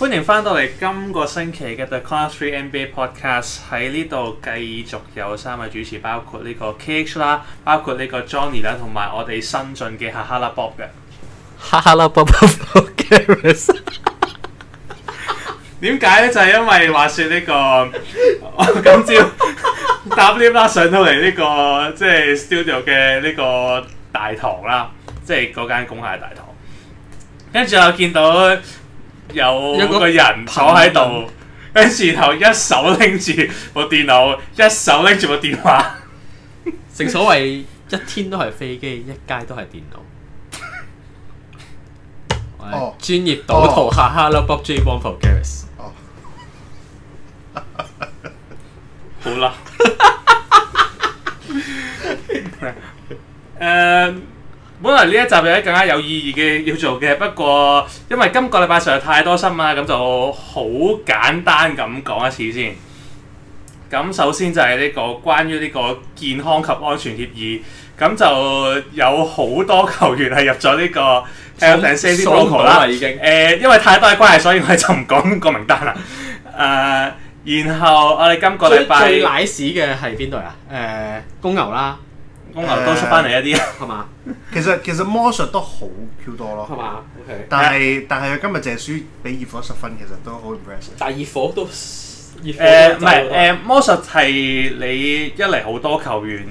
歡迎翻到嚟今個星期嘅 The Corner Three NBA Podcast，喺呢度繼續有三位主持，包括呢個 K H 啦，包括呢個 Johnny 啦，同埋我哋新進嘅哈哈拉 Bob 嘅哈哈拉 Bob Barris，點解咧？就係、是、因為話説呢、這個今朝搭 lift 啦，上到嚟呢個即係 studio 嘅呢個大堂啦，即係嗰間工廈大堂。跟住我見到。有一個人坐喺度，跟住然後一手拎住部電腦，一手拎住部電話，正 所謂一天都係飛機，一街都係電腦。哦， 專業賭徒下 Hello Bob J one for Gareth 好啦辣。 um, 本來呢一集有啲更加有意義嘅要做嘅，不過因為今個禮拜實在太多新聞啦，咁就好簡單咁講一次先。咁首先就係呢個關於呢個健康及安全協議，咁就有好多球員係入咗呢個 Signing Protocol 啦，已經。誒，因為太多嘅關係，所以我哋就唔講個名單啦。誒，然後我哋今個禮拜最瀨屎嘅係邊度啊？誒，公牛啦。公、嗯、牛都出翻嚟一啲吧，係嘛？其實其實魔術都好 Q 多咯，係嘛？O K。但係但係佢今日淨係輸比熱火十分，其實都好唔 respect 但係熱火都熱火。誒唔係誒，魔術係你一嚟好多球員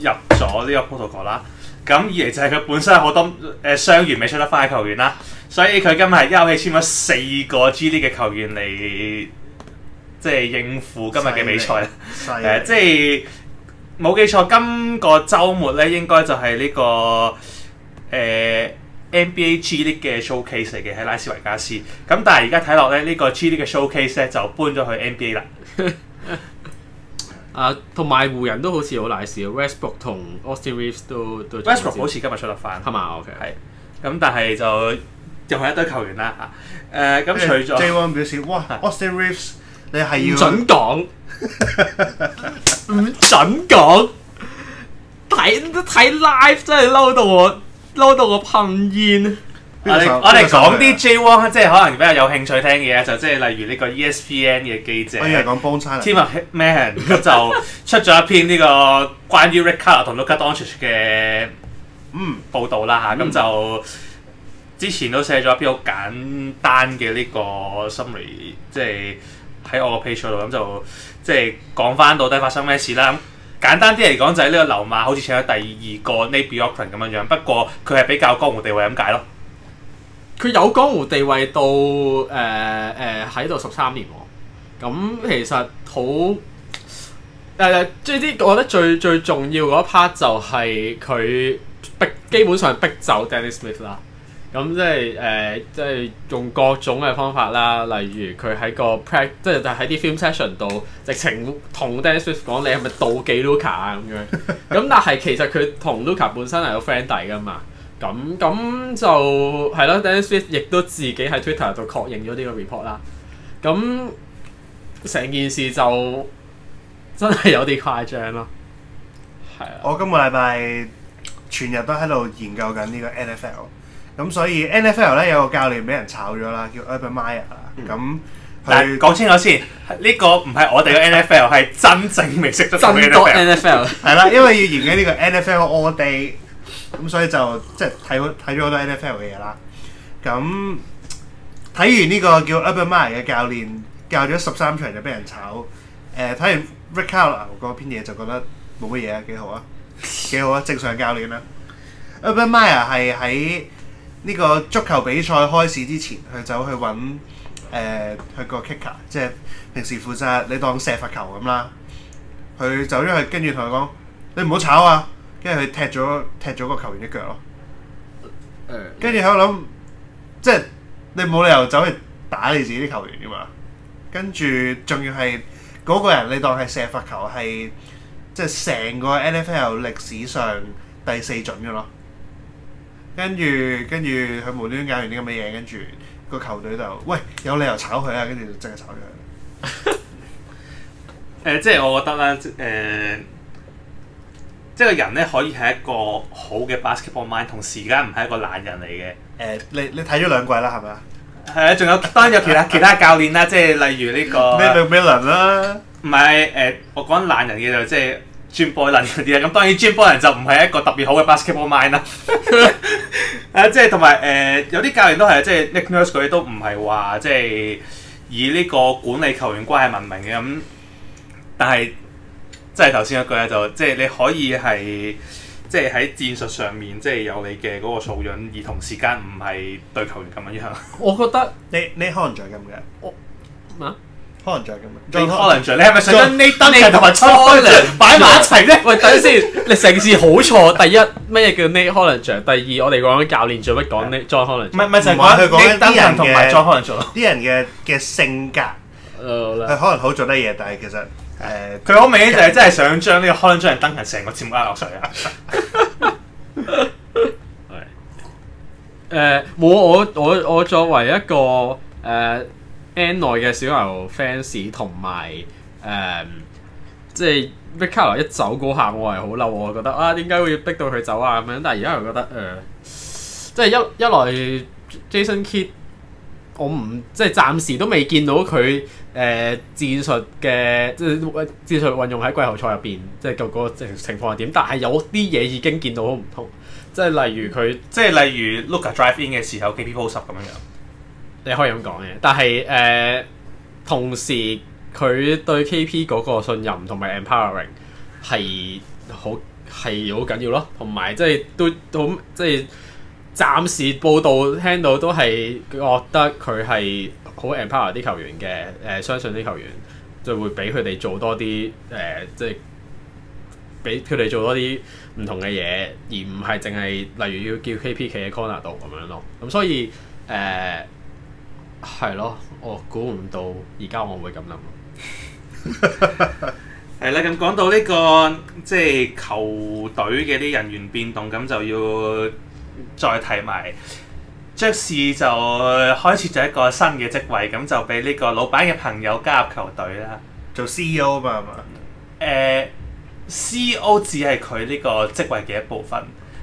入咗呢個 protocol 啦，咁二嚟就係佢本身好多誒傷員未出得翻嘅球員啦，所以佢今日一口氣簽咗四個 G League 嘅球員嚟，即係應付今日嘅比賽。誒力、呃、即係。冇記錯，今個週末咧應該就係呢、這個誒、呃、NBA G League 嘅 showcase 嚟嘅，喺拉斯維加斯。咁但係而家睇落咧，呢、這個 G League 嘅 showcase 咧就搬咗去 NBA 啦。 啊，同埋湖人都好似、ok ok、好 nice 嘅，Westbrook 同 Austin Reeves 都都 Westbrook 好似今日出得翻，係嘛？OK，係。咁但係就又係一堆球員啦嚇。誒、啊，咁除咗 j e w e 表示哇，Austin Reeves 你係要唔準講。唔 準講，睇睇 live 真係嬲到我嬲到我噴煙。我哋我哋講啲 J 王即係可能比較有興趣聽嘅嘢，就即係例如呢個 ESPN 嘅記者，講 Tim MacMahon 就出咗一篇呢個關於 Rick Carlisle 同 Luka Doncic 嘅嗯報道啦吓，咁、嗯、就之前都寫咗一篇好簡單嘅呢個 summary 即係。喺我個 page 度咁就即係講返到底發生咩事啦。簡單啲嚟講就係、是、呢個流馬好似請咗第二個 Nate Bjorkgren 咁樣樣，不過佢係比較江湖地位咁解咯。佢有江湖地位到誒誒喺度十三年，咁其實好誒、呃、最啲，我覺得最最重要嗰 part 就係佢逼基本上逼走 Dennis Smith 啊。咁即係誒、呃，即係用各種嘅方法啦，例如佢喺個 pract，即係就喺啲 film session 度，直情同 Dan Swift 講：「你係咪妒忌 Luka 啊？」咁樣。咁但係其實佢同 Luka 本身係個 friend 底噶嘛。咁咁就係咯，Dan Swift 亦都自己喺 Twitter 度確認咗呢個 report 啦。咁成件事就真係有啲誇張咯。係啊！我今個禮拜全日都喺度研究緊呢個 NFL。咁所以 N.F.L 咧，有個教練俾人炒咗啦，叫 Urban Meyer 啦、嗯。咁他，但係講清楚先，呢、呢個唔係我哋嘅 N.F.L，係真正未識得好多 N.F.L。係啦，因為要研究呢個 N.F.L All Day，咁所以就即係睇好睇咗好多 N.F.L 嘅嘢啦。咁睇完呢個叫 Urban Meyer 嘅教練教咗十三場就俾人炒。誒、呃、睇完 r i c k a l l 嗰篇嘢就覺得冇乜嘢啊，幾好啊，幾好啊，正常教練啊。Urban Meyer 係喺呢個足球比賽開始之前，佢走去揾誒佢、呃、個 kicker，即係平時負責你當射罰球咁啦。佢走咗去，跟住同佢講：你唔好炒啊！跟住佢踢咗踢咗個球員一腳咯。跟住喺度諗，嗯、即係你冇理由走去打你自己啲球員噶嘛？跟住仲要係嗰個人，你當係射罰球係即係成個 NFL 歷史上第四準噶咯。跟住跟住佢無端端搞完啲咁嘅嘢，跟住個球隊就喂有理由炒佢啊！跟住就真係炒咗佢。誒、 呃，即係我覺得啦，誒、呃，即係個人咧可以係一個好嘅 basketball mind 同時間唔係一個懶人嚟嘅。誒、呃，你你睇咗兩季啦，係咪啊？係啊、嗯，仲有當然有其他 其他教練啦，即係例如呢、這個咩啦，唔係誒，我講懶人嘅就即、是、係、就是。g 波 m 人嗰啲咧，咁當然 g 波人就唔係一個特別好嘅 basketball mind 啦。 啊，即係同埋誒，有啲教練都係即係 Nick Nurse 佢都唔係話即係以呢個管理球員關係聞名嘅咁。但係即係頭先嗰句咧，就即係、就是、你可以係即係喺戰術上面即係、就是、有你嘅嗰個素養，而同時間唔係對球員咁樣。 我覺得你你可能仲著緊嘅。我乜？challenge 咁啊，challenge 你係咪想將呢等人同埋 challenge 擺埋一齊咧？喂，等先，你成件事好錯。第一，乜嘢叫 make challenge？第二，我哋講緊教練，做乜講 make challenge？唔係唔係，就係佢講緊啲人嘅 challenge。啲人嘅嘅性格，佢可能好做得嘢，但係其實誒，佢好明顯就係真係想將呢個 challenge 同埋 challenge 成個節目拉落水啦。係誒，我我我我作為一個誒。N 內嘅小牛 fans 同埋誒、嗯，即係 Rick Carlisle 一走嗰下，我係好嬲，我覺得啊，點解會逼到佢走啊咁樣，但係而家又覺得誒、呃、即係一一來 Jason Kidd，我唔即係暫時都未見到佢誒戰術嘅即係戰術運用喺季後賽入邊即係個個情況係點，但係有啲嘢已經見到好唔同，即係例如佢，即係例如 Luka Drive In 嘅時候，KP post up 咁樣。樣。你可以咁講嘅，但係誒、呃，同時佢對 KP 嗰個信任同埋 empowering 係好係好緊要咯，同埋即係都都即係、即係、暫時報道聽到都係覺得佢係好 empower 啲球員嘅，誒、呃、相信啲球員就會俾佢哋做多啲誒，即係俾佢哋做多啲唔同嘅嘢，而唔係淨係例如要叫 KP 企喺 corner 度咁樣咯，咁所以誒、呃係咯，我估唔到而家我會咁諗。 誒、這個，你咁講到呢個即係球隊嘅啲人員變動，咁就要再提埋。爵士就開設咗一個新嘅職位，咁就俾呢個老闆嘅朋友加入球隊啦，做 C E O 嘛，係嘛、呃？誒，C E O 只係佢呢個職位嘅一部分，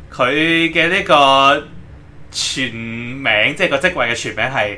佢嘅呢個全名即係個職位嘅全名係。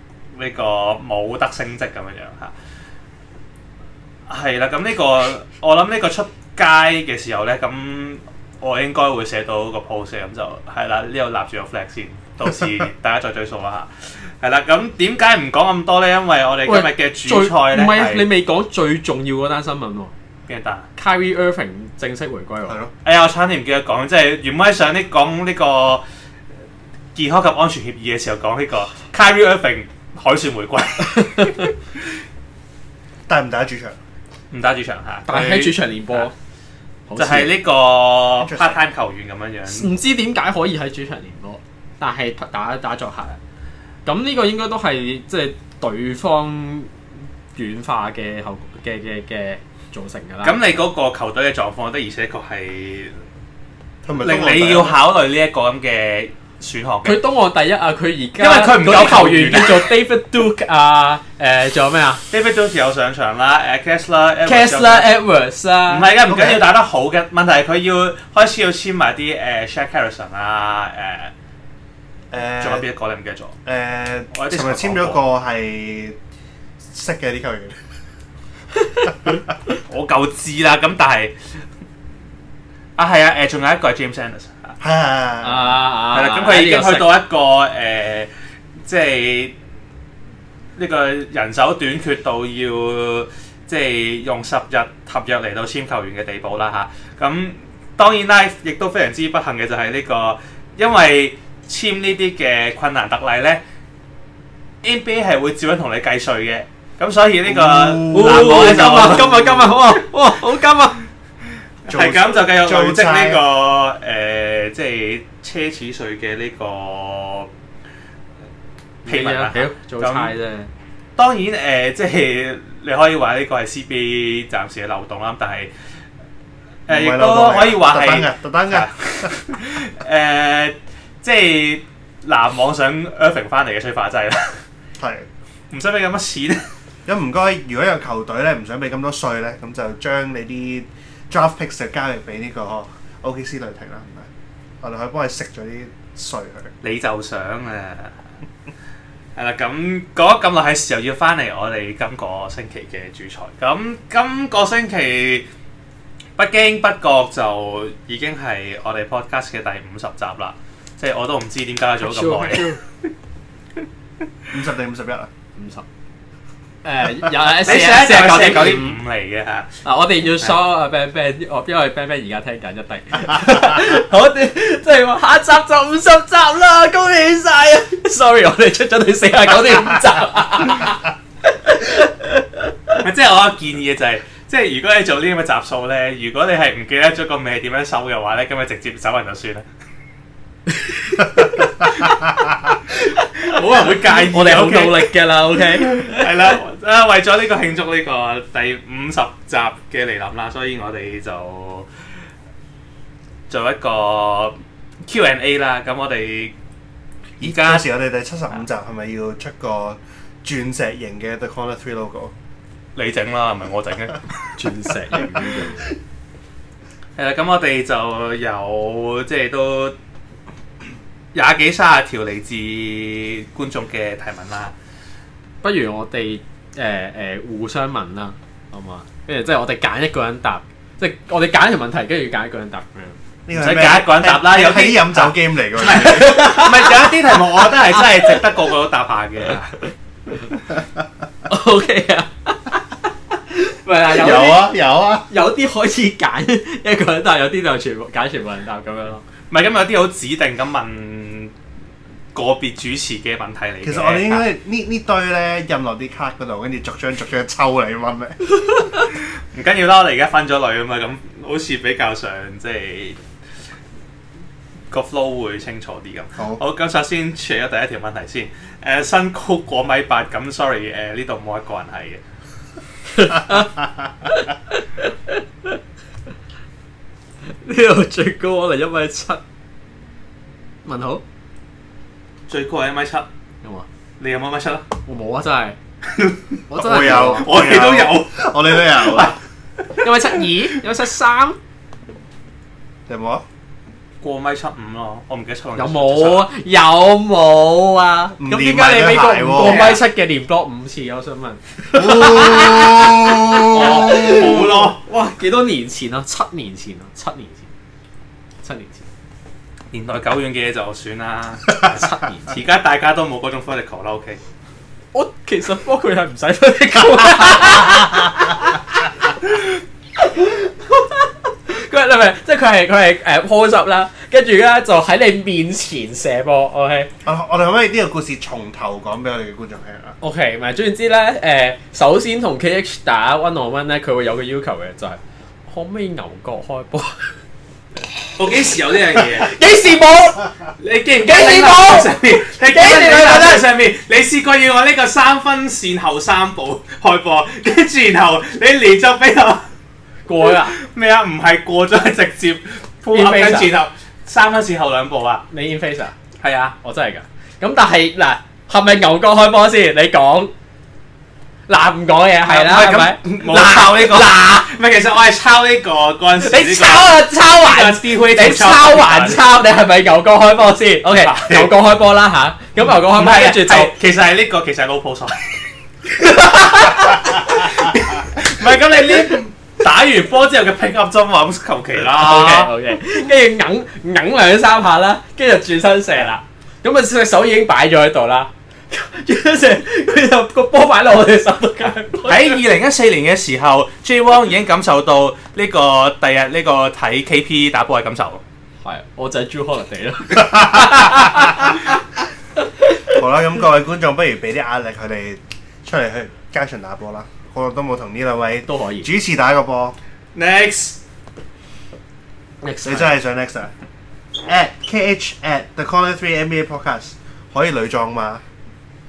呢個冇得升職咁樣樣嚇，係啦。咁呢個我諗呢個出街嘅時候咧，咁我應該會寫到個 post 咁就係啦。呢度立住個 flag 先，到時大家再追數啊嚇。係啦，咁點解唔講咁多咧？因為我哋今日嘅主菜咧，唔係你未講最重要嗰單新聞喎？邊個答？Kyrie Irving 正式回歸喎。係咯。哎呀，我差啲唔記得講，即係原本喺上呢講呢個健康及安全協議嘅時候講呢個 Kyrie Irving。海旋回歸，打唔打主場？唔打主場吓，但喺主場練波，就係呢個 part-time 球員咁樣樣。唔知點解可以喺主場練波，但係打打作客。咁呢個應該都係即係對方軟化嘅後嘅嘅嘅造成㗎啦。咁你嗰個球隊嘅狀況的，而且確係令你要考慮呢一個咁嘅選項。佢東岸第一啊！佢而家因為佢唔夠球員，叫做 David Duke 啊，誒，仲有咩啊？David Duke 有上場啦，誒，Kessler、Edwards 啊，唔係嘅，唔緊要，打得好嘅。問題係佢要開始要簽埋啲誒 Shaq Harrison 啊，誒誒，仲有邊一個你唔記得咗？誒，我係咪簽咗個係識嘅啲球員？我夠知啦，咁但係啊，係啊，誒，仲有一個係 James Anderson。係啦，咁佢 哭 Lust、那個、已經去到一個誒、呃，即係呢個人手短缺到要即係用十日合約嚟到簽球員嘅地步啦，吓！咁當然 Life 亦都非常之不幸嘅、這個，就係呢個因為簽呢啲嘅困難特例咧，NBA 係、um、會照樣同你計稅嘅，咁所以呢個，哇！今日今日今日好啊，哇！好金啊！Step ful babe consoles 係咁就繼續累積呢個誒、啊呃，即係奢侈稅嘅呢個譬如，啦、啊。啊嗯、做差啫、啊。當然誒、呃，即係你可以話呢個係 CB 暫時嘅漏洞啦。但係誒亦都可以話係特登嘅。誒、 呃，即係嗱，籃網想 Irving 翻嚟嘅催化劑啦。係 是。唔使俾咁多錢。咁唔該，如果有球隊咧唔想俾咁多稅咧，咁就將你啲。Draft picks 就交嚟俾呢個 OKC 雷霆啦，係咪？我哋可以幫你食咗啲稅佢。你就想啊，係啦，咁講咗咁耐，係時候要返嚟我哋今個星期嘅主賽。咁今個星期不經不覺就已經係我哋 Podcast 嘅第五十集啦，即係我都唔知點解做咗咁耐。五十定五十一啊？五十。誒，廿、呃啊、四廿九點九點五嚟嘅吓嗱，我哋要 show 阿、啊啊、Ben Ben，我、oh, 因為 Ben Ben 而家聽緊一定好啲，即係話下集就五十集啦，恭喜晒啊！Sorry，我哋出咗你四廿九點五集、就是，即係我建議嘅就係，即係如果你做啲咁嘅集數咧，如果你係唔記得咗個名點樣搜嘅話咧，咁咪直接走人就算啦。冇人會介意，我哋好努力嘅啦，OK，係啦，誒，為咗呢個慶祝呢個第五十集嘅嚟臨啦，所以我哋就做一個 Q&A 啦。咁我哋而家時我哋第七十五集係咪要出個鑽石型嘅 The Corner Three Logo？你整啦，係咪？我整嘅鑽石型。誒，咁我哋就有即係都。廿幾卅條嚟自觀眾嘅提問啦，不如我哋誒誒互相問啦，好唔好啊？跟住即係我哋揀一個人答，即係我哋揀條問題，跟住要揀一個人答咁樣。唔使揀一個人答啦，有啲飲酒 game 嚟嘅。唔係有啲題目，我覺得係真係值得個個都答下嘅。O K 啊，係啦，有有啊，有啲可以揀一個人答，有啲就全部揀全部人答咁樣咯。唔係咁有啲好指定咁問。個別主持嘅問題嚟。其實我哋應該呢呢堆咧印落啲卡嗰度，跟住逐張逐張抽你問咩？唔緊要啦，我哋而家分咗類啊嘛，咁好似比較上即係個 flow 會清楚啲咁。好，咁首先處理咗第一條問題先。誒身高一米八，咁 sorry，誒呢度冇一個人係嘅。呢 度 最高可能一米七。問好。最高係一米七，有冇啊？你有冇一米七啊？我冇啊，真係我真係我有，我哋都有，我哋都有一米七二，一米七三，有冇啊？過米七五咯，我唔記得錯咗。有冇啊？有冇啊？咁點解你呢個唔過米七嘅年多五次？我想問，冇咯，哇！幾多年前啊？七年前啊？七年前，七年前。年代久遠嘅嘢就算啦。而家大家都冇嗰種 footwork 啦，O K。我其實科佢係唔使 footwork。佢係咪？即係佢係佢係誒 post up 啦，跟住咧就喺你面前射波。O、okay? K、啊。我我哋可唔可以呢個故事從頭講俾我哋嘅觀眾聽啊？O K，唔係，總之咧？誒、okay, 呃，首先同 K H 打 one on one 咧，佢會有個要求嘅，就係、是、可唔可以牛角開波？ 我幾時有呢樣嘢？幾時冇？你記唔記得啦？上面，你記唔記得上面？你試過要我呢個三分綫後三步開波，跟住然後你嚟咗俾我過啦了？咩啊？唔係過咗，直接 on In face 然後啊？三分綫後兩步 in 啊？你 on face 啊？係啊，我真係㗎。咁但係嗱，係咪牛角開波先？你講。嗱唔講嘢，係啦，係咪抄呢個。嗱，唔係其實我係抄呢個，嗰陣時呢個。你抄啊，抄完，你抄還抄，你係咪九哥開波先？O K，九哥開波啦嚇。咁九哥開波，跟住就其實係呢個，其實係老 pro 錯。唔係咁，你呢打完波之後嘅拼合針話，求其啦。O K O K，跟住揞揞兩三下啦，跟住就轉身射啦。咁啊隻手已經擺咗喺度啦。佢就 個波擺落我哋手度，喺二零一四年嘅時候，J. Wong 已經感受到呢、呢個第日呢個睇 K. P. 打波嘅感受。係，我就係 Jrue Holiday 嚟咯。好啦，咁各位觀眾，不如俾啲壓力佢哋出嚟去街上打波啦。好耐都冇同呢兩位都可以主持打個波。 Next，你真係想 next 啊 ？At K. H. At The Corner、er、Three NBA Podcast 可以女裝嘛？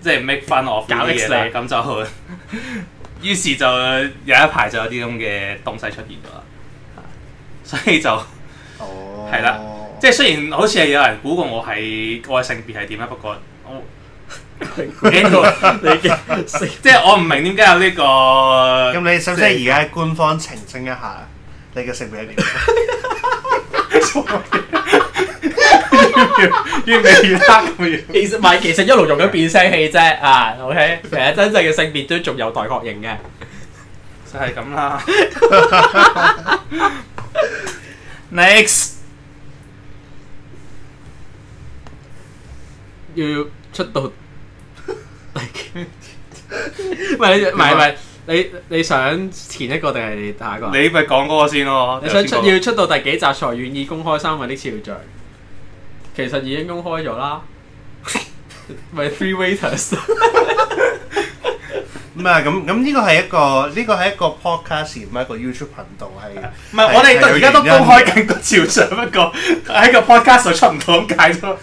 即係 make 翻我啲嘢啦，咁了就，去，於是就有一排就有啲咁嘅東西出現咗啦，所以就，哦，係啦，即係雖然好似係有人估過我係我嘅性別係點啊，不過我你嘅 白 即係我唔明點解有呢個。咁你使唔使而家官方澄清一下你嘅性別係點？ 越變越黑，其實唔係，其實一路用緊變聲器啫啊。OK，其實真正嘅性別都仲有待確認嘅，就係咁啦。Next，要出到第幾？唔係唔係唔係，你你想前一個定係下一個？你咪講嗰個先咯。你想出要出到第幾集才願意公開三位的肖像？其實已經公開咗啦，咪 three waiters 唔係咁咁呢個係一個呢個係一個 podcast 唔係一個 YouTube 頻道係唔係我哋而家都公開緊個照相，不過喺個 podcast 度出唔到咁解囉，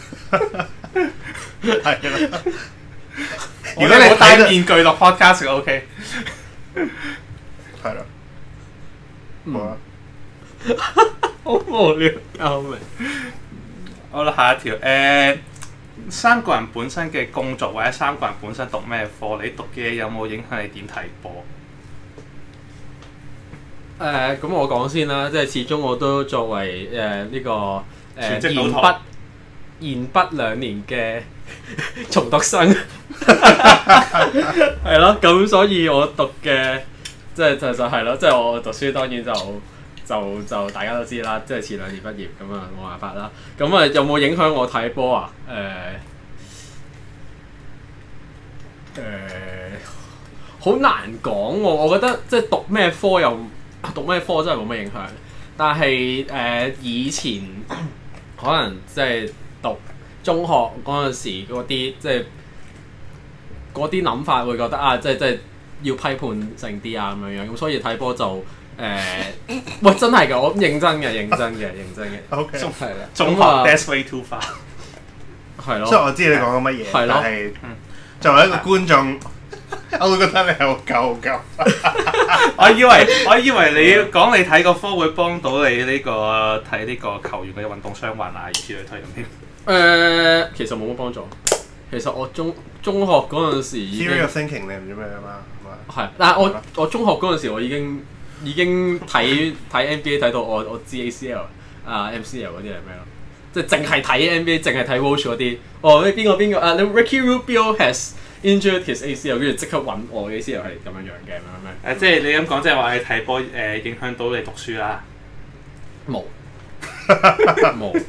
係啦。如果你戴面具落 podcast OK，係咯，好啊，好無聊啊，我咪。好啦，下一條誒，三個人本身嘅工作或者三個人本身讀咩科，你讀嘅有冇影響你點睇波？誒，咁我講先啦，即係始終我都作為誒呢個誒延畢延畢兩年嘅重讀生，係咯，咁所以我讀嘅即係就就係咯，即係我讀書當然就。就就大家都知啦，即係前兩年畢業咁啊，冇辦法啦。咁啊，有冇影響我睇波啊？誒、呃、誒，好、呃、難講喎，啊。我覺得即係讀咩科又讀咩科，真係冇咩影響。但係誒、呃、以前可能即係讀中學嗰陣時嗰啲即係嗰啲諗法會覺得啊，即係即係要批判性啲啊咁樣樣，咁所以睇波就。誒，喂，真係噶，我認真嘅，認真嘅，認真嘅，OK，係啦，中學，That's way too far，係咯，即係我知你講緊乜嘢，係咯，作為一個觀眾，我會覺得你係好夠夠，我以為我以為你講你睇個科會幫到你呢個睇呢個球員嘅運動傷患啊，以此類推咁添。誒，其實冇乜幫助，其實我中中學嗰陣時已經 thinking 你唔知咩啦，係，但我我中學陣時我已經。已經睇睇 NBA 睇到我我知 ACL 啊 MCL 嗰啲係咩咯？即係淨係睇 NBA，淨係睇 watch 嗰啲。哦，你邊個邊個啊？你、uh, Ricky Rubio has injured his ACL，跟住即刻揾我嘅 ACL 係咁樣、啊、樣嘅咩咩？誒、啊，即係你咁講，即係話你睇波誒影響到你讀書啦？冇，冇，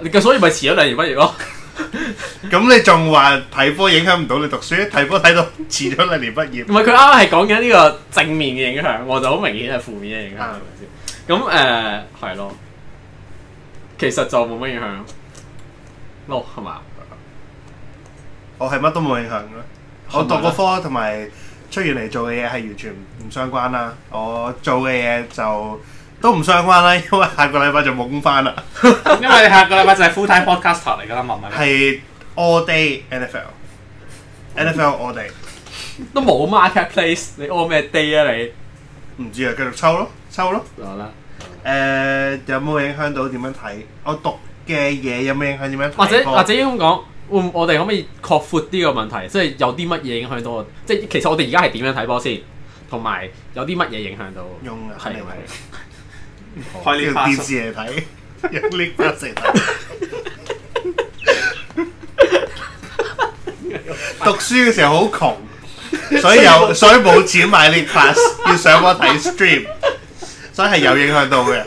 你咁所以咪遲咗兩年畢業咯？咁 你仲話睇波影響唔到你讀書？睇波睇到遲咗兩年畢業。唔係佢啱啱係講緊呢個正面嘅影響，我就好明顯係負面嘅影響，係咪先？咁誒、嗯，係咯、uh,，其實就冇乜影響咯，係、no, 嘛？我係乜都冇影響咯，是是我讀個科同埋出完嚟做嘅嘢係完全唔相關啦。我做嘅嘢就。都唔相關啦，因為下個禮拜就冇工翻啦。 因為下個禮拜就係 full time podcaster 嚟噶啦嘛，唔係。all day NFL，NFL 我哋。都冇 marketplace，你 all 咩 day 啊你？唔知啊，繼續抽咯，抽咯。好啦、啊。誒、啊啊，有冇影響到點樣睇？我讀嘅嘢有咩影響點樣？或者波或者應該講，我哋可唔可以擴闊啲個問題？即係有啲乜嘢影響到我？即係其實我哋而家係點樣睇波先？同埋有啲乜嘢影響到用？用係咪？呢用電視嚟睇，一 League Pass。 讀書嘅時候好窮，所以有所以冇錢買 League Pass，要上網睇 stream，所以係有影響到嘅，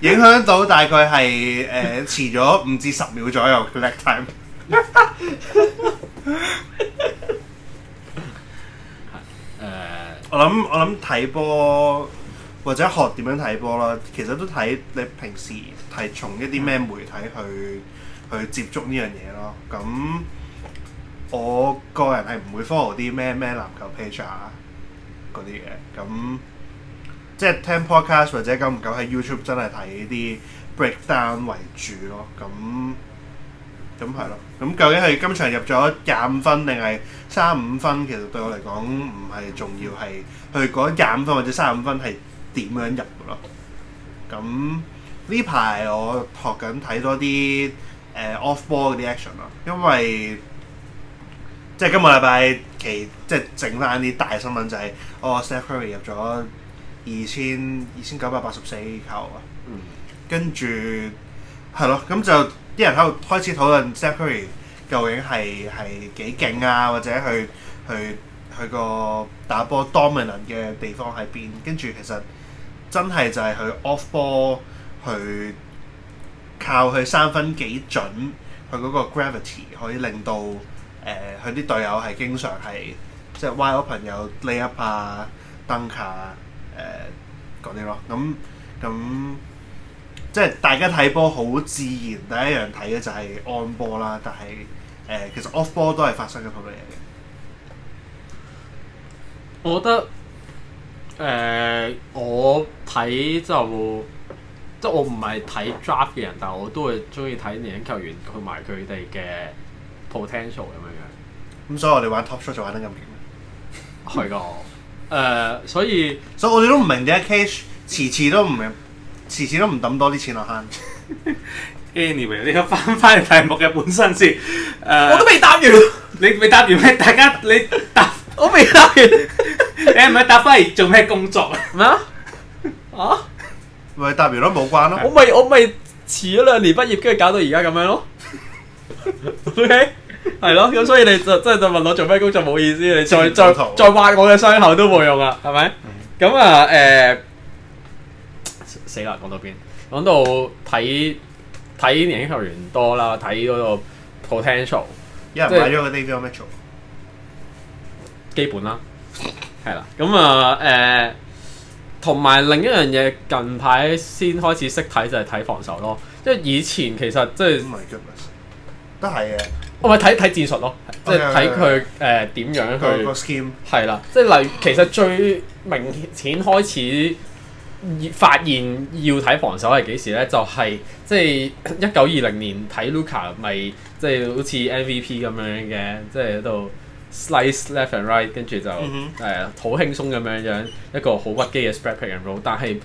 影響到大概係誒、呃、遲咗五至十秒左右嘅 lat time。係、 呃、我諗我諗睇波。或者學點樣睇波啦，其實都睇你平時係從一啲咩媒體去、嗯、去接觸呢樣嘢咯。咁我個人係唔會 follow 啲咩咩籃球 page 啊嗰啲嘅。咁即係聽 podcast 或者久唔久喺 YouTube 真係睇啲 breakdown 為主咯。咁咁係咯。咁究竟係今場入咗廿五分定係三五分？其實對我嚟講唔係重要，係佢嗰廿五分或者三五分係點樣入嘅咯？咁呢排我學緊睇多啲誒、呃、off ball 啲 action 咯，因為即係、就是、今個禮拜期，即係整翻啲大新聞就係哦 Steph Curry 入咗二千二千九百八十四球啊！嗯、跟住係咯，咁就啲人喺度開始討論 Steph Curry 究竟係係幾勁啊？或者去去去個打波 dominant 嘅地方喺邊？跟住其實。真係就係佢 off b a l l 去靠佢三分幾準，佢嗰個 gravity 可以令到誒佢啲隊友係經常係即係 wide open 有 lay 啊、d u n 嗰啲咯。咁、呃、咁即係大家睇波好自然第一樣睇嘅就係按波啦。但係誒、呃、其實 off b a l l 都係發生咗好多嘢。嘅，我覺得。誒、呃，我睇就即係我唔係睇 draft 嘅人，但係我都會中意睇年輕球員同埋佢哋嘅 potential 咁樣樣。咁、嗯、所以我哋玩 top shot 就玩得咁勁。係 噶。誒、呃，所以所以、so, 我哋都唔明啲 cash，次次都唔明，次次都唔抌多啲錢落 hand。Anyway，你翻翻題目嘅本身先。誒、呃，我都未答完。 你未答完咩？ 大家你答。我未答完，你唔係答翻嚟做咩工作啊？啊，咪答 完都冇關咯、啊。 我咪我咪遲咗兩年畢業，跟住搞到而家咁樣咯。OK，係咯，咁所以你就真係就，就問我做咩工作冇意思，你再再再，再挖我嘅傷口都冇用啦，係咪？咁、嗯、啊，誒、呃，死啦！講到邊？講到睇睇年輕球員多啦，睇嗰個 potential，有人因為 對買咗個 d a v i 基本啦，係啦，咁、嗯、啊，誒、呃，同埋另一樣嘢，近排先開始識睇就係、是、睇防守咯，即係以前其實即、就、係、是，oh、goodness, 都係嘅，我咪睇睇戰術咯，即係睇佢誒點樣去，係 the scheme. 啦，即係例。其實最明顯開始發現要睇防守係幾時咧，就係即係一九二零年睇 Luka 咪即係好似 MVP 咁樣嘅，即係喺度。slice left and right 跟住就誒好輕鬆咁樣樣一個好屈機嘅 spread pick and roll 但係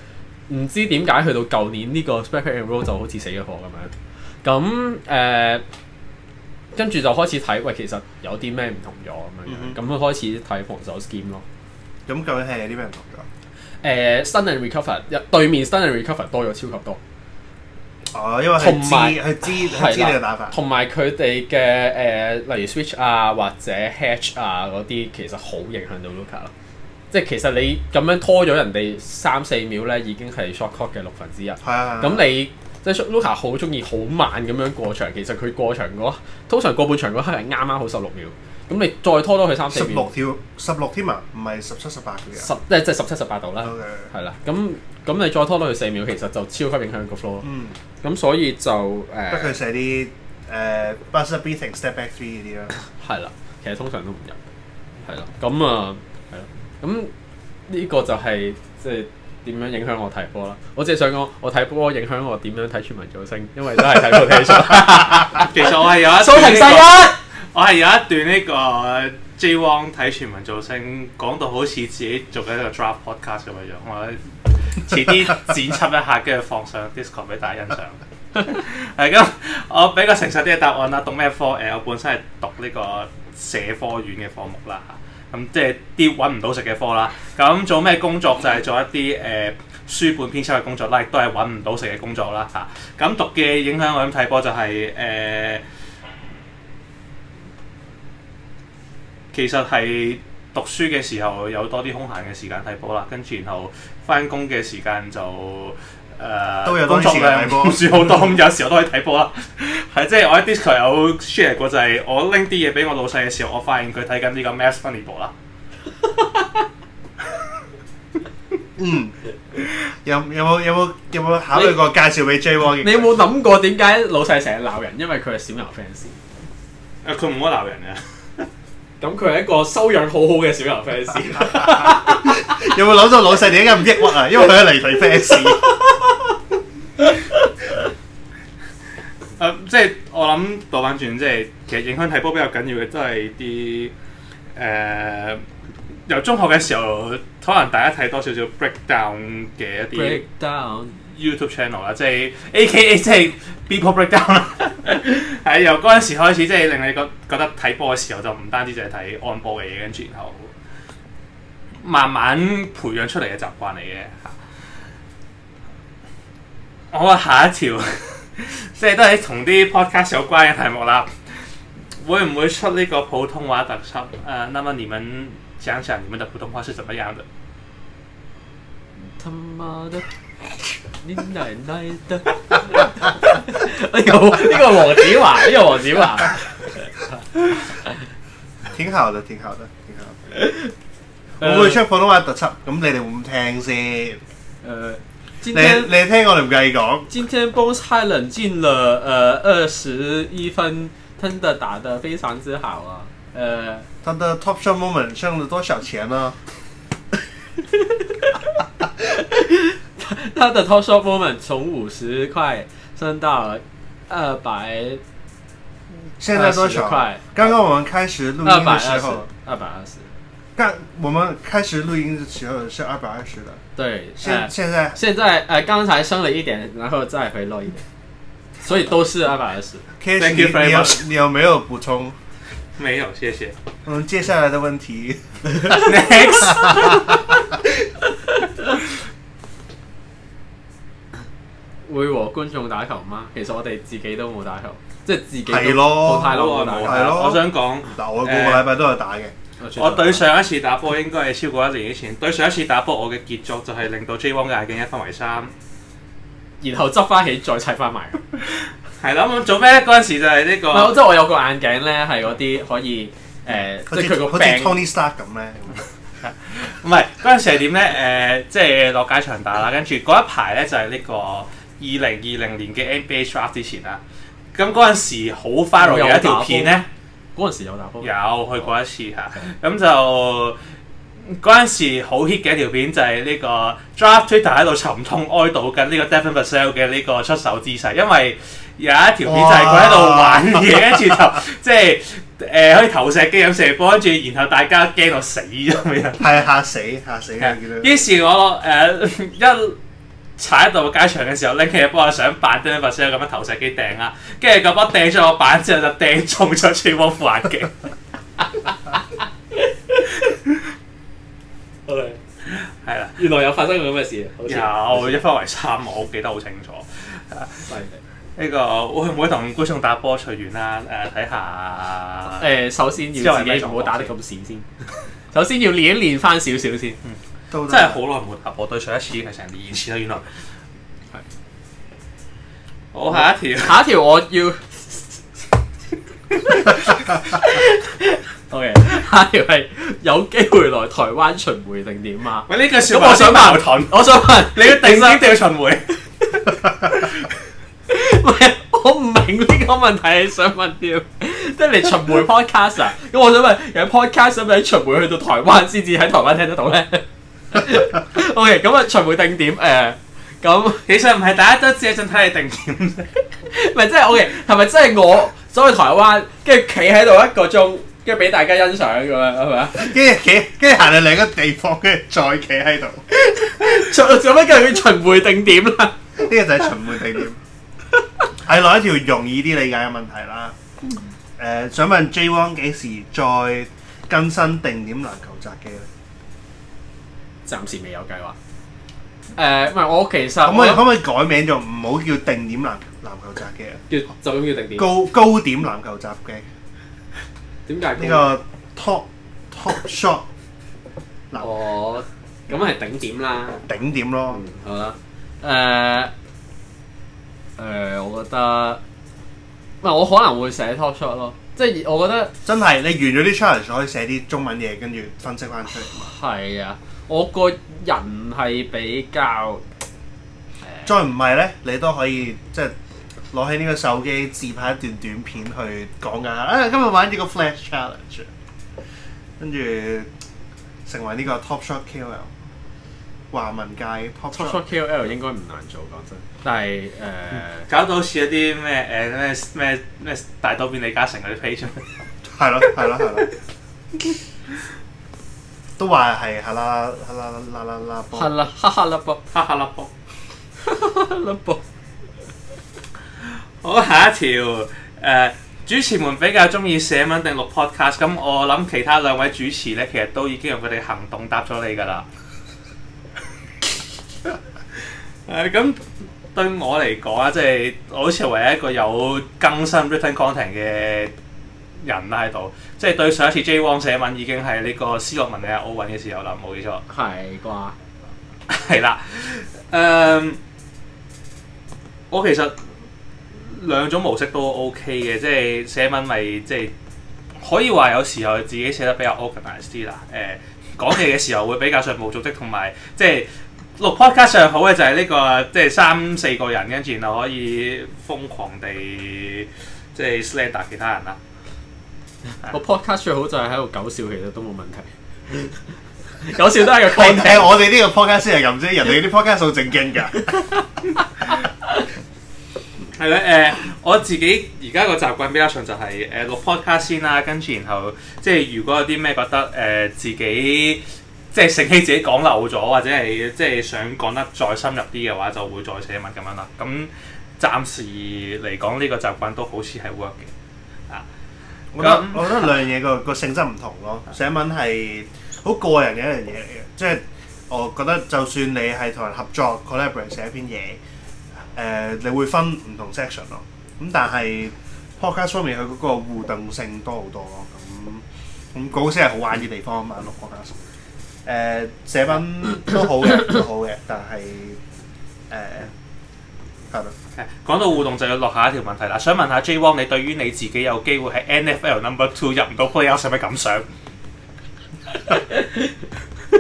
唔知點解去到舊年呢，這個 spread pick and roll 就好似死咗火咁樣，咁誒跟住就開始睇喂，其實有啲咩唔同咗，咁樣樣咁佢開始睇防守 scheme 咯，咁究竟係有啲咩唔同咗誒 stunt and recover 入對面 stunt and recover 多咗超級多哦，因為係知係有知係知你嘅打法，同埋佢哋嘅誒，例如 Switch 啊或者 Hedge 啊嗰啲，其實好影響到 Luka 咯。即係其實你咁樣拖咗人哋三四秒咧，已經係 shot clock 嘅六分之一。係啊的，咁你即係的 Luka 好中意好慢咁樣過場，其實佢過場嗰通常過半場嗰刻係啱啱好十六秒，咁你再拖多佢三四秒，十六添啊？唔係十七十八條十即係即係十七十八度啦。係啦，咁。10, Okay. 咁你再拖多佢四秒，其實就超級影響個 flow。嗯，咁所以就誒，uh, 不如寫啲誒 buzzer beating step back three 嗰啲啦。係啦，其實通常都唔入。係啦，咁、嗯、啊，係啦，咁、嗯、呢、嗯這個就係、是、即係點樣影響我睇波啦？我只係想講，我睇波影響我點樣睇全民造星，因為都係睇波睇出。 其實我係有一蘇寧世界，我係有一段呢、這個啊、個 J 王睇全民造星，講到好似自己做緊一個 draft podcast 咁嘅樣，或 遲啲剪輯一下，跟住放上 Discord 俾大家欣賞。係 咁、嗯，我俾個誠實啲嘅答案啦。讀咩科？誒、呃，我本身係讀呢個社科院嘅科目啦。咁、啊嗯、即係啲揾唔到食嘅科啦。咁、啊嗯、做咩工作？就係、是、做一啲誒、呃、書本編輯嘅工作啦，亦、啊、都係揾唔到食嘅工作啦。嚇、啊！咁、嗯、讀嘅影響我咁睇波就係、是、誒、呃，其實係讀書嘅時候有多啲空閒嘅時間睇波啦。跟、啊、住然後。翻工嘅時間就誒、呃、都有，都有工作啊，唔算好多咁，有時我都可以睇波啦，係即係我喺 Discord 有 share 過，就係、是、我拎啲嘢俾我老細嘅時候，我發現佢睇緊呢個 Mass Funny Ball 啦。 嗯，有有冇有冇有冇考慮過介紹俾 J 你，你有冇諗過點解老細成日鬧人？因為佢係小牛 fans、嗯。誒，佢唔好鬧人啊。咁佢係一個收養好好嘅小牛 fans， 有冇諗到老細點解咁抑鬱啊？因為佢係離隊 fans。誒，即係我諗倒返轉，即係其實影響睇波比較緊要嘅都係啲誒，由中學嘅時候，可能大家睇多少少 breakdown 嘅一啲 breakdown。Break down. YouTube channel 啦，AKA，即係 A K A 即係 Be p o Breakdown 啦，係由嗰陣時開始，即係令你覺得覺得睇波嘅時候就唔單止淨係睇按波嘅嘢，跟住然後慢慢培養出嚟嘅習慣嚟嘅嚇。我話下一條，即係都係同啲 podcast 有關嘅題目啦。會唔會出呢個普通話特輯？誒，那麼你們想想你們的普通話是怎麼樣的？呢奶係呢得，呢、 哎這個係黃子華，呢、這個黃子華，天后啦，天后啦，天后。呃、我會出普通話特輯，咁你哋會唔唔聽先？誒、呃，今天，你你聽我哋唔介意講。今天波士頓贏咗，誒、呃，二十一分，特登打得非常之好啊，誒、呃，特登 top shot moment，掙了多少錢呢？他的 total moment 從五十塊升到二百，現在多少塊？剛剛我們開始錄音的時候，二百二十。二剛我們開始錄音的時候是二百二十的。對，現現在現在呃，剛才升了一點，然後再回落一點，所以都是二百二十。Thank you, very much。你有你有沒有補充？沒有，謝謝。我們接下來的問題，Next。會和觀眾打球嗎？其實我哋自己都冇打球，即係自己都太老冇打。係咯，我想講嗱，我個個禮拜都有打嘅。我對上一次打波應該係超過一年以前。對上一次打波，我嘅傑作就係令到 J1 嘅眼鏡一分為三，然後執翻起再砌翻埋。係啦，咁做咩？嗰陣時就係呢個，即係我有個眼鏡咧，係嗰啲可以誒，即係佢個柄 Tony Stark 咁咧。唔係嗰陣時係點咧？誒，即係落街場打啦，跟住嗰一排咧就係呢個。二零二零年嘅 NBA draft 之前啊，咁嗰陣時好 follow 有一條片咧，嗰陣時有打波，有去過一次嚇，咁、哦、就嗰陣時好 hit 嘅一條片就係呢、這個 Draft Twitter 喺度沉痛哀悼緊呢、這個 Devin Vassell 嘅呢個出手姿勢，因為有一條片就係佢喺度玩嘢哇，跟住就即係誒可以投石機咁射波，跟住然後大家驚到死咗，係、啊、嚇死嚇死啊！於 是我誒、呃、一。踩到街場嘅時候，拎起一波想板，跟住發射咁樣投射機掟啊！跟住嗰波掟咗個板之後，就掟中咗住副眼鏡。好啊 Okay. 的，係啦，原來有發生過咁嘅事啊！好有好像一分為三，我記得好清楚。呢個會唔會同觀眾打波隨緣啦？誒、啊，睇下誒， 首先要自己唔好打得咁善先，首 先要練,練一練翻少少先。嗯真係好耐冇合，我對上一次已經係成年前啦。原來係我係一條下一條， 下一條我要 OK 下一條係有機會來台灣巡迴定點啊？喂，呢個小我想問，我想問，我想問你一定點、啊、要巡迴？喂， 我唔明呢個問題，想問點即係嚟巡迴 podcast 啊？咁我想問，有 podcast 有冇喺巡迴去到台灣先至喺台灣聽得到咧？ O K，咁啊， okay，巡迴定點誒，咁其實唔係大家都只係想睇你定點啫， 即係係 O K，係咪即係我走去台灣，跟住企喺度一個鐘，跟住俾大家欣賞咁樣，係咪啊？跟住企，跟住行到另一個地方，跟住再企喺度，做咩？做咩叫巡迴定點啦？呢個 就係巡迴定點，係 嚟 一條容易啲理解嘅問題啦。誒、呃，想問 J One 幾時再更新定點籃球雜記咧？暫時未有計劃。誒、呃，唔係我其實我我可唔可以改名做唔好叫定點籃球籃球雜記啊？叫就咁叫定點高高點籃球雜記。點解呢個 top top shot？我，咁係、哦嗯、頂點啦。頂點咯，嗯、好啦。誒、呃、誒、呃，我覺得唔係我可能會寫 top shot 咯。即係我覺得真係你完咗啲 challenge，可以寫啲中文嘢，跟住分析翻出嚟。係 啊。我個人係比較，再唔係呢，你都可以即係攞起呢個手機自拍一段短片去講㗎。誒、哎，今日玩呢個 Flash Challenge，跟住成為呢個 Top Shot KOL。華文界 Top Shot KOL 應該唔難做，講真。但係誒，呃、搞到好似一啲咩誒咩咩咩大道變李嘉誠嗰啲 page，係咯係咯係咯。 都話係哈啦哈啦啦啦啦波，哈啦哈哈啦波，哈哈啦波，哈哈啦波。好，下一條誒、呃，主持們比較中意寫文定錄 Podcast？咁我諗其他兩位主持呢，其實都已經用佢哋行動答咗你㗎喇。誒、 啊，咁對我嚟講啊，即、就、係、是、我好似唯一一個有更新 written content 嘅人喇喺度。即係對上一次 J 王寫文已經係呢個斯洛文尼亞奧運嘅時候啦，冇記錯。係啩？係 啦。誒、 嗯，我其實兩種模式都 OK 嘅，即係寫文咪、就是、即係可以話有時候自己寫得比較 organized 啲啦。誒、呃，講嘢嘅時候會比較上無組織，同埋即係錄 podcast 上好嘅就係呢、這個即係三四個人跟住就可以瘋狂地即係 slaughter 其他人啦。我個 podcast 最好就係喺度搞笑，其實都冇問題。 搞笑都係個 calling。我哋呢個 podcast 先係咁啫，人哋啲 podcast 好正經噶。係 咧， 誒、呃，我自己而家個習慣比較上就係、是，誒、呃，錄 podcast 先啦，跟住然後，即係如果有啲咩覺得，誒、呃，自己即係承起自己講漏咗，或者係即係想講得再深入啲嘅話，就會再寫文咁樣啦。咁暫時嚟講呢個習慣都好似係 work 嘅。我覺得我覺得兩樣嘢個個性質唔同咯，寫文係好個人嘅一樣嘢嚟嘅，即係我覺得就算你係同人合作 collaborate 寫一篇嘢，誒、呃，你會分唔同 section 咯，咁但係 podcast for me 佢嗰個互動性多好多咯，咁咁嗰先係好玩嘅地方啊，嘛 podcast，誒， 呃，寫文都好嘅， 都好嘅，但係誒，係、呃、咯。講到互動就要落下，下一條問題啦，想問下 J 汪，你對於你自己有機會喺 NFL number two 入唔到 playoff，有咩感想？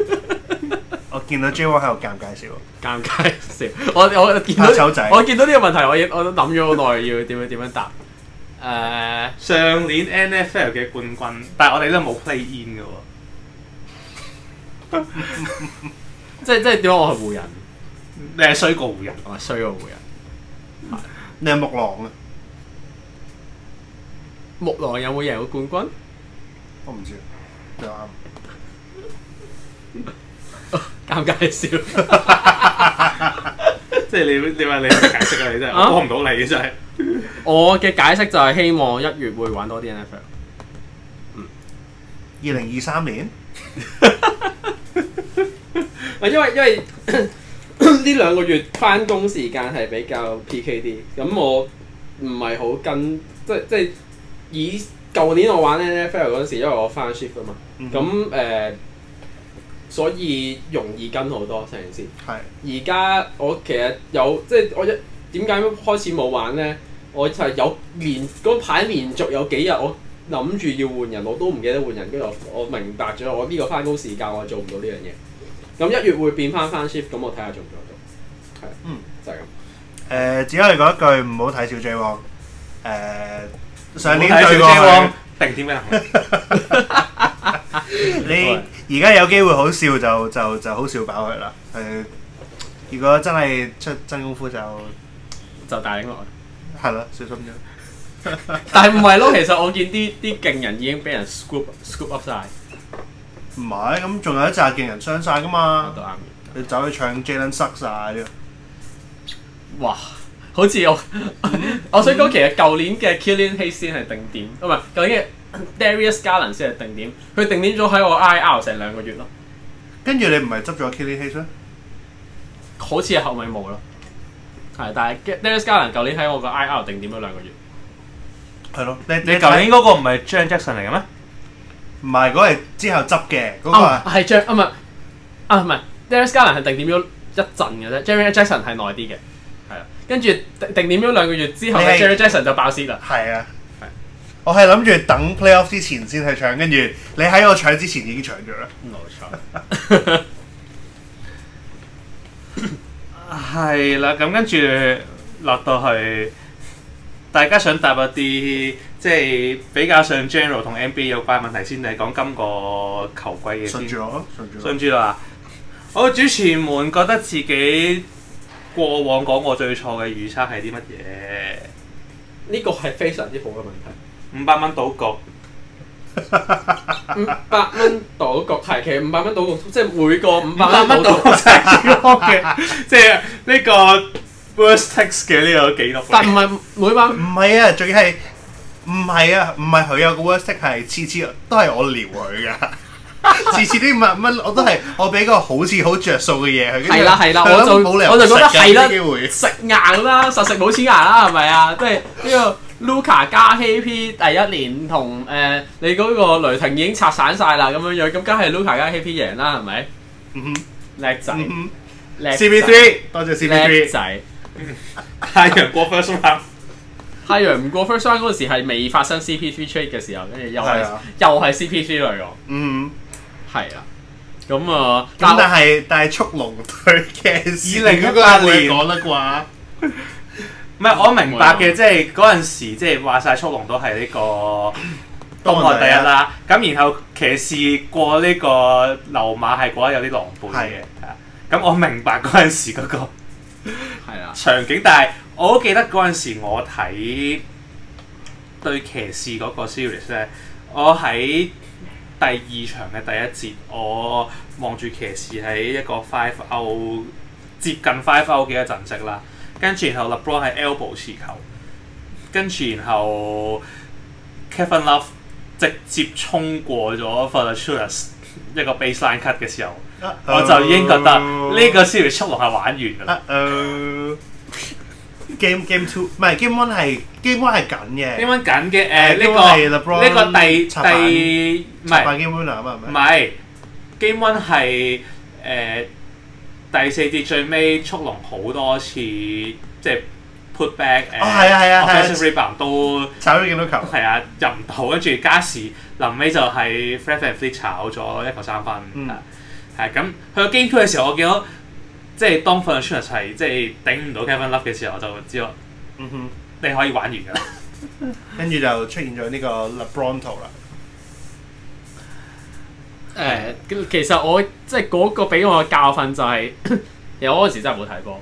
我見到 J 汪喺度尷尬笑，尷尬笑。我我見到醜仔我見到呢個問題，我我諗咗好耐，要點樣點樣答？誒、uh，上年 NFL 嘅冠軍，但係我哋都冇 play in 嘅喎。即係即係點解我係湖人？ 你係衰過湖人，我係衰過湖人。你係木狼啊？木狼有冇贏過冠軍？我唔知啊，又啱。尷尬嘅笑，即係你點解你唔解釋啊？你真係幫唔到你真係。我嘅解釋就係希望一月會玩多啲 NFL。嗯，二零二三年。咪因為因為。呢兩 個月返工時間係比較 P K 啲，咁我唔係好跟，即係即係以舊年我玩咧咧 f a i 嗰陣時，mm hmm. 因為我返 shift 啊嘛，咁誒、呃，所以容易跟好多成件事。係而家我其實有即係我一點解開始冇玩咧？我就係有連嗰排連,連續有幾日我諗住要換人，我都唔記得換人，跟住我我明白咗，我呢個返工時間我做唔到呢樣嘢。咁一月會變翻翻 shift，咁我睇下做唔做到。嗯，就係咁。誒、呃，只可以講一句，唔好睇小 J。誒、呃，上年對過定啲咩？ 你而家有機會好笑就就就好笑飽佢啦。誒，如果真係出真功夫就就大落去。係咯，小心啲。 但係唔係咯？其實我見啲啲勁人已經俾人 scoop scoop up 晒。唔係，咁仲有一紮勁人傷晒噶嘛？對你走去搶《Jalen Suggs》晒，呢啊！這個、哇，好似我、嗯、 我想講，其實舊年嘅 Killian Hayes 先係定點，唔係舊年嘅 Darius Garland 先係定點。佢定點咗喺我 IR 成兩個月咯。跟住你唔係執咗 Killian Hayes 咩？好似係，後尾冇咯。係，但係 Darius Garland 舊年喺我個 IR 定點咗兩個月。係咯，你你舊年嗰個唔係 Jaren Jackson 嚟嘅咩？唔係，嗰係、那個、之後執嘅嗰個係張啊，唔係啊，唔係 Darius Garland 係定點咗一陣嘅啫，Jaren Jackson 係耐啲嘅，係啦。跟住定定點咗兩個月之後咧，Jaren Jackson 就爆閃啦。係啊，我係諗住等 Playoff 之前先去搶，跟住你喺我搶之前已經搶咗啦。冇錯、嗯，係啦，咁 跟住落到去，大家想答一啲。即係比較上 general 同 NBA 有關嘅問題先，先，你講今個球季嘅先。信住我，信住。信住啦。主持人覺得自己過往講過最錯嘅預測係啲乜嘢？呢個係非常之好嘅問題。五百蚊賭局。五百蚊賭局係、哎、其實五百蚊賭局，即係每個五百蚊賭局。即係呢個 First Take 嘅呢個記錄。但唔係每晚唔係啊，仲要係。唔係啊，唔係佢有個 worstic 係，次次都係我撩佢噶， 次次啲乜乜我都係我俾個好似好着數嘅嘢佢。係啦係啦，我就我就覺得係啦，食 硬啦，實食冇錢硬啦，係咪啊？即係呢個 Luka 加 KP 第一年同誒、呃、你嗰個雷霆已經拆散晒啦，咁樣樣咁，梗係 Luka 加 KP 贏啦，係咪、嗯哼？叻仔，CP three 多謝 CP three，叻仔，係過 first 太陽唔過 first line 嗰時係未發生 CP3 trade 嘅時候，跟住又係又係 CP3 嚟嘅。嗯，係啊。咁啊，但係但係，速龍對騎士二零一八年講得啩？唔係，我明白嘅，即係嗰陣時，即係話晒速龍都係呢個東岸第一啦。咁然後騎士過呢個流馬係過得有啲狼狽嘅。咁我明白嗰陣時嗰個係啊場景，但係。我好記得嗰陣時，我睇對騎士嗰個 series 咧，我喺第二場嘅第一節，我望住騎士喺一個 five out 接近 five out 嘅陣勢啦，跟住然後 LeBron 喺 elbow 持球，跟住然後 Kevin Love 直接衝過咗 Valanciunas 一個 baseline cut 嘅時候，uh oh. 我就已經覺得呢個 series 速龍係玩完噶啦。Uh oh. game game two 唔係 game one 係 game one 係緊嘅 game one 緊嘅，誒呢個呢個第第唔係唔係 game one 係誒第四節最尾速龍好多次即係 put back 誒係啊係啊都炒咗幾多球係啊入唔到，跟住加時臨尾就係 Fred VanVleet 炒咗一個三分係咁，去到 game two 嘅時候我見到即係當 Franchise 係即係頂唔到 Kevin Love 嘅時候，我就知咯。嗯哼，你可以玩完噶啦。 跟住就出現咗呢個 LeBron 啦。誒、呃，其實我即係嗰個俾我嘅教訓就係、是，我嗰陣時真係冇睇過。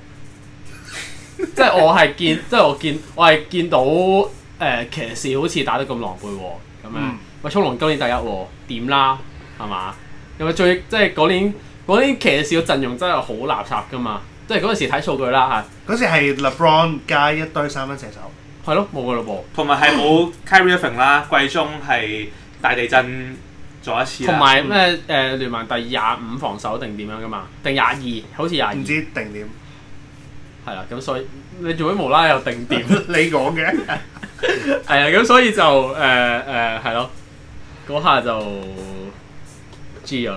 即係我係見，即係我見，我係見到誒、呃、騎士好似打得咁狼狽咁樣喂，衝、嗯嗯嗯、龍今年第一喎、哦，點啦，係嘛？因為最即係嗰年。嗰啲騎士嘅陣容真係好垃圾噶嘛，即係嗰陣時睇數據啦吓，嗰時係 LeBron 加一堆三分射手，係咯冇噶啦噃，同埋係冇 Kyrie Irving 啦。季中係大地震做一次，同埋咩誒聯盟第二廿五防守定點樣噶嘛？定廿二，好似廿二，唔知定點。係啦，咁所以你做啲無啦又定點？你講嘅係啊，咁所以就誒誒係咯，嗰下就知咗，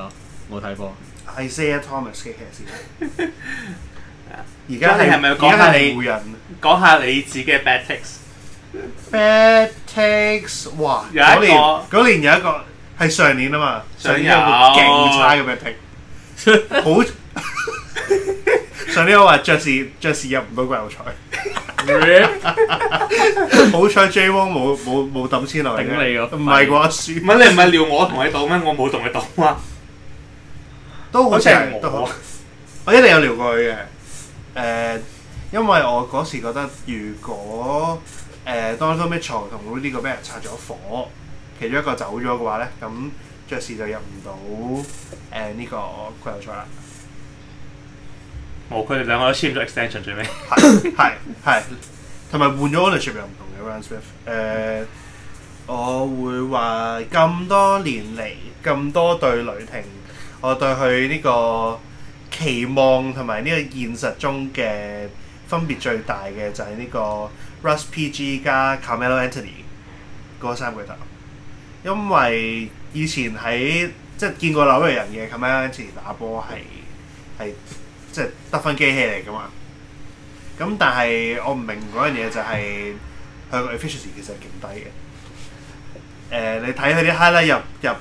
冇睇過。係 Isaiah Thomas 嘅 case。而家係咪講下你湖人？講下你自己 bad takes。bad takes，哇！嗰年嗰年有一個係上年啊嘛，上年有個勁差嘅 bad take。好，上年我話爵士爵士入唔到季後賽。好彩，Jay Wong 冇冇冇抌錢落嚟嘅。唔係喎，輸。唔係，你唔係撩我同你賭咩？我冇同佢賭啊。都好似了都好，我一定有聊過佢嘅。誒、呃，因為我嗰時覺得，如果誒、呃、 Donovan Mitchell 同呢個咩人拆咗火，其中一個走咗嘅話咧，咁爵士就入唔到誒呢個季後賽啦。冇、呃、佢、這、哋、個哦、兩個都簽咗 extension 最尾。係 係， 同埋換咗 ownership 又唔同嘅。Ramsay 誒、呃，我會話咁多年嚟咁多對雷霆。我對佢呢個期望同埋呢個現實中嘅分別最大嘅就係呢個 Russ PG 加 Carmelo Anthony 嗰三個頭，因為以前喺即係見過紐約人嘅 Carmelo Anthony 打波係係即係得分機器嚟噶嘛，咁但係我唔明嗰樣嘢就係、是、佢嘅 efficiency 其實係勁低嘅，誒、呃、你睇佢啲 highlight 入入。入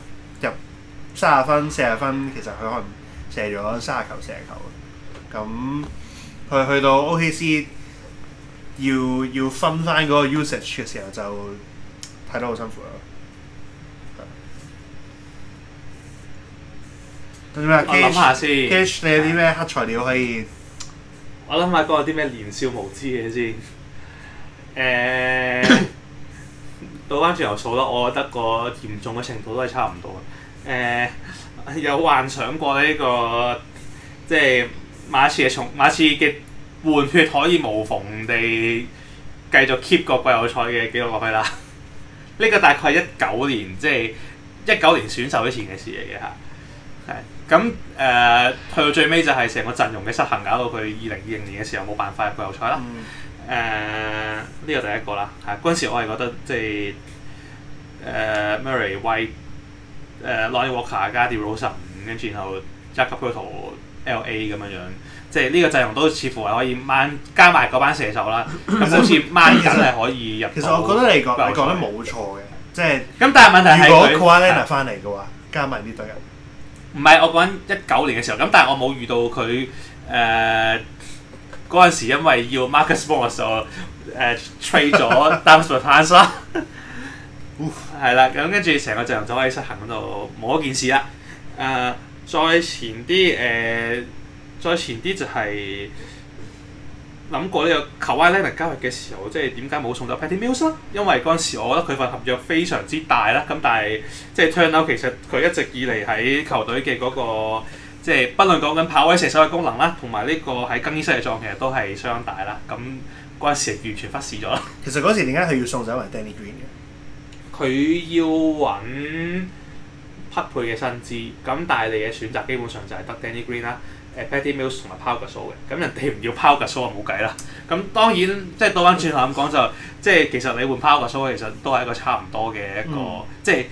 三十分、四十分，其實佢可能射咗三廿球、四廿球。咁佢去到 O.K.C.、OK、要要分翻嗰個 usage 嘅時候，就睇得好辛苦咯。咩啊？我諗下先。Cash，你有啲咩黑材料可以？我諗下講啲咩年少無知嘅先知。誒、呃，倒翻轉頭數咯，我覺得個嚴重嘅程度都係差唔多嘅。誒、呃、有幻想過呢、這個即係馬刺嘅重馬刺嘅換血可以無縫地繼續 keep 個季後賽嘅記錄落去啦？呢 個大概係一九年即係一九年選秀之前嘅事嚟嘅嚇。係咁誒去到最尾就係成個陣容嘅失衡搞到佢二零二零年嘅時候冇辦法入季後賽啦。誒呢、嗯呃這個第一個啦，係嗰陣時我係覺得即係誒、呃、Murray White。誒 Lonnie Walker 加 DeRozan，跟住然後 Jakob Poeltl、LA 咁樣樣，即係呢個陣容都似乎係可以掹加埋嗰班射手啦。咁 好似掹，梗係可以入其。其實我覺得你講，我講得冇錯嘅，即係。咁但係問題係，如果 Kawhi Leonard 翻嚟嘅話，啊、加埋呢隊人，唔係我講一九年嘅時候。咁但係我冇遇到佢誒嗰陣時，因為要 Marcus Morris 誒 trade 咗 Davis Bertans。呃 係啦，咁跟住成個自由走可失執行，度，冇一件事啦。誒、呃，再前啲，誒、呃，再前啲就係、是、諗過個球呢個求威廉尼交易嘅時候，即係點解冇送走 Patty Mills 咧？因為嗰陣時我覺得佢份合約非常之大啦。咁但係即係 Turner 其實佢一直以嚟喺球隊嘅嗰個，即係不論講緊跑位射手嘅功能啦，同埋呢個喺更衣室嘅作用，其實都係相當大啦。咁嗰陣時完全忽視咗。其實嗰陣時點解佢要送走埋 Danny Green 嘅？佢要揾匹配嘅薪資，咁但係你嘅選擇基本上就係得 Danny Green 啦、呃，誒 Patty Mills 同埋 Powell 嘅數，咁人哋唔要 Powell 嘅數啊，冇計啦。咁當然即係倒翻轉頭咁講就， 即係其實你換 Powell 嘅數其實都係一個差唔多嘅一個，嗯、即係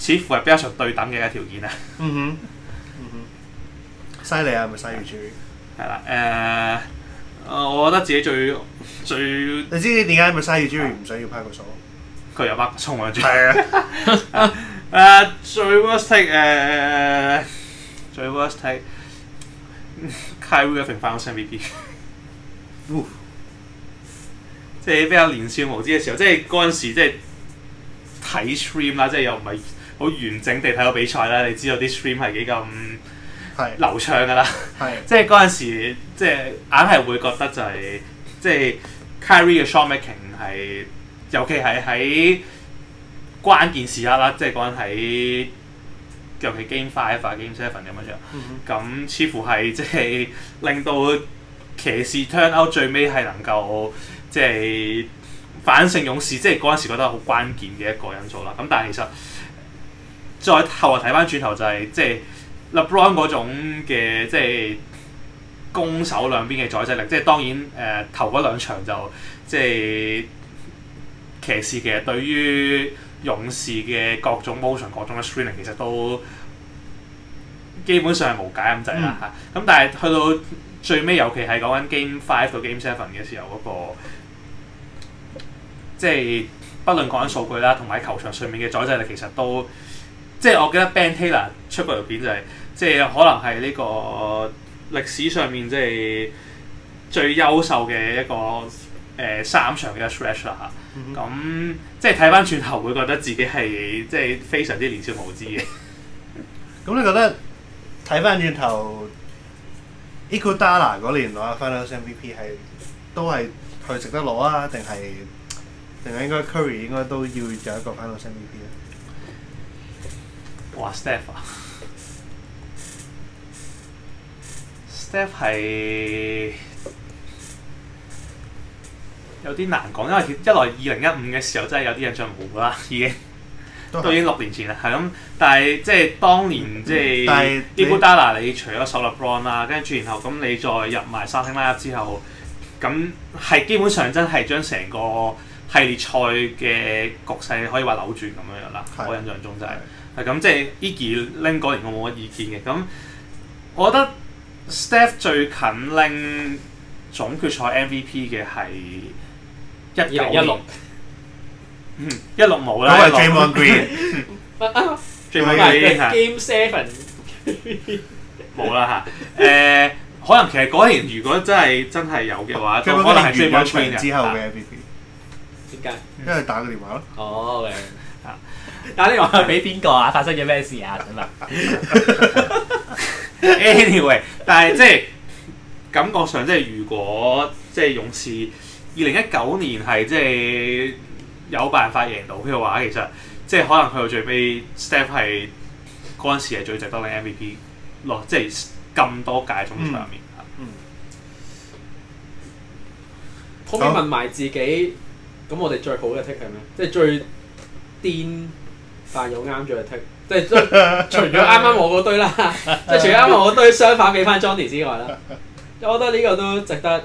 似乎係比較上對等嘅一個條件啊。嗯哼，嗯哼，犀利啊！咪嘥住，係啦，誒、呃，我覺得自己最最，你知唔知點解咪嘥住唔想要 Powell 嘅數？ 佢入翻個衝啊！最係啊！誒最 w o r s t i 最 w o r s t c a r r y e v 翻到 VP，即係比較年少無知嘅時候，即係嗰陣時即係睇 stream 啦，即係又唔係好完整地睇到比賽啦。你知道啲 stream 係幾咁流暢噶啦？係即係嗰陣時，即係硬係會覺得就係、是、即係 Carry 嘅 Shotmaking 係。尤其係喺關鍵時刻啦，即係嗰陣喺，尤其 Game Five、Game Seven 咁樣樣，咁、mm hmm. 似乎係即係令到騎士 turn out 最尾係能夠即係反勝勇士，即係嗰陣時覺得好關鍵嘅一個因素啦。咁但係其實再後來睇返轉頭就係、是、即係 LeBron 嗰種嘅即係攻守兩邊嘅宰制力，即係當然誒、呃、頭嗰兩場就即係。騎士其實對於勇士嘅各種 motion、各種嘅 screening，其實都基本上係無解咁滯啦嚇。咁、就是嗯、但係去到最尾，尤其係講緊 game five 到 game seven 嘅時候嗰、那個，即、就、係、是、不論講緊數據啦，同埋球場上面嘅宰制力，其實都即係、就是、我記得 Ben Taylor 出過條片就係、是，即、就、係、是、可能係呢個歷史上面即係最優秀嘅一個。誒、呃、三場嘅 stretch 啦嚇，咁、嗯、哼即係睇翻轉頭會覺得自己係即係非常之年少無知嘅。咁 你覺得睇翻轉頭 Iguodala 嗰年攞翻個 MVP 係都係佢值得攞啊？定係定係應該 Curry 應該都要有一個攞翻個 MVP 啊哇？哇 Steph 啊，Steph 係。 有啲難講，因為一來二零一五嘅時候真係有啲印象模糊啦，已經都，是都已經六年前啦，係咁。但係即係當年即係伊布達拿，你，你除咗手立 bron 跟住然後咁你再入埋沙 星拉之後，咁係基本上真係將成個系列賽嘅局勢可以話扭轉咁樣樣啦。是的 我印象中就係、是，咁即係 Iggy 拎嗰年我冇乜意見嘅。咁我覺得 Step 最近拎總決賽 MVP 嘅係。一九一六，一六冇啦，因為 Game On Green，最尾嗰啲嚇 Game Seven 冇啦嚇。誒，可能其實嗰年如果真係真係有嘅話，就可能係 Game On Green 之後嘅。點解？因為打個電話咯。哦，喂，打電話俾邊個啊？發生咗咩事啊？咁啊。Anyway，但係即係感覺上即係如果即係勇士。二零一九年係即係有辦法贏到嘅話，其實即係可能去到最尾 ，Step 係嗰陣時係最值得嘅 MVP 咯，即係咁多屆中上面。 嗯，可唔可以問埋自己，咁我哋最好嘅 take 係咩？即係最癲但又啱咗嘅 take，即係除咗啱啱我嗰堆啦，即係除咗啱啱我堆相反俾翻 Johnny 之外啦，我覺得呢個都值得。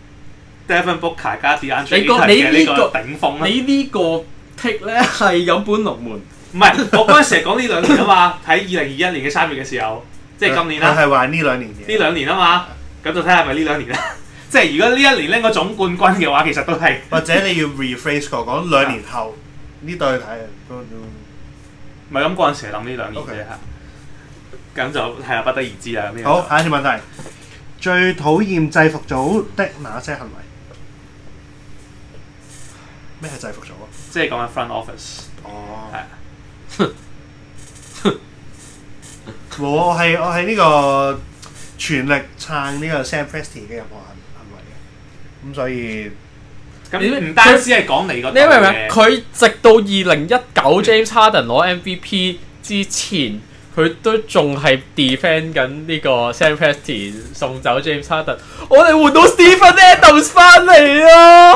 第一份 booker 加啲眼呢個頂峰你、這個，你個剔呢個 take 咧係有本龍門，唔係我嗰陣時係講呢兩年啊嘛。喺二零二一年嘅三月嘅時候，即係今年啦，係話呢兩年呢兩年啊嘛。咁、啊、就睇係咪呢兩年啦。啊、 即係如果呢一年拎個總冠軍嘅話，其實都係或者你要 rephrase 過講兩年後呢對睇啊，唔係咁，嗰陣時係諗呢兩年嘅。咁就係啊，不得而知啊。咁樣好？下一個問題，最討厭制服組的哪些行為？咩係制服組啊？即係講緊 front office。哦。係。我我係我係呢個全力撐呢個 Sam Presti 嘅任何行為嘅。咁所以咁你唔單止係講你個，你明唔明？佢直到二零一九 James Harden 攞 MVP 之前，佢都仲係 defend 緊呢個 Sam Presti 送走 James Harden。我哋換到 Steven Adams 翻嚟啊！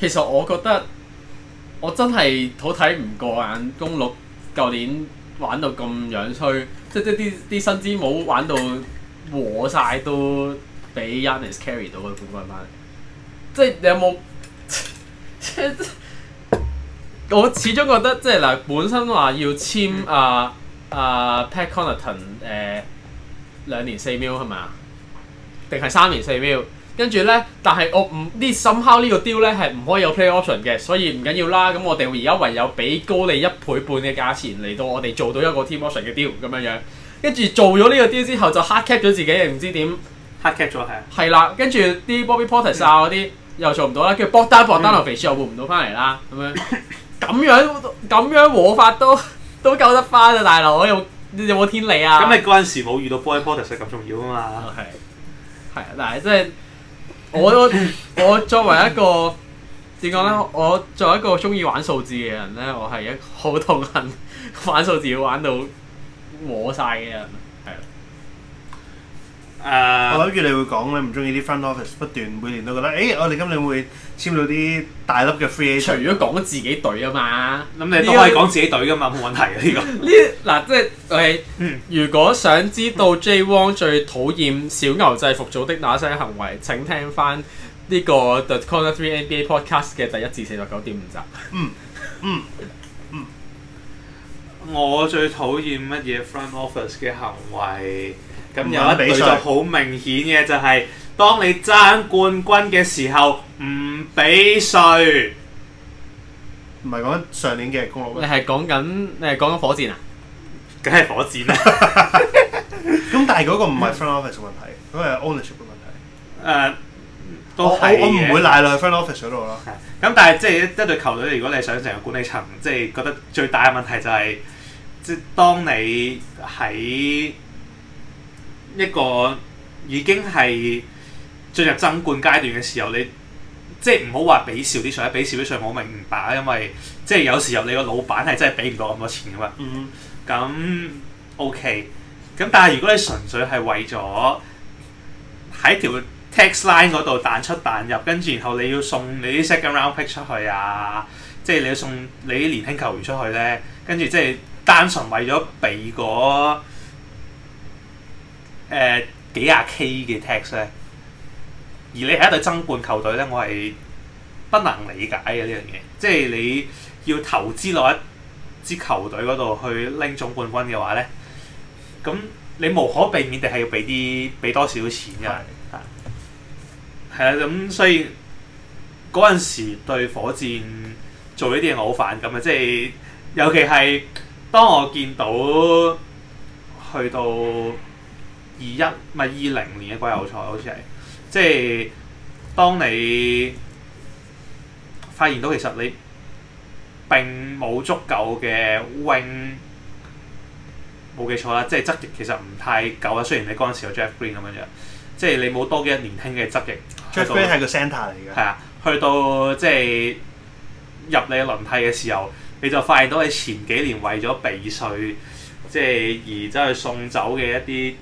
其實我覺得我真係好睇唔過眼，公鹿舊年玩到咁樣衰，即即啲啲新尖冇玩到和晒都俾 Giannis carry 到佢冠軍返嚟，即係你有冇？ 我始終覺得即係嗱，本身話要簽啊啊、呃呃、Pat Connaughton 誒、呃、兩年四 mil 係咪？定係三年四 mil？跟住咧，但係我唔呢 somehow 呢個 deal 咧，係唔可以有 play option 嘅，所以唔緊要啦。咁我哋而家唯有俾高你一倍半嘅價錢嚟到，我哋做到一個 team option 嘅 deal。咁樣樣。跟住做咗呢個 deal 之後，就 hard cap 咗自己，唔知點 hard cap 咗係係啦。跟住啲 Bobby Portis 啊嗰啲、嗯、又做唔到啦，跟住 bottom bottom 流肥鼠又換唔到翻嚟啦。咁樣咁 樣咁樣玩法都都救得翻啊，大佬有有冇天理啊？咁、嗯、你嗰陣時冇遇到 Bobby Portis 實咁重要啊嘛？係係啊，但係真係。 我我作為一個點講咧？我作為一個鍾意玩數字嘅人咧，我係一好痛恨玩數字玩到和晒嘅人。誒，uh, 我諗住你會講你唔中意啲 front office 不斷每年都覺得，誒，我哋今年會簽到啲大粒嘅 free agent。除咗講自己隊啊嘛，咁、這個、你都可以講自己隊噶嘛，冇、這個、問題啊呢、這個。呢嗱、這個，即係，okay, 嗯，如果想知道 J. Wong 最討厭小牛制服組的那些行為，請聽翻呢個 The Corner 3 NBA Podcast 嘅第一至四十九點五集。嗯嗯嗯，我最討厭乜嘢 front office 嘅行為？咁有一隊就好明顯嘅、就是，就係當你爭冠軍嘅時候唔俾稅，唔係講上年嘅功勞。你係講緊誒講緊火箭啊？梗係火箭啦。咁但係嗰個唔係 front office 嘅問題，嗰個 ownership 嘅問題。誒、呃，都係我唔的會賴落去 front office 度咯。咁、嗯、但係即係一隊球隊，如果你想成個管理層，即係覺得最大嘅問題就係、是，即係當你喺。一個已經係進入爭冠階段嘅時候，你即係唔好話俾少啲上，俾少啲上我明白，因為即係有時候你個老闆係真係俾唔到咁多錢㗎嘛。嗯，咁 OK。咁但係如果你純粹係為咗喺條 tax line 嗰度彈出彈入，跟住然後你要送你啲 second round pick 出去啊，即係你要送你啲年輕球員出去咧，跟住即係單純為咗避嗰。誒、呃、幾廿 K 嘅 tax 咧，而你係一隊爭冠球隊咧，我係不能理解嘅呢樣嘢。即係你要投資落一支球隊嗰度去拎總冠軍嘅話咧，咁你無可避免地係要俾啲俾多少錢㗎。係啊的，咁所以嗰陣時對火箭做呢啲嘢我好反感啊。即係尤其係當我見到去到。二一咪二零年嘅季後賽好似係，即係當你發現到其實你並冇足夠嘅 wing，冇記錯啦，即係執翼其實唔太夠啦。雖然你嗰陣時有 Jeff Green 咁樣樣，即係你冇多啲年輕嘅執翼。Jeff Green 係到個 centre 嚟嘅。係啊，去到即係入你嘅輪替嘅時候，你就發現到你前幾年為咗避稅，即係而走去送走嘅一啲。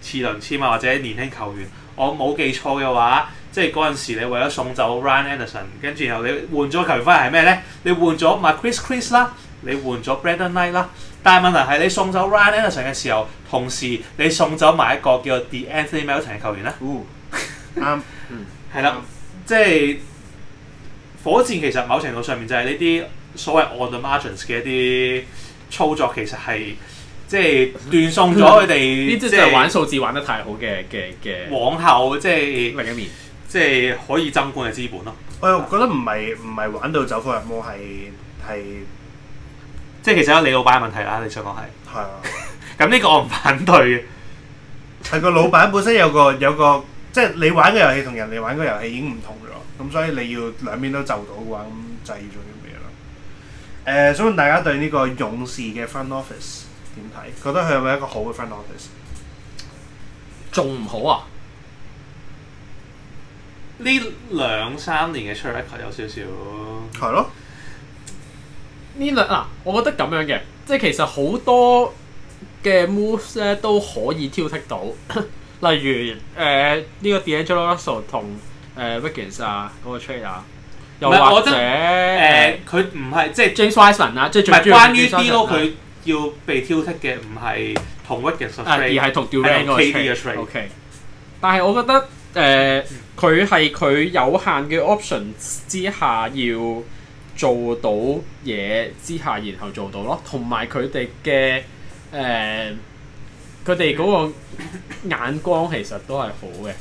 次輪籤啊，或者年輕球員，我冇記錯嘅話，即係嗰陣時你為咗送走 Ryan Anderson，跟住然後你換咗球員翻嚟係咩咧？你換咗 Marquese Chriss 啦，你換咗 Brandon Knight 啦。但係問題係你送走 Ryan Anderson 嘅時候，同時你送走埋一個叫做 De'Anthony Melton 嘅球員咧。啱，係啦，即係火箭其實某程度上面就係呢啲所謂 order margins 嘅一啲操作，其實係。即係斷送咗佢哋即係玩數字玩得太好嘅嘅嘅，往後即係是另一面，即係可以爭冠嘅資本咯。我又覺得唔係唔係玩到走火入魔，係係即係其實有李老闆嘅問題啦、啊。你想講係係啊？咁呢 個我唔反對嘅，係個老闆本身有個有個 即係你玩嘅遊戲同人哋玩嘅遊戲已經唔同咗，咁所以你要兩邊都就到嘅話，咁就要做啲咩咯？誒、呃，想問大家對呢個勇士嘅 front office。點睇？覺得佢係咪一個好嘅 front office？仲唔好啊？呢兩三年嘅 trade 佢有少少係咯。呢兩嗱，我覺得咁樣嘅，即係其實好多嘅 moves 咧都可以挑剔到，例如誒呢、呃這個 D'Angelo Russell 同誒 Wiggins 啊嗰個 trade 啊，那個、trainer, 又或者誒佢唔係即係 James Wiseman 啊，即係唔係 d 佢？要被挑剔嘅唔係同一嘅 train 而係同屌 KD 嘅 train OK，okay。但係我覺得誒，佢係佢有限嘅 option 之下要做到嘢之下，然後做到咯。同埋佢哋嘅誒，佢哋嗰個眼光其實都係好嘅。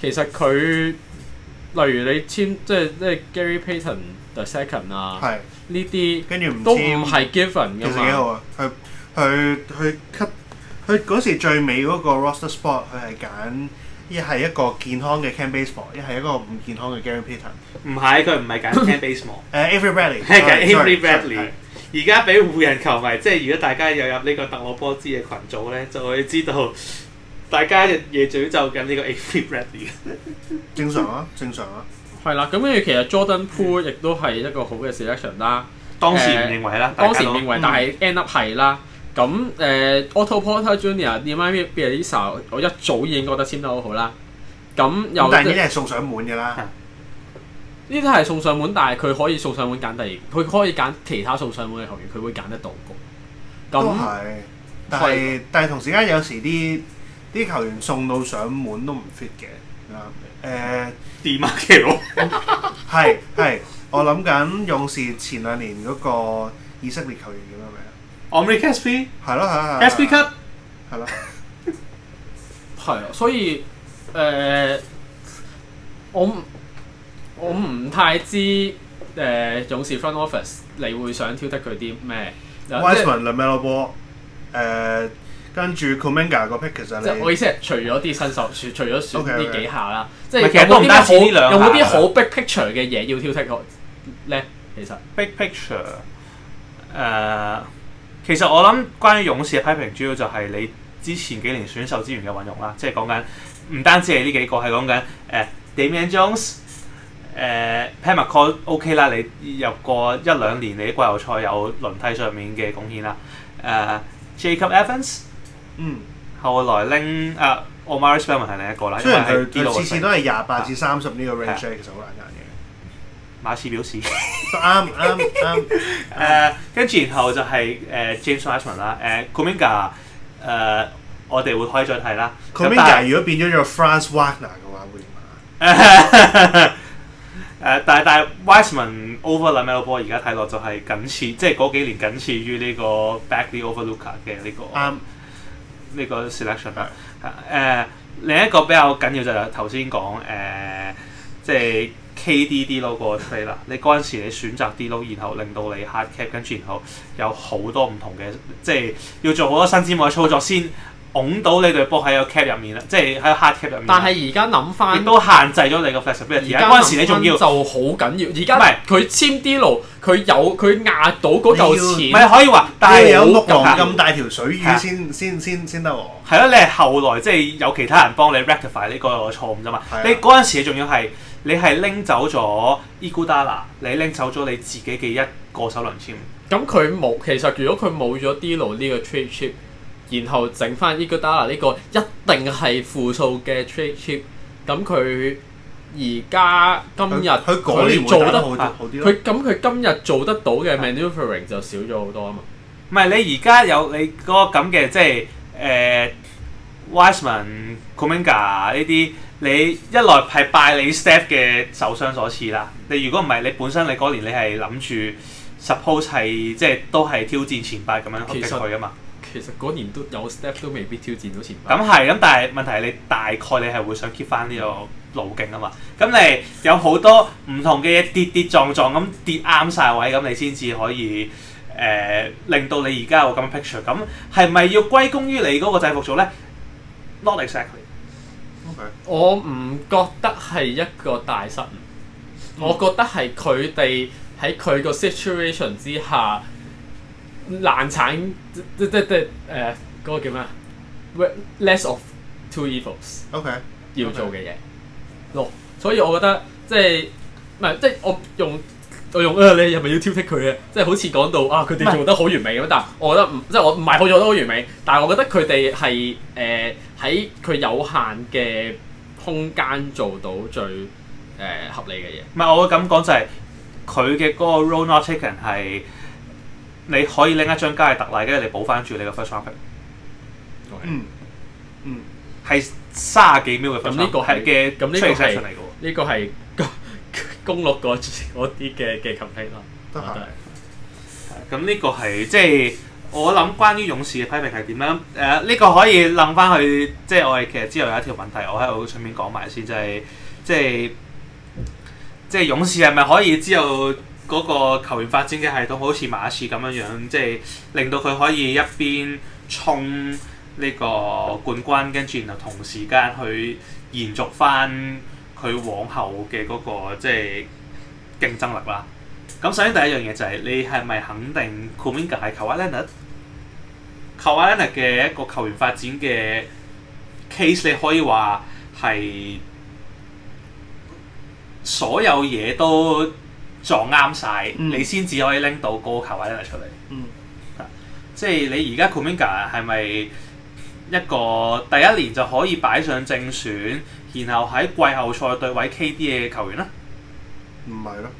其實佢例如你簽即係即係 Gary Payton the second 啊，係。呢啲跟住唔都唔係 given 嘅嘛，其實幾好啊！佢佢佢 cut 佢嗰時最尾嗰個 roster spot，r 佢係揀一係一個健康嘅 c Kent Bazemore，一係一個唔健康嘅 Gary Payton 唔係，佢唔係揀 Kent Bazemore，誒 Avery Bradley 係揀 Avery Bradley。而家俾湖人球迷，即係如果大家有入呢個特我波之嘅群組咧，就會知道大家日夜詛咒緊呢個 Avery Bradley。正常啊，正常啊。係啦，咁跟住其實 Jordan Poole 亦都係一個好嘅 selection 啦。當時唔認為啦，當時唔認為，但係 end up 係啦。咁誒，Otto Porter Junior、Nemanja Bjelica 我一早已經覺得簽得好好啦。咁又但係呢啲係送上門嘅啦。呢啲係送上門，但係佢可以送上門揀第二，佢可以揀其他送上門嘅球員，佢會揀得到。咁係但係，但係同時間有時啲啲球員送到上門都唔 fit 嘅。啱。誒，地馬橋係係，我諗緊勇士前兩年嗰個以色列球員叫咩名？Omer Caspi 係咯係係 Caspi Cup 係咯係，所以誒、呃，我我唔太知誒、呃、勇士 front office 你會想挑剔佢啲咩 Wiseman 兩米多波誒。跟住 Kuminga 個 pick 我意思係除咗啲新手，除咗選呢幾下啦，okay, okay. 即係其實唔單止呢兩下有冇啲好 big picture 嘅嘢要挑剔我咧？其實 big picture 誒、呃，其實我諗關於勇士嘅批評，主要就係你之前幾年選秀資源嘅運用啦，即係講緊唔單止係呢幾個，係講緊誒 Damian Jones 誒 Pat McCaw 啦，你入過一兩年，你啲季後賽有輪替上面嘅貢獻啦，誒、呃、Jacob Evans。嗯，後來拎阿 Omari Spellman 係另一個啦，因為佢次次都係廿八至三十呢個 range、啊、的其實好難揀嘅。馬刺表示都啱啱啱。誒，跟住然後就係、是、誒、呃、James Wiseman 啦，誒 Kuminga 誒，我哋會可以再睇啦。Kuminga 如果變咗做 Franz Wagner 嘅話，會點啊？誒，但係但係 Wiseman over the LaMelo 而家睇落就係僅次，即係嗰幾年僅次於呢個 Bagley over Luka 嘅呢個啱。呢個 selection 啦、啊，誒另一個比較緊要就係頭先講誒，即係 KD D-Lo 嗰個 trade 啦，你嗰陣時你選擇 D-Lo，然後令到你 hard cap 跟住，然後有好多唔同嘅，即係要做好多新節目嘅操作先。拱到你對波喺個 cap 入面啦，即係喺個 hard cap 入面。但係而家諗翻，亦都限制咗你個 flexibility 而家嗰陣時你仲要就好緊要。而家唔係佢簽 DLo，佢有佢壓到嗰嚿錢，唔係要可以話。但係有六咁大條水魚的先先先先得喎。係咯，你係後來即係、就是、有其他人幫你 rectify 呢個錯誤啫嘛的。你嗰陣時你仲要係你係拎走咗 Iguodala，你拎走咗你自己嘅一個首輪簽。咁佢冇，其實如果佢冇咗 DLo 呢個 trade chip。然後整翻 Iguodala 呢個一定係負數嘅 trade chip，咁佢而家今日佢做得佢咁佢今日做得到嘅 manoeuvring、啊、就少咗好多啊嘛。唔係你而家有你嗰個咁嘅即係誒、呃、Wiseman Kuminga 呢啲，你一來係拜你 Steph 嘅受傷所賜啦，你如果唔係你本身你嗰年你係諗住 suppose 係即係都係挑戰前八咁樣去擊佢啊嘛。實其實嗰年都有 step 都未必挑戰到前排、嗯。咁係，咁但係問題係你大概你係會想 keep 翻呢個路徑啊嘛。咁你有好多唔同嘅嘢跌跌撞撞咁跌啱晒位，咁你先至可以誒、呃、令到你而家有咁嘅 picture。咁係咪要歸功於你嗰個制服組咧？Not exactly。我、我唔覺得係一個大失誤。我覺得係佢哋喺佢個 situation 之下。難產，即即即誒嗰個叫咩啊？Less of two evils。OK，要做嘅嘢。落 Okay.，所以我覺得即係唔係即係我用我用啊！你係咪要挑剔佢啊？即係好似講到啊，佢哋做得好完美咁，是但係我覺得唔即係我唔係好做得好完美，但係我覺得佢哋係誒喺佢有限嘅空間做到最誒、呃、合理嘅嘢。唔係我會咁講就係佢嘅嗰個 road not taken 係。你可以拎一張加嘅特例，跟住你補翻住你個 first shopping 嗯嗯，係三十幾秒嘅咁呢個係嘅，咁、這、呢個係呢個係公錄嗰啲嘅嘅 culmination 咯，咁呢個係即係我諗，關於勇士嘅批評係點咧？誒、呃，呢、這個可以諗翻去，即、就、係、是、我哋其實之後有一條問題，我喺度順便講埋先，就係即係即係勇士係咪可以之後？嗰個球員發展嘅系統好似馬刺咁樣樣，即係令到佢可以一邊衝呢個冠軍，跟住然後同時間去延續翻佢往後嘅嗰個即係競爭力啦。咁首先第一樣嘢就係你係咪肯定 Kuminga 係 Kawhi Leonard Kawhi Leonard 嘅一個球員發展嘅 case，你可以話係所有嘢都。撞啱晒，嗯、你先至可以拎到嗰球位拎嚟出嚟、嗯啊，即係你而家 Kuminga 係咪一個第一年就可以擺上正選，然後喺季後賽對位 KD 嘅球員咧？唔係咯。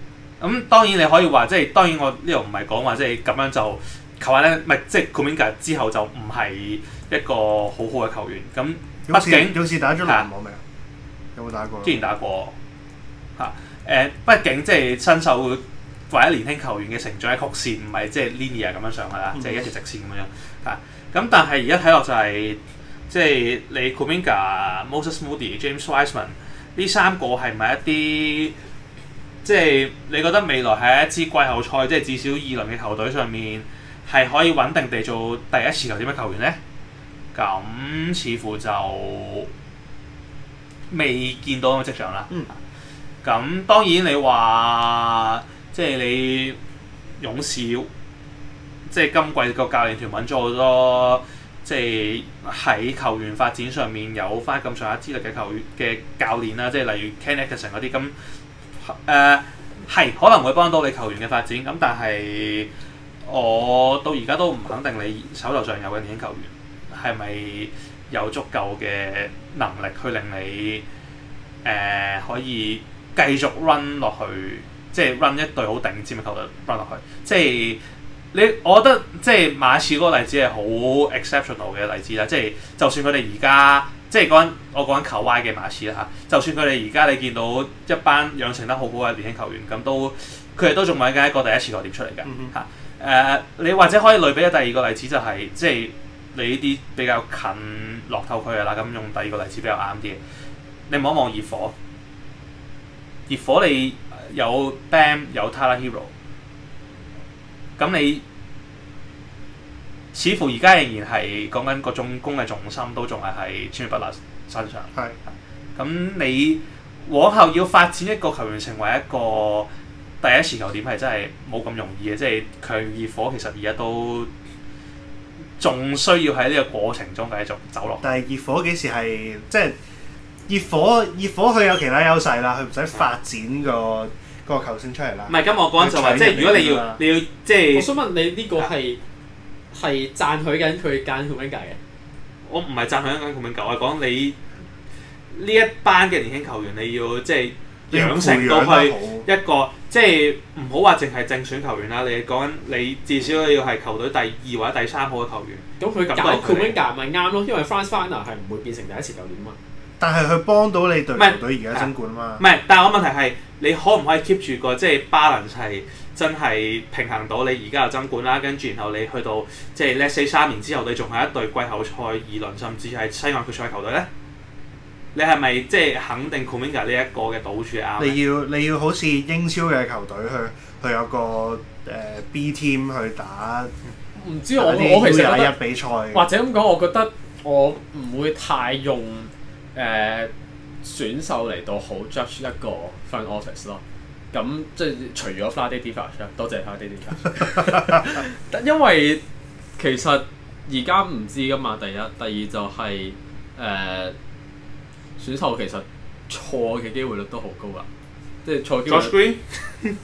咁當然你可以話，即係當然我呢度唔係講話即係咁樣就球位咧，唔係即係 Kuminga 之後就唔係一個好好嘅球員。咁畢竟有冇打咗籃網未啊？有冇打過？之前打過，嚇、啊。誒，畢竟即係新手或者年輕球員嘅成長曲線，唔係即係 linear 咁樣上去啦，即係一條直線咁樣。啊，咁但係而家睇落就係，即係你 Kuminga、Moses Moody、James Wiseman 呢三個係咪一啲，即係你覺得未來喺一支季後賽，即係至少二輪嘅球隊上面，係可以穩定地做第一次球隊嘅球員咧？咁似乎就未見到咁嘅跡象啦。嗯咁當然你話即係你勇士即係今季個教練團揾咗好多即係喺球員發展上面有返咁上下資歷嘅球員嘅教練啦，即係例如 Kenny Atkinson 嗰啲咁，誒係可能會幫到你球員嘅發展，咁但係我到而家都唔肯定你手頭上有嘅年輕球員係咪有足夠嘅能力去令你誒、呃、可以，繼續 run 落去，即係 run 一隊好頂尖嘅球隊 run 落去，即係你，我覺得即係馬刺嗰個例子係好 exceptional 嘅例子啦。即係就算佢哋而家即係講我講緊球 y 嘅馬刺啦嚇，就算佢哋而家你見到一班養成得好好嘅年輕球員，咁都佢哋都仲揾緊一個第一次球點出嚟嘅。嚇、嗯哼。誒、啊，你或者可以類比一第二個例子就係、是、即係你呢啲比較近落透去嘅啦，咁用第二個例子比較啱啲。你望一望熱火。熱火你有 Bam 有 Tyler Herro，咁你似乎而家仍然係講緊個進攻嘅重心都仲係喺 Jimmy Butler 身上。係是。咁你往後要發展一個球員成為一個第一持球點係真係冇咁容易嘅，即係佢熱火其實而家都仲需要喺呢個過程中繼續走落。但係熱火幾時係即係？熱火熱火佢有其他優勢啦，佢唔使發展個個球星出嚟啦。唔係，咁我講就話、是，即係是如果你要、嗯、你要即係。我想問你呢、呢個係係、啊、讚許緊佢揀 Kumenga 嘅？我唔係讚許緊 Kumenga，我係講你呢一班嘅年輕球員，你要即係養成到去一個,、啊、一個即係唔好話淨係正選球員啦。你講緊你至少要係球隊第二或者第三好嘅球員。咁佢揀 Kumenga 咪啱咯，因為 Frans Fana 係唔會變成第一次球員嘛。但係佢幫到你隊球隊而家爭冠啊嘛，唔係，但係我問題係你可唔可以 keep 住、個即係 balance 係真係平衡到你而家有爭冠啦，跟住然後你去到即係 let say 三年之後，你仲係一隊季後賽二輪甚至係西岸決賽球隊咧？你係咪即係肯定 Kuminga 呢一個嘅賭注啊？你要你要好似英超嘅球隊去去有個誒、呃、B team 去打，唔知我我其實一比賽或者咁講，我覺得我唔會太用。誒、uh，選秀嚟到好 judge 一個 front office 咯，咁即係除咗 Fla Daddy Divas，多謝 Fla Daddy Diva 因為其實而家唔知噶嘛，第一，第二就係、是、誒、呃、選秀其實錯嘅機會率都好高啊，即、就、係、是、錯機會率。Josh Green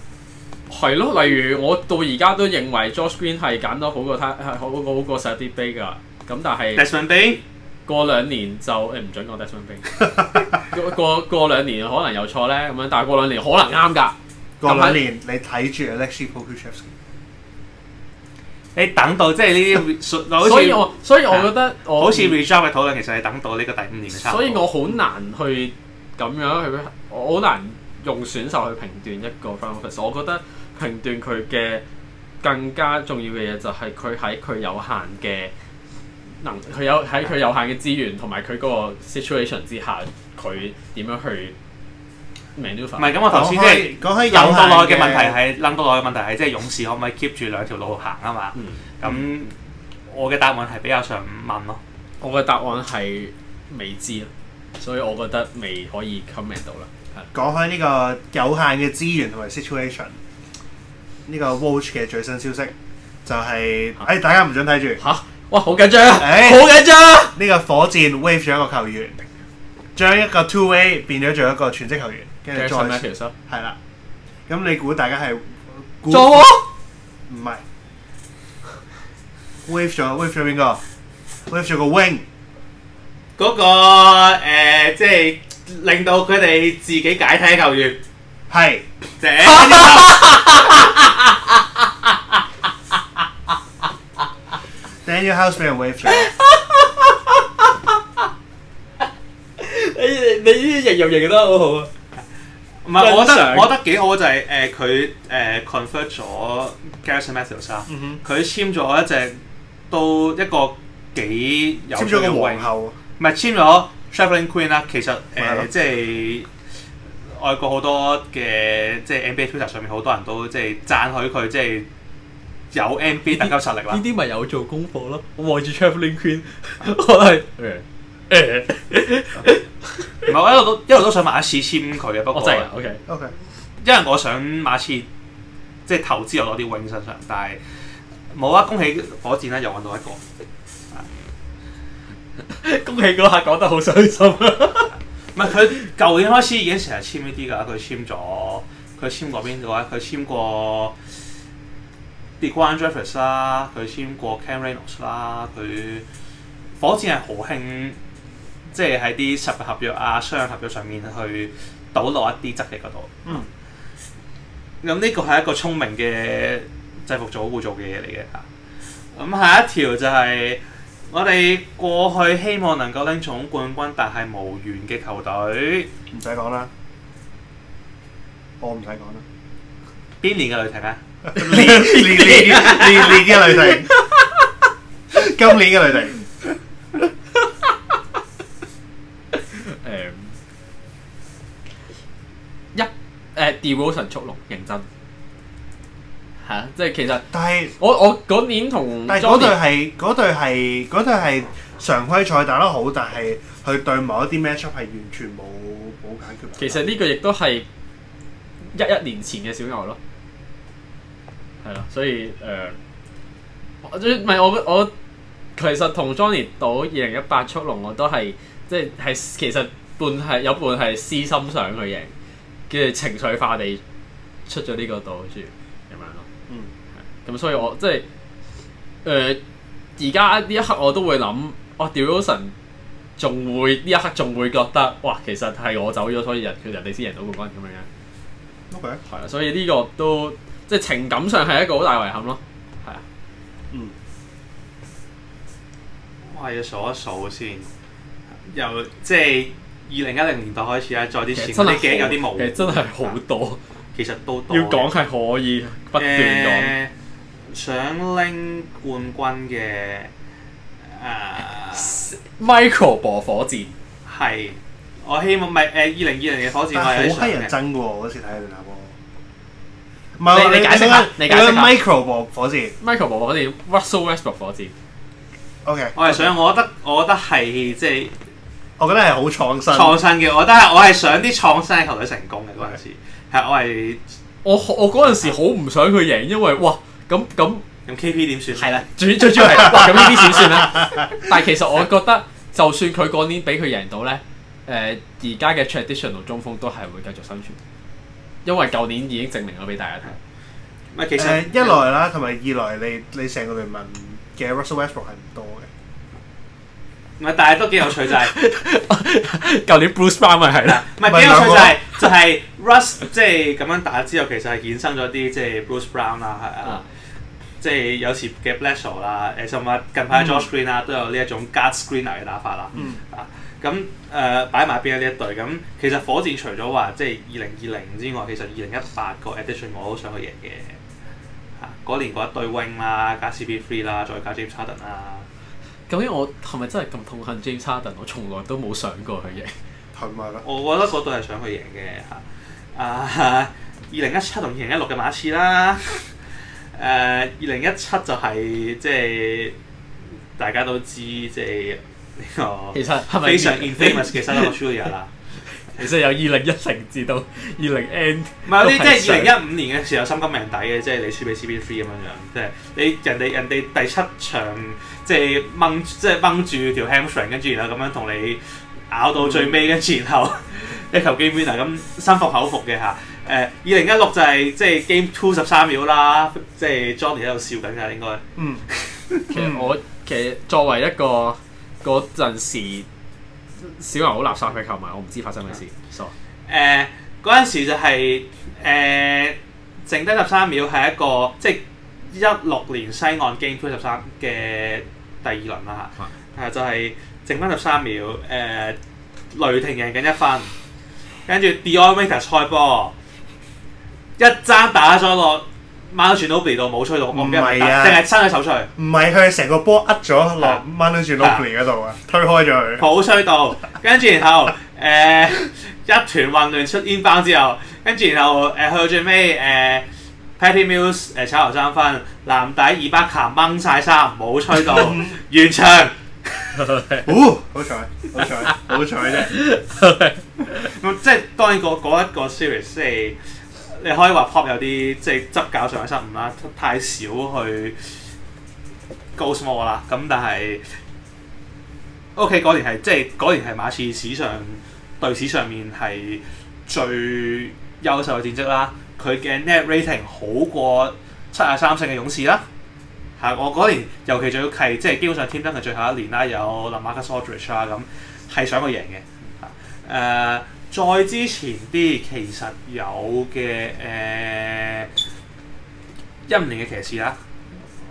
係 咯，例如我到而家都認為 Josh Green 係揀得好過他，好好，好過 Saddiq Bey 噶，咁但係。過兩年就誒唔、欸、准講 defend 過過兩年可能有錯咧咁樣，但係過兩年可能啱噶。過兩年是你睇住 Aleksej Pokusevski。你等到即係呢啲，所以我所以我覺得我，好似 rejoin 嘅討論，其實係等到呢個第五年。嘅所以我好難去咁樣去，我好難用選手去評斷一個 front office 我覺得評斷佢嘅更加重要嘅嘢，就係佢喺佢有限嘅。佢有喺佢有限嘅資源同埋佢嗰個 situation 之下，佢點樣去 maneuver？唔係咁，我頭先即係講開有到耐嘅問題係，冷到耐嘅問題係，即係勇士可唔可以 keep 住兩條路行啊嘛？咁我嘅答案係比較常問咯。我嘅答案係未知，所以我覺得未可以 comment 到啦。係講開呢個有限嘅資源同埋 situation，呢個 watch 嘅最新消息就係、是、誒、哎，大家唔准睇住嚇。哇，好緊張，好緊張！呢個火箭 wave 咗一個球員，將一個 two-way 變咗做一個全職球員，跟住再咩？係啦，咁你估大家係估？唔係 wave 咗，wave 咗邊個？wave 咗個 wing，嗰個誒，即係令到佢哋自己解體球員係。Daniel h o u s e m a n w a v f a c e 你你呢啲形容形容得好好啊。唔係，我覺得我覺得幾好就係、是、誒佢、呃、誒、呃、convert 咗 Garrison Mathews 啊、嗯哼，佢簽咗一隻都一個幾有嘅上位，唔係簽咗 Traveling Queen 啦。其實誒即係外國好多嘅即係、就是、NBA Twitter 上面好多人都即係、就是、讚許佢即係。就是有 NBA 等級實力啦，呢啲咪有做功課咯。我望住 traveling Queen， 我係誒唔係我一路都一路都想馬刺簽佢嘅，不過真係 OK OK，因為我想馬刺即係投資又攞啲永身上，但係冇啊！恭喜火箭咧，又揾到一個。 恭喜嗰下講得好傷心啊。 唔係佢舊年開始已經成日簽呢啲噶，佢簽咗，佢簽過邊嘅話，佢簽過，過。DaQuan Jeffries 啦，佢簽過 Cam Reynolds 啦，佢火箭係好興，即係喺啲十日合約啊、雙合約上面去倒落一啲質力嗰度。嗯。咁呢、啊、個係一個聰明嘅制服組會做嘅嘢嚟嘅嚇。咁、啊、下一條就係我哋過去希望能夠拎總冠軍，但係無緣嘅球隊。唔使講啦，我唔使講啦。邊年嘅雷霆啊？練練練練練啲女仔，今年嘅女仔，誒，一誒，depression 速龍認真吓，即係其實，但係我我嗰年同但係嗰對係嗰對係嗰對係常規賽打得好，但係佢對某一啲 matchup 係完全冇冇解決。其實呢個亦都係一一年前嘅小牛咯。係咯，所以誒，唔、呃、係我我其實同 Johnny 賭二零一八速龍我都係即係係其實半係有半係私心想去贏，跟住情緒化地出咗呢個賭注咁樣咯。嗯，係咁、嗯，所以我即係誒而家呢一刻我都會諗，我屌神仲會呢一刻仲會覺得哇，其實係我走咗，所以人佢人哋先贏到冠軍咁樣嘅。係啊 Okay.，所以呢個都。即係情感上係一個好大遺憾咯，係啊，嗯，我係要數一數先，由即係二零一零年代開始啦，再啲錢，啲嘅有啲冇，真係好多，其實都多。要講係可以不斷講、呃，想拎冠軍嘅，誒，Michael 博火箭係，我希望咪誒二零二零嘅火箭我係好乞人憎真嘅喎，嗰時睇唔係你解釋啦，你解釋 Microball 火箭，Microball 火箭，Russell Westbrook 火箭。O K，我係想，我覺得，我覺得係即係，我覺得係好創新。創新嘅，我覺得係我係想啲創新嘅球隊成功嘅嗰陣時，我係我我嗰陣時好唔想佢贏，因為哇咁咁用 K P 點算？係啦，轉最主要係咁 K P 點算啦？但係其實我覺得，就算佢嗰年俾佢贏到咧，誒而家嘅 traditional 中鋒都係會繼續生存。因為舊年已經證明咗俾大家睇，誒實、呃、一來啦，同埋二來，你你成個聯盟嘅 Russell Westbrook、ok、係唔多嘅，唔係，但係都幾有趣就係、是，舊 年 Bruce Brown 咪係啦，唔係幾有趣兩個 就係就係 Russ 即係咁樣打之後，其實係衍生咗啲即係、就是、Bruce Brown 啦，啊，即係、嗯、有時嘅 Blasio 啦，誒甚物近排 Josh Green 啦、嗯，都有呢一種 guard screener 嘅打法啦，嗯啊。嗯。咁誒擺埋邊呢一隊？咁其實火箭除咗話即係二零二零之外，其實二零一八個 addition 我好想去贏嘅嚇。嗰年嗰一隊 wing 啦，加 CP3 啦，再加 James Harden 啦。究竟我係咪真係咁痛恨 James Harden？我從來都冇想過去贏。係咪 我覺得嗰隊係想去贏嘅嚇。啊，二零一七同二零一六嘅馬刺啦。誒、uh, 就是，二零一七就係即係大家都知即係。哦，個是是其實非常 infamous，其實我輸咗入啦。其實由二零一零至到二零 n 唔係有啲即係二零一五年嘅時候心甘命抵嘅， 即係你輸俾 C B three 咁樣樣，即係你人哋人哋第七場即係掹即係掹住條 hamstring 跟住然後咁樣同你咬到最尾跟住然後一球 game winner，咁心服口服嘅嚇。誒、呃，二零一六就係、是、即係 game two 十三秒啦，即係 Johnny 喺度笑緊㗎應該。嗯， 其實我其實作為一個。嗰陣時，小牛好垃圾嘅球迷，我唔知發生咩事。Sorry< 的>。誒 So,、呃，嗰陣時就係、是、誒、呃，剩低十三秒係一個，即係一六年西岸 game 十三嘅第二輪啦嚇。係的、呃。就係、是、剩返十三秒，誒、呃，雷霆贏緊一分，跟住 Dion Waiters 賽波，一爭打咗落。掹到轉到 y 度冇吹到，唔係啊，定係伸咗手出去？唔係，佢係成個波呃咗落掹到轉到邊嗰度啊，推開咗佢。冇吹到，跟住然後誒一團混亂出煙翻之後，跟住然後去到最尾誒 Patty Mills 誒炒牛三分，籃底伊巴卡掹曬衫，冇吹到完場。好彩，好彩，好彩啫。咁即係當然嗰嗰一個 series 即係。你可以話 Pop 有啲即係執教上嘅失誤啦，太少去 g o s m a l l 啦。咁但係 OK 嗰年係即係嗰年係馬刺史上隊史上面係最優秀嘅戰績啦。佢嘅 net rating 好過七啊三勝嘅勇士啦。嚇！我嗰年尤其最要計，即係基本上天津 m 最後一年啦，有 LeMarcus a l d i d g 啊咁，係想去贏嘅。誒。再之前啲，其實有嘅誒，一五年嘅騎士啦，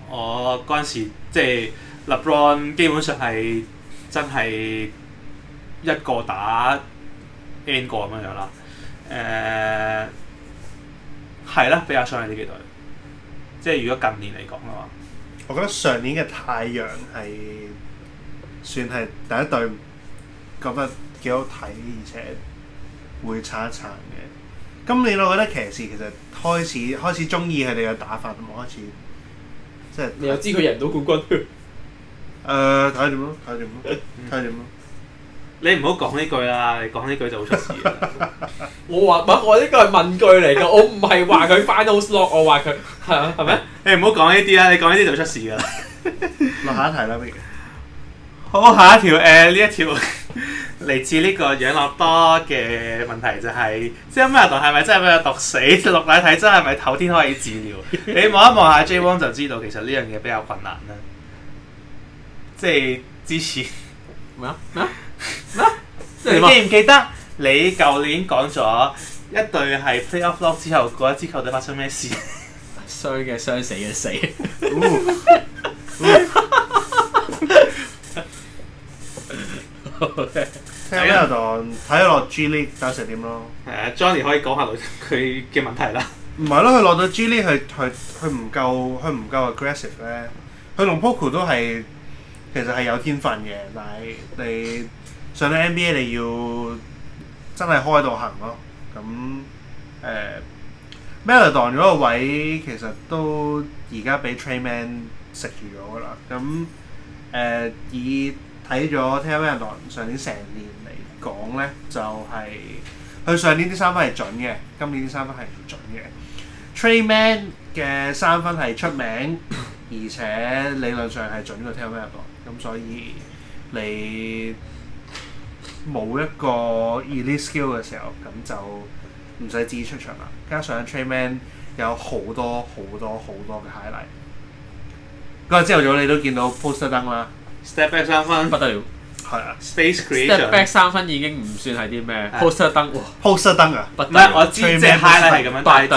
我嗰陣時即係 LeBron 基本上係真係一個打 N 個咁樣樣啦，誒係啦，比較上係呢幾隊，即係如果近年嚟講嘅話，我覺得上年嘅太陽係算係第一隊，覺得幾好睇，而且。會撐一撐嘅，今年我覺得騎士其實開始開始中意佢哋嘅打法，開始即係你又知佢贏到冠軍。誒、呃，睇下點咯，睇下點咯，睇下點咯。你唔好講呢句啦，你講呢句就會出事 我。我話唔係我呢句係問句嚟噶，我唔係話佢 final slot，我話佢係啊，係咩？你唔好講呢啲啦，你講呢啲就會出事噶啦。落下一題啦，不如。好，下一條誒，呢、欸、一條嚟自呢個養樂多嘅問題就係、是，即係咩毒係咪真係俾佢毒死？落奶體真係咪頭天可以治療？你望一望下 J One 就知道，其實呢樣嘢比較困難啦。即係之前咩啊咩？你記唔記得你舊年講咗一隊係 play off lock 之後嗰一支球隊發生咩事？衰嘅傷，死嘅死。 呂 Okay. Maledon 睇咩就睇下落 G League 打得成點咯。係、uh, Johnny 可以講下佢嘅問題啦 。唔係咯，佢落到 G League，佢佢唔夠佢唔夠 aggressive 咧。佢同 Poco 都係其實係有天分嘅，但係你上到 NBA，你要真係開到行咯。咁誒、呃、Maledon 嗰個位其實都而家俾 Tre Mann 食住咗噶啦。咁誒、呃、以睇咗 Trey Man 上年成年嚟講咧，就係、是、佢上年啲三分係準嘅，今年啲三分係唔準嘅。Trey Man 嘅三分係出名，而且理論上係準嘅 Trey Man，咁所以你冇一個 elite skill 嘅時候，咁就唔使自己出場啦。加上 Trey Man 有好多好多好多嘅 highlight，嗰日朝頭早你都見到 poster 燈啦。Step back 三分不得了，係啊。Space creation，Step back 三分已經唔算係啲咩，poster 燈，poster 燈啊！唔係我知即係係咁樣，但係即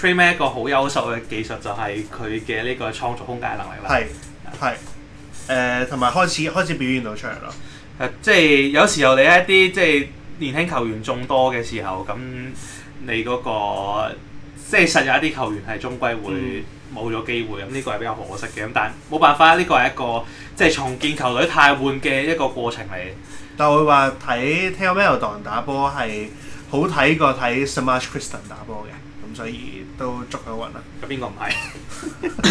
係 frame 一個好優秀嘅技術就係佢嘅呢個創造空間能力啦。係係誒，同埋開始開始表現到出嚟咯。誒，即係有時候你一啲即係年輕球員眾多嘅時候，咁你嗰個即係實有一啲球員係終歸會。冇咗機會咁，呢、這個係比較可惜嘅咁，但冇辦法呢、這個係一個即係、就是、重建球隊汰換嘅一個過程嚟。但係我話睇聽 O’Malley 打波係好睇過睇 s m、erm、a e l Christian 打波嘅，咁所以都祝佢運啦。咁邊個唔係？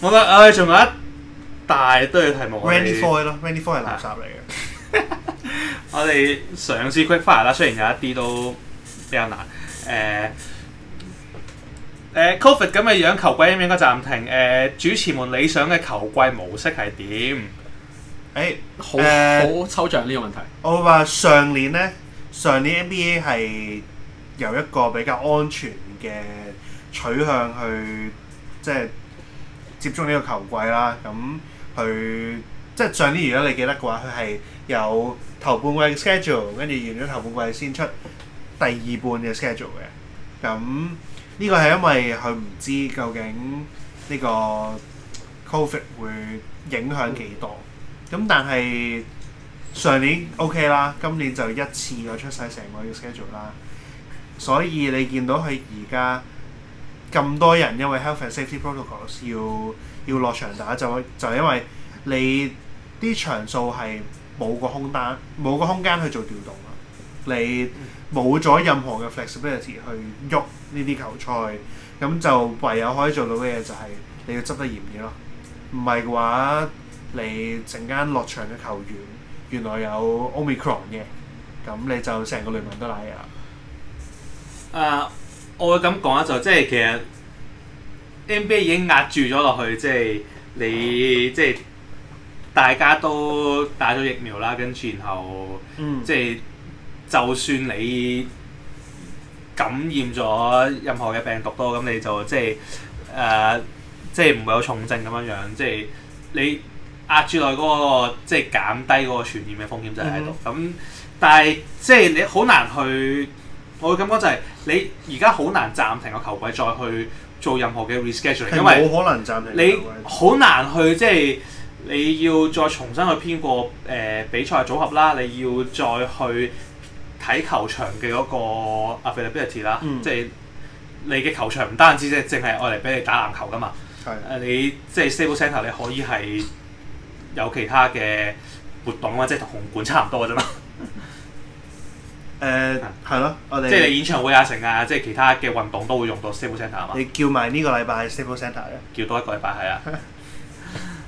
我覺得我哋仲有一大堆題目。Randy Foy 咯 Randy Foy 係垃圾嚟嘅。 我哋上次 quick fire 啦，雖然有一啲都比較難，誒、呃。Covid 咁嘅樣球季應唔應該暫停？誒、呃、主持們理想嘅球季模式係點？誒、欸、好、呃、好抽象呢個問題。我話上年呢，上年 NBA 係由一個比較安全嘅取向去即係接觸呢個球季啦。咁、嗯、佢即係上年，如果你記得嘅話，佢係有頭半季嘅 schedule，跟住完咗頭半季先出第二半嘅 schedule 嘅。咁、嗯呢個係因為佢唔知究竟呢個 COVID 會影響幾多，多，咁但係上年 OK 啦，今年就一次過出晒成個 schedule 啦，所以你見到佢而家咁多人因為 health and safety protocols 要要落場打，就就係因為你啲場數係冇個空單，冇個空間去做調動啦，你。冇咗任何嘅 flexibility 去喐呢啲球賽，咁就唯有可以做到嘅嘢就係你要執得嚴啲咯。唔係嘅話，你陣間落場嘅球員原來有 Omicron 嘅，咁你就成個聯盟都賴啊。誒、呃，我咁講講就即、是、係其實 NBA 已經壓住咗落去，即、就、係、是、你即係、嗯、大家都打咗疫苗啦，跟住，然後，即係、嗯。就是就算你感染咗任何嘅病毒都，咁你就即係誒，即係唔會有重症咁樣樣，即係你壓住落嗰個，即係減低嗰個傳染嘅風險就喺度。咁、嗯嗯、但係即係你好難去，我嘅感覺就係你而家好難暫停個球季，再去做任何嘅 reschedule 因為冇可能暫停。你好難去即係你要再重新去編過誒、呃、比賽組合啦，你要再去，睇球場嘅嗰個啊 availability 啦，即係、嗯、你嘅球場唔單，單止即係淨係愛嚟俾你打籃球噶嘛，誒是你即係、就、sports、是、c e n t e r 你可以係有其他嘅活動、就是、 啊即係同紅館差唔多嘅啫嘛。誒係咯，我哋即係你演唱會啊，成啊，即係其他嘅運動都會用到 sports centre 啊嘛。Center，你叫埋呢個禮拜 sports centre 咧？叫多一個禮拜係啊，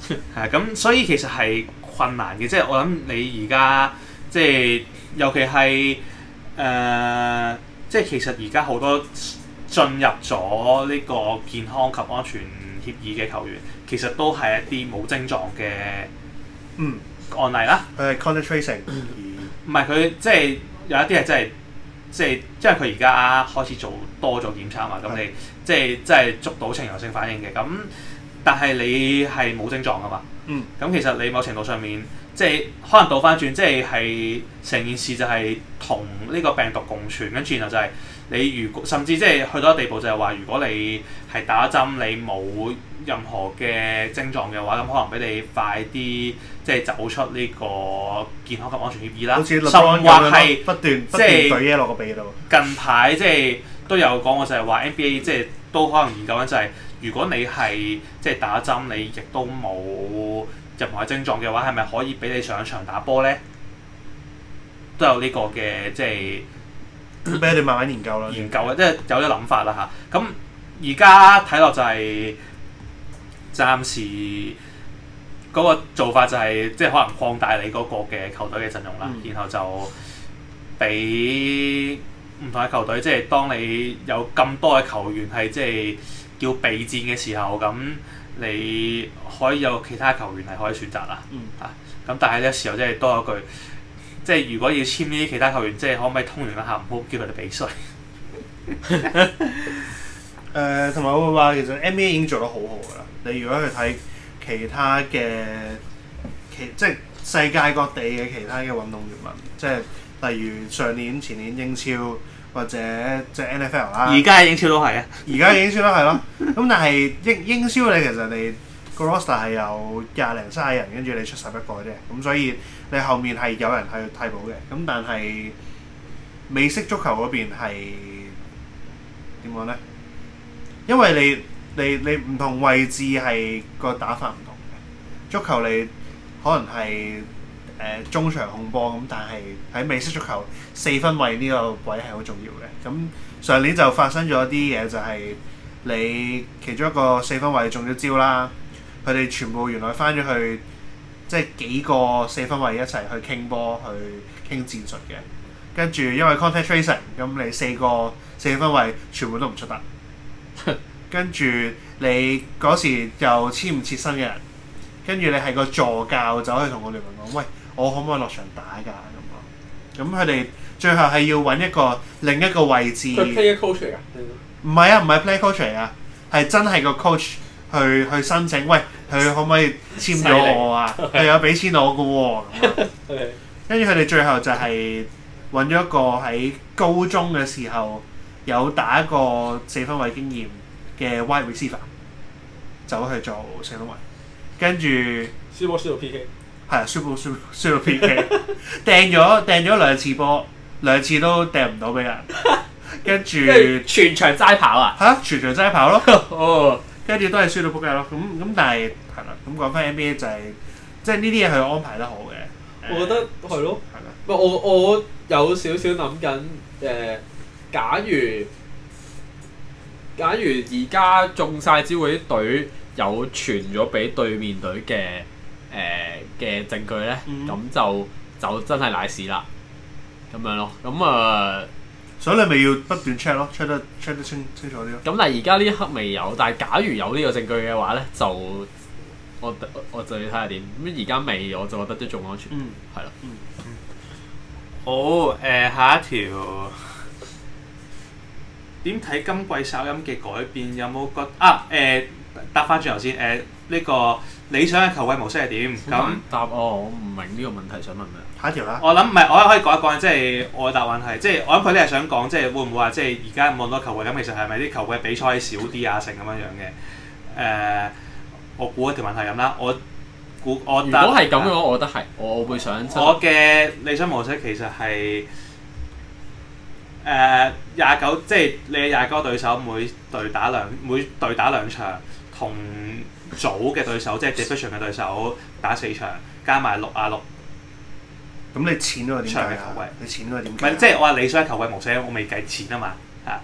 係啊，咁、 uh，所以其實係困難嘅，即、就、係、是、我諗你而家即係。就是尤其係誒、呃，即係其實而家好多進入咗呢個健康及安全協議嘅球員，其實都係一啲冇症狀嘅嗯案例啦。佢係 contact tracing，唔係佢即係有一啲係真係即係，即因為佢而家開始做多咗檢測啊嘛。咁你即係即係捉到呈陽性反應嘅，咁但係你係冇症狀啊嘛。嗯，咁其實你某程度上面。即係可能倒翻轉，即係係成件事就係同呢個病毒共存，跟住然後就係、是、你如甚至即、就、係、是、去到一個地步就係話，如果你係打針，你冇任何嘅症狀嘅話，咁可能俾你快啲即係走出呢個健康及安全協議啦。甚或係不斷即係是近排即係都有講過就，NBA、就係話 NBA 即係都可能研究緊就係、是，如果你係即係打針，你亦都冇。任何嘅症狀嘅話，係咪可以俾你上一場打波咧？都有呢個嘅，即係俾你慢慢研究啦。研究啊，即係有咗諗法啦吓，咁而家睇落就係暫時嗰、嗰個做法就係、係，即係可能擴大你嗰個嘅球隊嘅陣容啦。嗯、然後就俾唔同嘅球隊，即係當你有咁多嘅球員係即係要備戰嘅時候咁。你可以有其他球員係可以選擇啦，嗯、啊！咁但係呢時候真係多一句，即係如果要簽呢啲其他球員，即係可唔可以通融一下，唔好叫佢哋畀稅？誒、 呃，同埋我會話，其實 NBA 已經做得好好噶啦。你如果去睇其他嘅其即係世界各地嘅其他嘅運動員啊，即係例如上年、前年英超。或者即 NFL 啦，而家英超都係啊，而家英超都係咯。咁 但係英英超你其實你、個 roster 係有廿零卅人，跟住你出十一個啫。咁所以你後面係有人去替補嘅。咁但係美式足球嗰邊係點講咧？因為你你你唔同位置係個打法唔同嘅。足球你可能係誒、呃、中場控波咁，但係喺美式足球。四分位呢個位係好重要嘅，咁上年就發生咗啲嘢，就係你其中一個四分位中咗招啦，佢哋全部原來返咗去，即係幾個四分位一齊去傾波、去傾戰術嘅，跟住因為 contact tracing，咁你四個四分位全部都唔出得， 跟住你嗰時又黐唔切身嘅人，跟住你係個助教走去同我聯盟講：喂，我可唔可以落場打㗎？咁樣，咁佢哋。最後係要揾一個另一個位置。Er 嗯、啊？唔係啊，唔係 play coach 啊，係真係個 coach 去去申請。喂，佢可唔可以簽咗我啊？係 有俾錢我噶喎、啊。跟住佢哋最後就係揾咗一個喺高中嘅時候有打過四分位經驗嘅 wide receiver 走去做四分位。跟住輸波輸到 PK，係啊，輸波輸到 PK，掟咗掟咗兩次波。兩次都掟唔到俾人， 跟住著 全場齋跑啊！嚇，全場齋跑咯，哦， 跟住都係輸到撲街咯。咁、嗯、咁、嗯，但係係啦。咁、嗯、講翻 NBA 就係、是，即係呢啲嘢係安排得好嘅。我覺得係、呃、咯，係啊嗎。唔係我我，我有少少諗緊誒，假如假如而家中晒招嗰啲隊有傳咗俾對面隊嘅誒嘅證據咧，咁、嗯、就就，就真係賴屎啦。咁樣咯，咁、嗯、啊，所以你咪要不斷 check 咯，check 得 check 得清清楚啲咯。咁但係而家呢一刻未有，但係假如有呢個證據嘅話咧，就我我，我就要睇下點。咁而家未，我就覺得都仲安全，嗯，係啦了。好、嗯，誒、嗯 oh, 呃、下一條，點睇今季哨音嘅改變？有冇覺得啊？誒、呃，搭翻轉頭先，誒、呃、呢、這個。你想嘅球季模式係點？咁、嗯、答我、哦，我唔明呢個問題想問咩？下一條啦。我諗唔係，我可以講一講，即、就、係、是、我嘅答案係，即、就、係、是、我諗佢哋係想講，即、就、係、是、會唔會話，即係而家望到球季。咁，其實係咪啲球季比賽比少啲啊？剩咁樣樣嘅誒，我估一條問題咁啦。我估我如果係咁樣，我覺得係，我會想。我嘅理想模式其實係誒廿九，即、呃、係你廿個對手每隊打兩每隊打兩場同組嘅對手即係 division 嘅對手打四場加埋六啊六，咁你錢嗰度點計啊？球你錢都度點計？唔係即係我話理想嘅球位模式，我未計錢啊嘛嚇。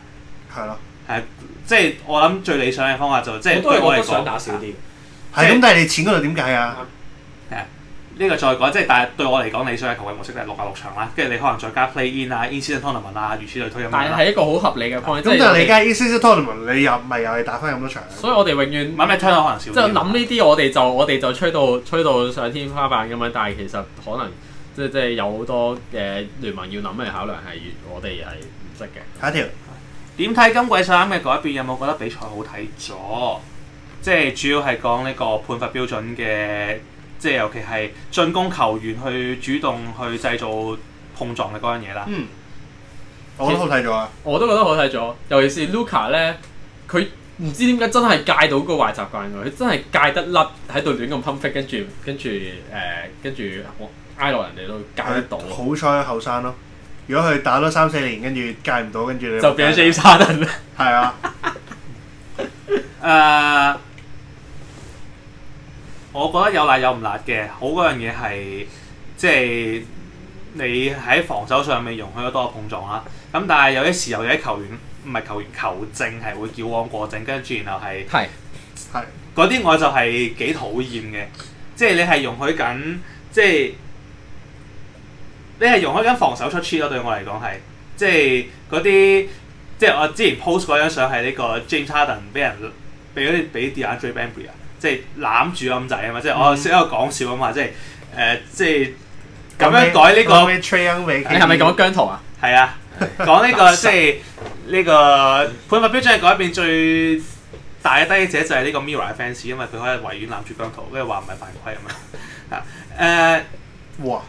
係咯的，係即係我諗最理想嘅方法就即係、我即係都係我都想打少啲嘅。係咁、啊，就是、但係你錢嗰度點計啊？係。呢個再講，即係但係對我嚟講，你想嘅球會模式都係六啊六場啦。跟住你可能再加 Play In 啊 In-Season Tournament 啊，如此類推咁但係一個好合理嘅 point。咁但係而家 In-Season Tournament 你又咪又係打翻咁多場？所以我哋永遠唔係吹可能少啲。即係諗呢啲，我哋就我哋就吹到吹到上天花板咁樣。但係其實可能即係即係有好多嘅聯盟要諗嘅考量係我哋係唔識嘅。下一條點睇今季上嘅改變？有冇覺得比賽好睇咗？即係主要係講呢個判罰標準嘅。即係尤其係進攻球員去主動去製造碰撞嘅嗰樣嘢啦。嗯，我都好睇咗啊！我都覺得好睇咗。尤其是 Luka 咧，佢唔知點解真係戒到個壞習慣㗎。佢真係戒得甩喺度亂咁噴，跟住跟住誒、呃、跟住我挨落人哋都戒得到。好彩後生咯！如果佢打咗三四年，跟住戒唔到，跟住你就變 Jaden 啊。啊！我覺得有辣有唔辣嘅。好嗰樣嘢係即係你喺防守上面容許咗多個碰撞啦。咁但係有啲時候有啲球員唔係，球員球證係會叫往過證，跟住然後係係嗰啲我就係幾討厭嘅，即係你係容許緊即係你係容許緊防守出 c 咯。對我嚟講係即係嗰啲即係我之前 post 嗰張相係呢個 James Harden 俾人俾嗰啲俾 DeAndre' Bembry 啊。即係攬住咁仔啊嘛！即係我先喺度講笑啊嘛！即係誒，即係咁樣改呢個。你係咪講姜濤啊？係啊，講呢個即係呢個判罰標準係改變最大嘅得益者就係呢個 Mirror 嘅 fans，因為佢可以圍繞攬住姜濤，跟住話唔係犯規啊嘛。係啊，誒哇！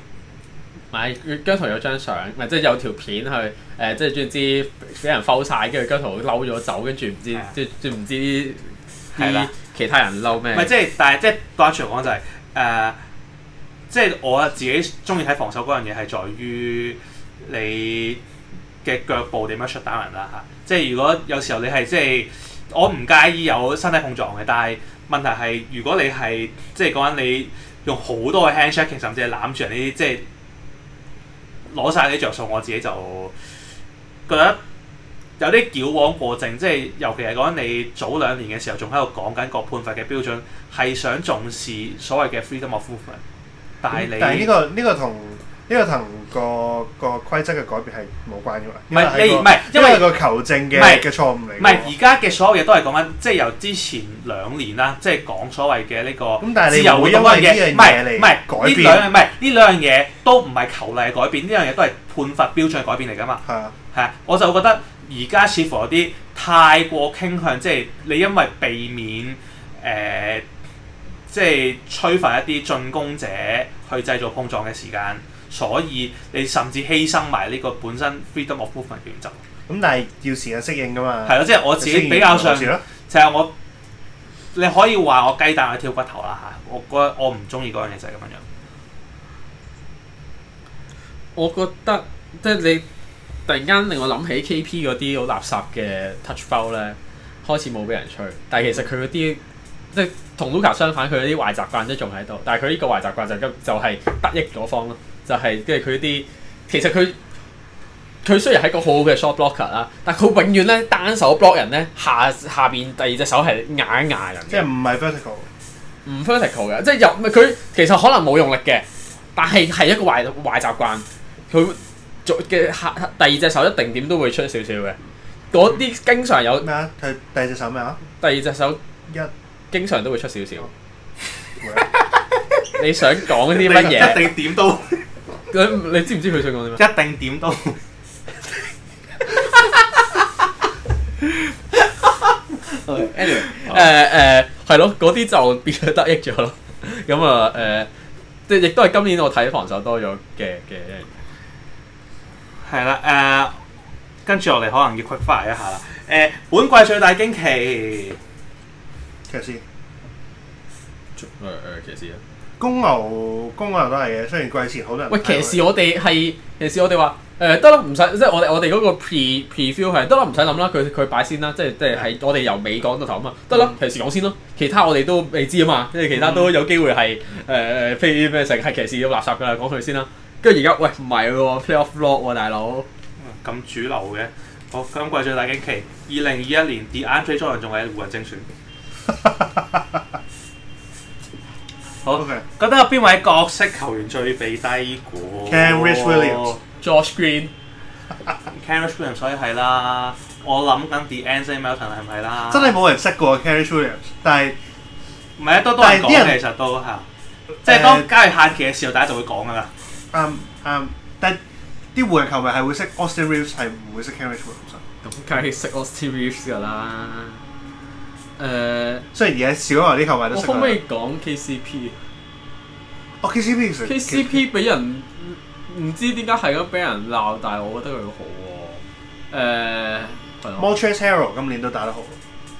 買姜濤有張相，唔係即係有條片去誒，即係唔知俾人 foul 晒。跟住姜濤嬲咗走，跟住唔知即即唔知啲係啦。其他人嬲咩？唔係即係，但係即係大場合講就係誒，即係、就是呃、我自己中意睇防守嗰樣嘢係在於你嘅腳步點樣出打人啦嚇。即係如果有時候你係即係，我唔介意有身體碰撞嘅，但係問題係如果你係即係講緊你用好多嘅 hand check 甚至係攬住人呢啲，即係攞曬啲着數，我自己就覺得。有啲矯枉過正，即係尤其係講緊你早兩年嘅時候，仲喺度講緊個判罰嘅標準，係想重視所謂嘅 freedom of movement。但係你，但係呢個呢個同呢個同個個規則嘅改變係冇關嘅啦。唔係唔係，因為個求證嘅嘅錯誤嚟。唔係而家嘅所有嘢都係講緊，即係由之前兩年啦，即係講所謂嘅呢個。咁但係你又會因為呢樣嘢唔係改變。唔係呢兩樣嘢都唔係求例嘅改變，呢樣嘢都係判罰標準嘅改變嚟㗎嘛。係啊，係啊，我就覺得。而家似乎有啲太過傾向，即係你因為避免誒、呃，即係吹罰一啲進攻者去製造碰撞嘅時間，所以你甚至犧牲埋呢個本身 freedom of movement 嘅原則。咁、嗯、但係要時間適應噶嘛？係咯，即係我自己比較上就係我你可以話我雞蛋去挑骨頭啦吓，我，我，我覺得我唔中意嗰樣嘢就係咁樣樣。我覺得即係你。突然間令我諗起 KP 嗰啲好垃圾嘅 touch foul 咧，開始冇俾人吹，但係其實佢嗰啲即係同 Luka 相反，佢嗰啲壞習慣都仲喺度。但係佢呢個壞習慣就就係、是、得益咗方咯，就係即係佢啲其實佢佢雖然係個好好嘅 shot blocker 啦，但係佢永遠咧單手 block 人咧，下下邊第二隻手係壓一壓人，即係唔係 vertical 唔 vertical 嘅，即係又佢其實可能冇用力嘅，但係係一個壞壞習慣佢。做嘅下第二隻手一定點都會出少少嘅，嗰啲經常有咩啊？佢第二隻手咩啊？第二隻手一經常都會出少少。你想講啲乜嘢？一定點都，你你知唔知佢想講啲咩？一定點都。哈哈哈！哈哈哈！哈哈哈！anyway，誒誒，係咯，嗰啲就變咗得益咗咯。咁啊，誒，即係亦都係今年我睇防守多咗嘅嘅。係啦，誒，跟、呃、住我哋可能要 quick 一下啦。誒、呃，本季最大驚奇，騎士，誒誒，騎士啊！公牛，公牛都係嘅。雖然季前好多人，喂，騎士，我哋係騎士，我哋話誒得啦，唔使，即係我哋我哋嗰個 pre preview 係得啦，唔使諗啦，佢佢擺先啦，即係即係係我哋由尾講到頭啊嘛，得啦，騎士、呃、pre, pre view, 騎士講先咯，其他我哋都未知啊嘛，即係其他都有機會係誒，譬如咩成係騎士要、呃、垃圾㗎啦，講佢先啦。跟住而家，喂，唔係喎，Playoff lock 喎，大佬。咁主流嘅，好，今季最大驚奇，二零二一年 DeAndre Jordan 仲係湖人正選。好 OK，覺得有邊位角色球員最被低估？Kenrich Williams，Josh Green Kenrich Williams 所以係啦。我諗緊 DeAndre Jordan 係唔係啦？真係冇人識過 Kenrich Williams，但係唔係啊？都多人講其實都嚇，即係當加入下期嘅時候，大家就會講噶啦。啱啱，um, um, 但啲湖人球迷係會識 Austin Reeves，係唔會識 Cambridge Wilson。梗係識 Austin Reeves 㗎啦。誒、嗯，雖然而家少有啲球迷都，我可唔可以講 KCP？我 KCP KCP 俾人唔知點解係咁俾人鬧，但係我覺得佢好喎、啊。誒、呃、係、啊、Montrezl Harrell 今年，年都打得好，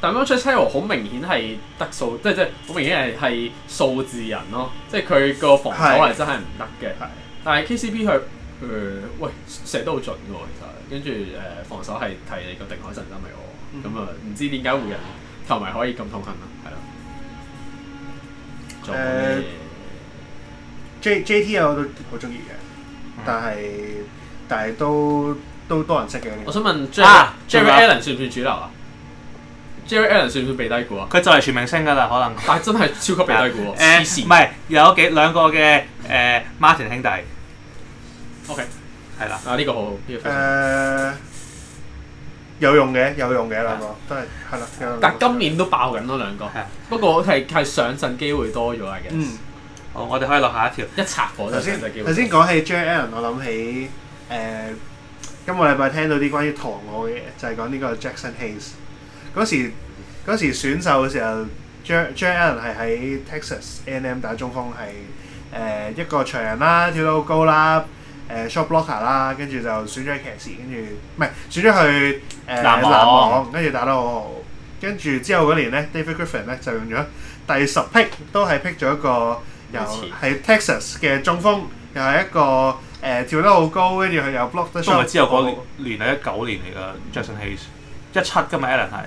但 Montrezl Harrell 好明顯係得數，即即好明顯係係數字人咯，即係佢個防守係真係唔得嘅。但係 KCP 佢，誒喂射得好準㗎喎，其實跟住誒，防守係睇你個定海神針係我，咁啊唔知點解湖人球迷可以咁痛恨啊，係啦。誒 J J T 我都好中意嘅，但係但係都都多人識嘅。我想問啊 Jarrett Allen 算唔算主流啊？Jarrett Allen 算唔算被低估啊？佢就係全明星㗎啦，可能。但係真係超級被低估唔係有幾兩個嘅誒 Martin 兄弟。OK，係、yeah, 啦、uh，啊呢個好好，呢個有用嘅，有用嘅 Yeah. 兩個都係，係啦 Yeah. 對，但今年都爆緊咯兩個，Yeah. 不過係係上陣機會多咗啊，嘅，嗯，哦，我哋可以落下，下一條一擦火就上陣。頭先講起 Jalen，我諗起誒今個禮拜聽到啲關於唐舞嘅嘢，就係、是、講呢個 Jackson Hayes。嗰時，時選秀嘅時候，J Jalen 係喺 Texas A&M 打中鋒，係誒、呃、一個長人啦，跳得好高啦。誒 shop blocker 啦，跟住就選咗去騎士，跟住唔係選咗去誒籃網，跟住打得好好。跟住之後嗰年咧，David Griffin 咧就用咗第十 pick，都係 pick 咗一個由係 Texas 嘅中鋒，又係一個誒跳得好高，跟住佢又 block 得。都唔係之後嗰年係一九年嚟㗎，Jaxson Hayes 一七㗎嘛？Allen 係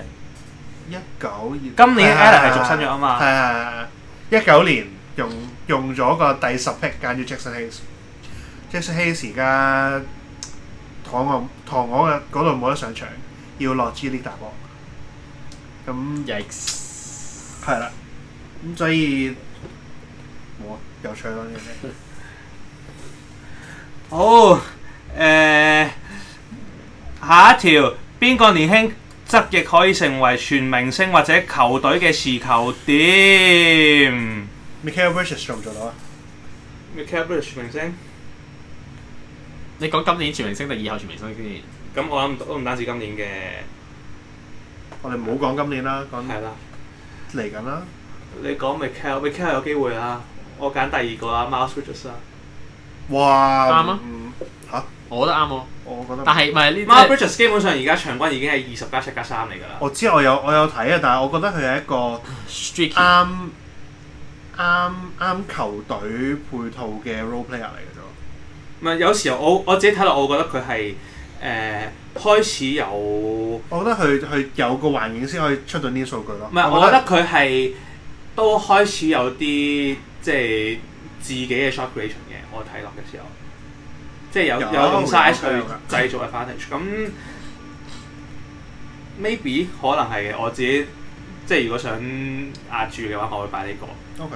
一九年。今年 Allen 係續簽咗啊嘛？係啊，一九年用用咗個第十 pick 揀咗 Jaxson Hayes。Jackson Hayes 而家躺我躺我嘅嗰度冇得上場，要落朱尼大波。咁 Yikes，係啦。咁 所以冇啊，又唱啦呢啲。好，誒、 oh, uh, 下一條邊個年輕側翼可以成為全明星或者球隊嘅時球點？Mikal Bridges 做唔做到啊？Mikal Bridges 明星。你講今年全明星定以後全明星先？咁、嗯、我諗都唔單止今年嘅，我哋唔好講今年啦，講嚟緊啦。你講 Michael，Michael 有機會啊！我揀第二個啊 Miles Bridges 哇！啱、嗯、啊！吓？我覺得啱喎。我覺得。但係唔係呢 Miles Bridges 基本上而家場均已經係二十加七加三嚟㗎啦。我知我有我有睇啊，但係我覺得佢係一個 strict 啱啱啱球隊配套嘅 role player 嚟嘅。唔係有時候我我自己睇落，我覺得佢係誒開始有，我覺得佢佢有個環境先可以出到呢啲數據咯。唔係不，我覺得佢係都開始有啲即係自己嘅 shot creation 嘅，我睇落嘅時候，即係有有用 size 有有去製造嘅 advantage 咁 maybe 可能係我自己，即係如果想壓住嘅話，我會擺呢個。OK。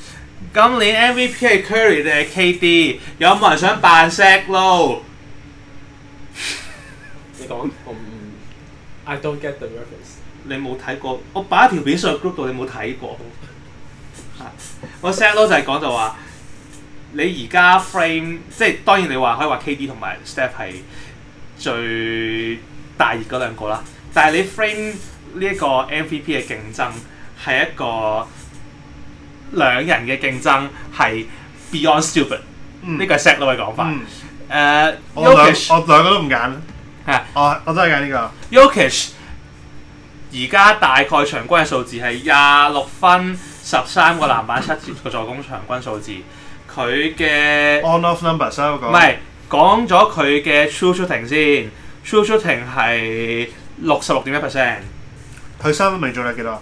今年 MVP 係 Curry 定係 KD？有冇人想扮 set low？你講咁，I don't get the reference。你冇睇過，我擺一條片上去 group 度，你冇睇過。我 set low 就係講就話，你而家 frame 即係當然你話可以話 KD 同埋 Steph 係最大熱嗰兩個啦。但係你 frame 呢一個 MVP 嘅競爭係一個。兩人嘅競爭係 beyond stupid，呢、嗯、個 set 撈位講法。誒，我兩我兩個都唔揀，係啊，我我真係揀呢個。Jokic 而家大概場均嘅數字係廿六分十三個籃板七個助攻，場均數字。佢嘅 on-off numbers 唔係講咗佢嘅 true shooting 先，true shooting 係六十六點一 percent。佢三分命中率幾多？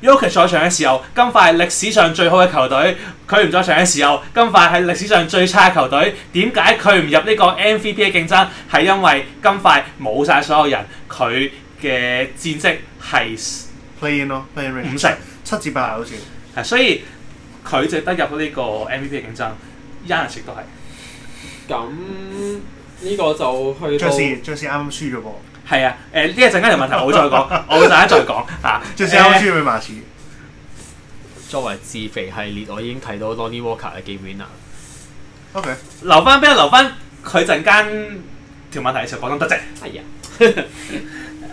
Jokic 在場嘅時候，金塊係歷史上最好嘅球隊；佢唔在場嘅時候，金塊係歷史上最差嘅球隊。點解佢唔入呢個 MVP 嘅競爭？係因為金塊冇晒所有人，佢嘅戰績係 playing 咯，五成七至八好似係，所以佢值得入呢個 MVP 嘅競爭。Giannis 都係。咁呢、這個就去。爵士爵士啱啱輸咗噃。係啊，誒，呢一陣間條問題我會再講， 我大家再講嚇。做 sell out 作為自肥系列，我已經睇到 l o n n i Walker 嘅 g a 啦。記記 OK，留翻邊我，留翻佢陣間條問題上講都得嘅。係、哎呀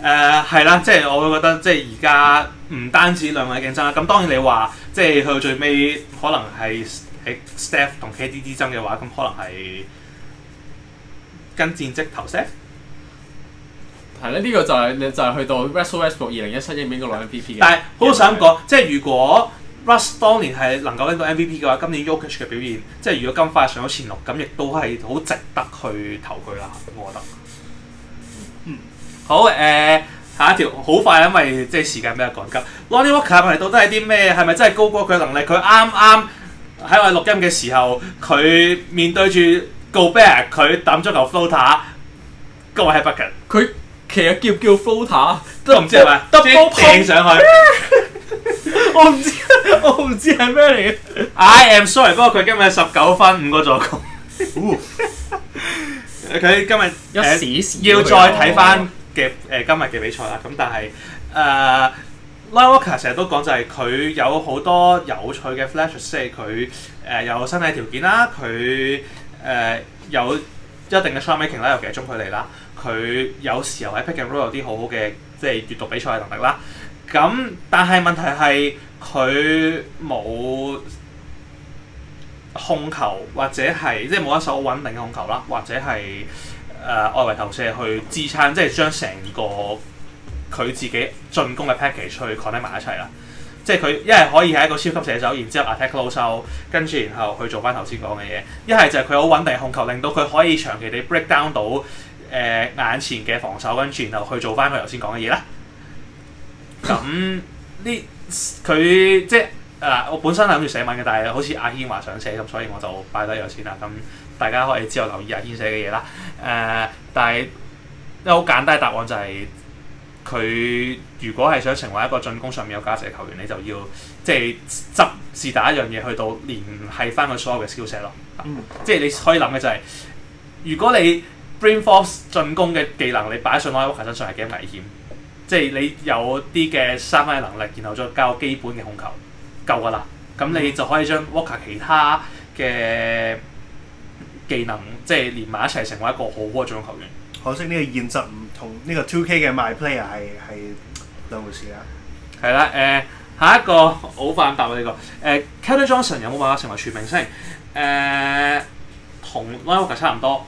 呃、啊，誒係啦，即係我覺得即係而家唔單止兩位競爭啦。咁當然你話即係去到最尾可能係 s t e p 同 k d d i 爭嘅話，咁可能係跟戰績投 s 係咧，呢個就係、是、你就係、是、去到 Russell Westbrook 二零一七年免嗰攞 MVP 但係好想講，為即係如果 Russ 當年係能夠拎到 MVP 嘅話，今年 Jokic、ok、嘅表現，即係如果金塊上咗前六，咁亦都係好值得去投佢啦。我覺得。嗯、好，誒、呃，下一條好快，因為即係時間比較趕急。Lonnie Walker 嚟到底係啲咩？係咪真係高過佢能力？佢啱啱喺我錄音嘅時候，佢面對住 Gobert，佢抌咗球 floater go 喺 bucket 佢。其實叫叫 floater 都唔知係咪 double 上去 我，我唔知，我唔知係咩嚟嘅。I am sorry，不過佢今日十九分五個助攻，佢今日要再睇翻嘅誒今日嘅比賽啦。咁但係誒，Lewoka 成日都講就係佢有好多有趣嘅 flash，即係佢誒有身體條件啦，佢誒、呃、有一定嘅 training 啦，又幾中距離啦。佢有時候喺 pick and roll 有啲好好嘅，即、就、係、是、閱讀比賽嘅能力啦。咁但係問題係佢冇控球或者係即係冇一手好穩定嘅控球啦，或者係誒、就是呃、外圍投射去支撐，即、就、係、是、將成個佢自己進攻嘅 package 去 connect 埋一齊啦。即係佢一係可以係一個超級射手，然之後 attack close out 跟住然後去做翻頭先講嘅嘢。一係就係佢好穩定控球，令到佢可以長期地 break down 到。誒、呃、眼前嘅防守，跟住然後去做翻佢頭先講嘅嘢啦。咁、嗯、呢，佢即係啊、呃，我本身係諗住寫文嘅，但係好似阿軒話想寫咁、嗯，所以我就擺低咗先啦。咁、嗯、大家可以之後留意阿軒寫嘅嘢啦。誒、呃，但係因為好簡單嘅答案就係、是，佢如果係想成為一個進攻上面有價值嘅球員，你就要即係執是執打一樣嘢去到連係翻佢所有嘅、嗯嗯、skills 咯。即係你可以諗嘅就係、是，如果你 Brain Force 進攻嘅技能你擺上喺 Walker 身上係幾危險，即係你有啲嘅三分能力，然後再加基本嘅控球，夠噶啦，咁你就可以將 Walker 其他嘅技能即係連埋一齊成為一個好好嘅進攻球員。可惜呢個現實唔同呢、這個 Two K 嘅 My Player 係係兩回事啊。係啦，誒、呃，下一個好快答我呢、這個，誒、呃、Carter Johnson 有冇辦法成為全明星？誒、呃，同 Walker 差唔多。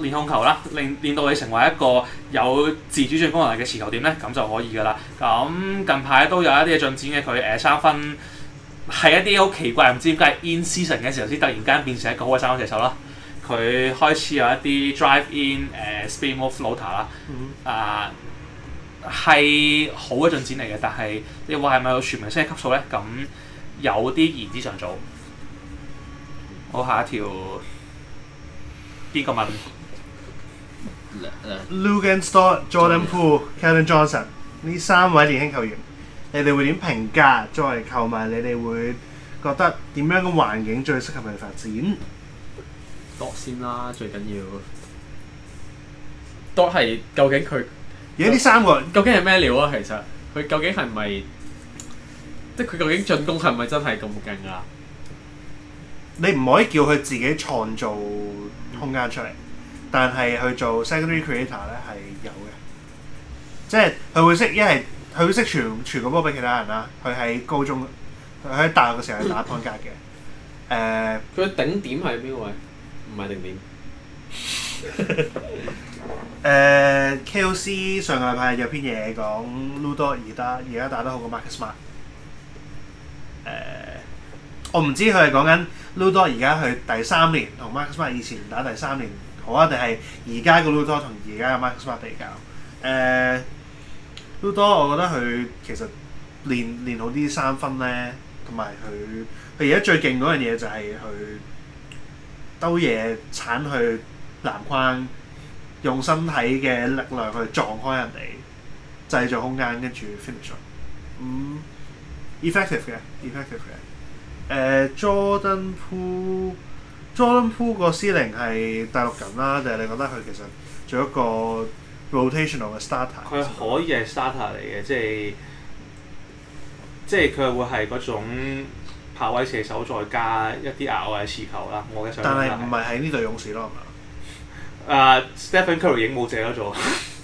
練控球啦，令練到你成為一個有自主進攻能力嘅持球點咧，咁就可以噶啦。咁近排都有一啲嘅進展嘅，佢誒、呃、三分係一啲好奇怪，唔知點解 in season 嘅時候先突然間變成一個好嘅三分射手啦，佢開始有一啲 drive in 誒 speed move floater 啦，mm hmm. 啊係好嘅進展嚟嘅，但係你話係咪有全明星嘅級數咧？咁有啲言之尚早。Mm hmm. 好，下一條邊個問？Luguentz Dort Jordan Poole，Keldon Johnson 呢三位年輕球員，你哋會點評價？作為球迷，你哋會覺得點樣嘅環境最適合佢哋發展？Doc 先啦，最緊要。Doc 係究竟佢，而家呢三個究竟係咩料啊？其實佢究竟係咪，即係佢究竟進攻係咪真係咁勁啊？你唔可以叫佢自己創造空間出嚟。但係去做 secondary creator 咧係有嘅，即係佢會識一係佢會識全傳個波俾其他人啦。佢喺高中，佢喺大學嘅時候打 point guard 嘅。誒、呃，佢頂點係邊位？唔係定點。誒、 呃、KLC 上個禮拜有篇嘢講 Ludo 而得而家打得好過 Marcus Smart。誒、呃，我唔知佢係講緊 Ludo 而家去第三年同 Marcus Smart 以前打第三年。好啊！定係而家嘅 Ludo 同而家嘅 Maxwell 比較？誒、uh, Ludo 我覺得佢其實練練好啲三分咧，同埋佢佢而家最勁嗰樣嘢就係佢兜嘢鏟去籃框，用身體嘅力量去撞開人哋，製造空間，跟住 finish 咁、um, effective 嘅，effective 嘅。誒、uh, Jordan Poole。Jordan Poole 嗰司令係大陸人啦，定係你覺得佢其實做一個 rotational 嘅 starter？佢可以係 starter 嚟嘅，即係即係佢會係嗰種泊位射手再加一啲額外嘅持球啦。我嘅想法。但係唔係喺呢隊勇士咯？係咪？誒，Stephen Curry 已經冇借咗左。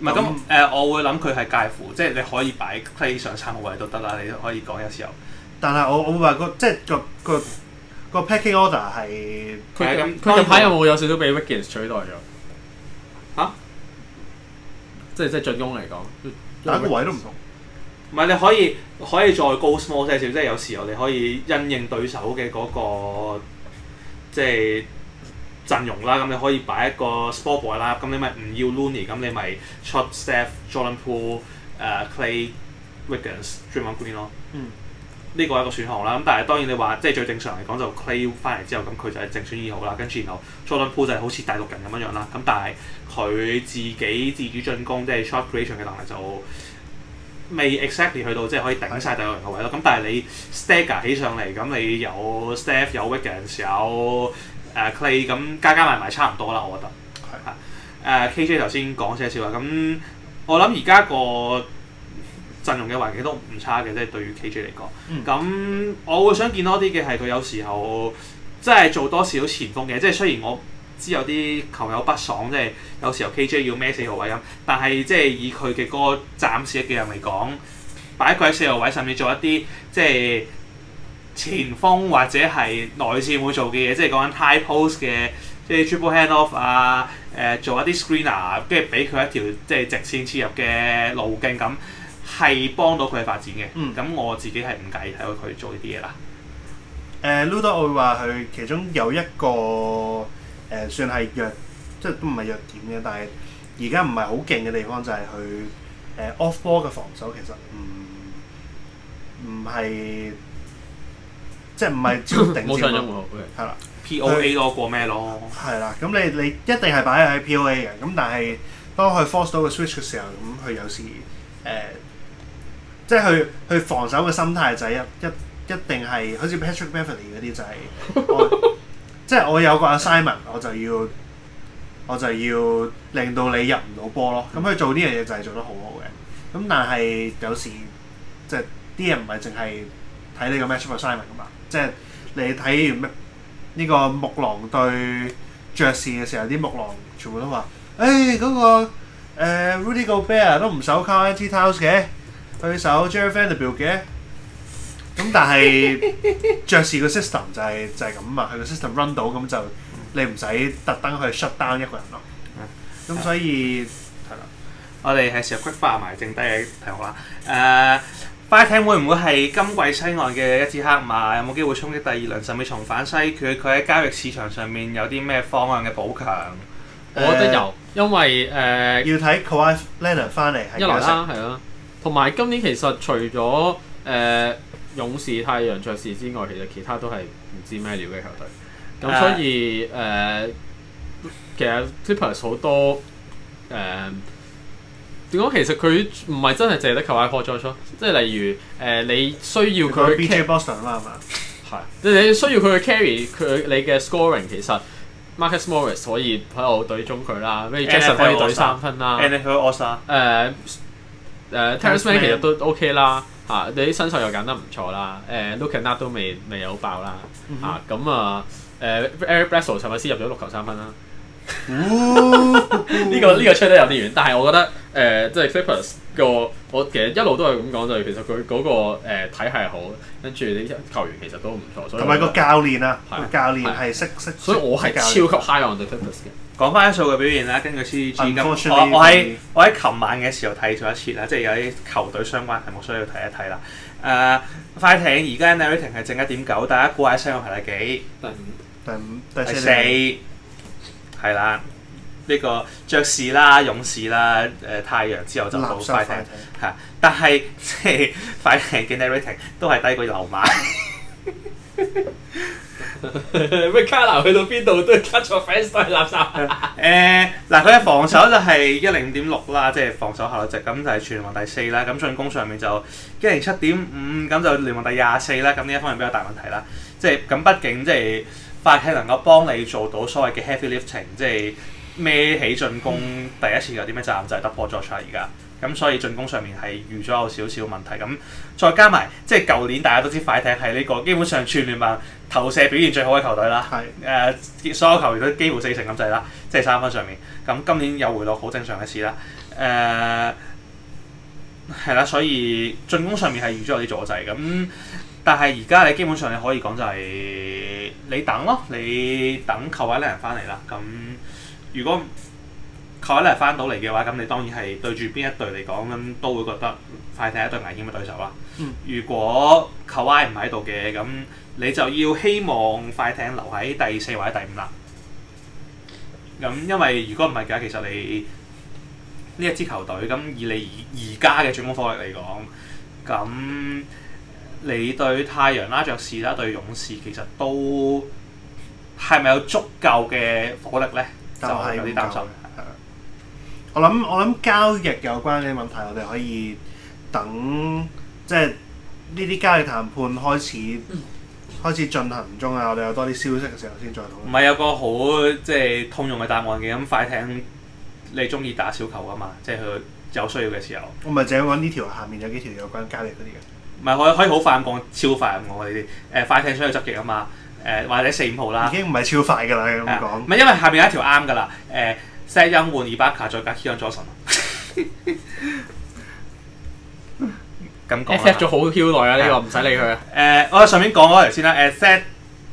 唔係咁誒，我會諗佢係介乎，即係你可以擺 play 上三個位都得啦，你都可以講有時候。但係我我話個即係個個個 packing order 係佢係咁。佢近排有冇有,有少少被 Wiggins 取代咗？嚇、啊！即係即係進攻嚟講，但係個位都唔同。唔係你可以可以再 go small 少少，即係有時我哋可以因應對手嘅嗰、那個即係。陣容啦，咁你可以擺一個 Sport Boy 啦，咁你咪唔要 Looney 咁你咪 c h o 出 Steph、Jordan Poole、Klay、Wiggins、Draymond Green 咯。嗯。呢個係一個選項啦，咁但係當然你話即係最正常嚟講，就 Klay 翻嚟之後，咁佢就係正選二號啦。跟住然後 Jordan Poole 就係好似第六人咁樣樣啦，咁但係佢自己自主進攻即係 shot creation 嘅能力就未 exactly 去到即係、就是、可以頂晒第六人嘅位咯。咁、嗯、但係你 Stagger 起上嚟，咁你有 Steph、有 Wiggins、有誒、uh, Clay 咁、uh, 加加埋埋差唔多啦，我覺得。係啊是。誒 KJ 頭先講少少啦，咁我諗而家個陣容嘅環境都唔差嘅，即、就、係、是、對於 KJ 嚟講。嗯。咁我會想見多啲嘅係佢有時候即係做多少前鋒嘅，即係雖然我知有啲球友不爽，即係有時候 KJ 要孭四號位咁，但係即係以佢嘅嗰個暫時嘅技能嚟講，擺佢喺四號位，甚至做一啲即係。前鋒或者係內線會做嘅嘢，即係講緊 high post 嘅，即係 triple handoff 啊，誒、呃、做一啲 screener，跟住俾佢一條即係直線切入嘅路徑咁，係幫到佢發展嘅。咁、嗯、我自己係唔介意睇佢做呢啲嘢啦。誒、uh，Luda，我會話佢其中有一個誒、呃、算係弱，即係都唔係弱點嘅，但係而家唔係好勁嘅地方就係佢誒 off ball 嘅防守其實唔唔係。嗯即係唔係超頂先咯，係啦，POA 咯，過咩咯，係啦，咁你你一定係擺喺 POA 嘅，咁但係當佢 force 到個 switch 嘅時候，咁佢有時誒，即係佢佢防守嘅心態就係一一一定係好似 Patrick Beverley 嗰啲 就係，即係我有個 assignment，我就要我就要令到你入唔到波咯，咁佢做呢樣嘢就係做得好好嘅，咁但係有時即係啲人唔係淨係睇你個 match 嘅 assignment 噶嘛。即係你睇完咩呢個木狼對爵士嘅時候，啲木狼全部都話，誒嗰個誒 Rudy Gobert 都唔守 Karl-Anthony Towns 嘅，去守 Jarred Vanderbilt 嘅。咁但係爵士個 system 就係就係咁啊，佢個 system run 到咁就你唔使特登去 shut down 一個人咯。咁所以係啦，我哋係時候 quick fire 埋剩低嘅題目啦。誒。快艇會唔會係今季西岸嘅一支黑馬？有冇機會衝擊第二輪，甚至重返西決？佢喺交易市場上面有啲咩方案嘅補強？呃、我覺得有，因為誒、呃、要睇 Kawhi Leonard 翻嚟係幾成係咯。同埋、嗯啊、今年其實除咗誒、呃、勇士、太陽、爵士之外，其實其他都係唔知咩料嘅球隊。咁所以誒、呃呃，其實 Triplets 好多誒。呃點講其實佢唔係真係淨係得靠買貨再出，即係例如誒、呃、你需要佢 carry Boston，係嘛？係，即係你需要佢去 carry 佢你嘅 scoring。其實 Marcus Morris 可以喺度隊中佢啦，跟住 Jason 可以隊三分啦，Anders o l o n 誒 Terance Mann 其實都 OK 啦嚇，嗯、你啲新秀又揀得唔錯啦，誒 Luke Kennard 都未未有爆啦嚇，咁、嗯、哼啊誒、啊呃、Eric Bessel 係咪先入咗六球三分啦。呢、 這個呢、這個吹得有啲遠，但係我覺得誒、呃，即係 Clippers 個我其實一路都係咁講，就係其實佢嗰個誒體系好，跟住啲球員其實都唔錯，同埋個教練啊，啊教練係識、啊、識識，啊、識識所以我係超級 high on 對 Clippers 嘅。講翻一數嘅表現啦，跟住 C G, Unfortunately, 我喺我喺琴晚嘅時候睇咗一次啦，即係有啲球隊相關題目需要睇一睇啦。誒、呃，快艇而家呢，雷霆係正一點九，大家估下先，我排第幾？第五，第五，第四。係啦，呢、這個爵士啦、勇士啦、誒、呃、太陽之後就冇快艇嚇，但係即係快艇 net rating 都係低過流馬。咩 卡奴去到邊度都 cut 咗 fans 都係垃圾。誒嗱，佢、呃、嘅、呃、防守就係一零五點六啦，即係防守效率值，咁就係全聯盟第四啦。咁進攻上面就一零七點五，咁就聯盟第二十四啦。咁呢一方面比較大問題啦，即係咁畢竟即、就、係、是。快艇能夠幫你做到所謂嘅 heavy lifting，即係孭起進攻、嗯、第一次有啲咩責任就係、是、突破咗出嚟而家，咁所以進攻上面係預咗有少少問題，咁再加埋即係舊年大家都知快艇係呢個基本上全聯盟投射表現最好嘅球隊啦，係誒是、呃，所有球員都幾乎四成咁滯啦，即、就、係、是、三分上面，咁今年又回落好正常嘅事啦，誒係啦，所以進攻上面係預咗有啲阻滯咁。但係而家你基本上你可以講就係你等咯，你等扣位呢人翻嚟啦。咁如果扣位呢人翻到嚟嘅話，咁你當然係對住邊一隊嚟講，咁都會覺得快艇係一隊危險嘅對手啦。嗯、如果扣位唔喺度嘅，咁你就要希望快艇留喺第四或者第五啦。咁因為如果唔係嘅其實你呢一支球隊咁以你而家嘅進攻火力嚟講，咁。你對太陽啦、啊、爵士啦、啊、對勇士，其實都係咪有足夠嘅火力咧？就係有啲擔心。我諗我諗交易有關嘅問題，我哋可以等，即係呢啲交易談判開始、嗯、開始進行中啊！我哋有多啲消息嘅時候先再討論。唔係有個好即係通用嘅答案嘅？咁快艇，你中意打小球啊嘛？即係佢有需要嘅時候，我咪就係搵呢條下面有幾條有關交易嗰啲嘅。唔係可可以好快咁講超快咁講啲，誒快艇出去執翼啊嘛，誒、呃、或者四五號啦，已經唔係超快㗎啦，咁講。唔係、啊、因為下面有一條啱㗎啦，誒 set 欣換 Ibaka 再加 Keon Johnson 咁講 set 咗好超耐啊，呢、這個唔使、啊、理佢。誒、呃、我喺上面講咗嚟先啦，set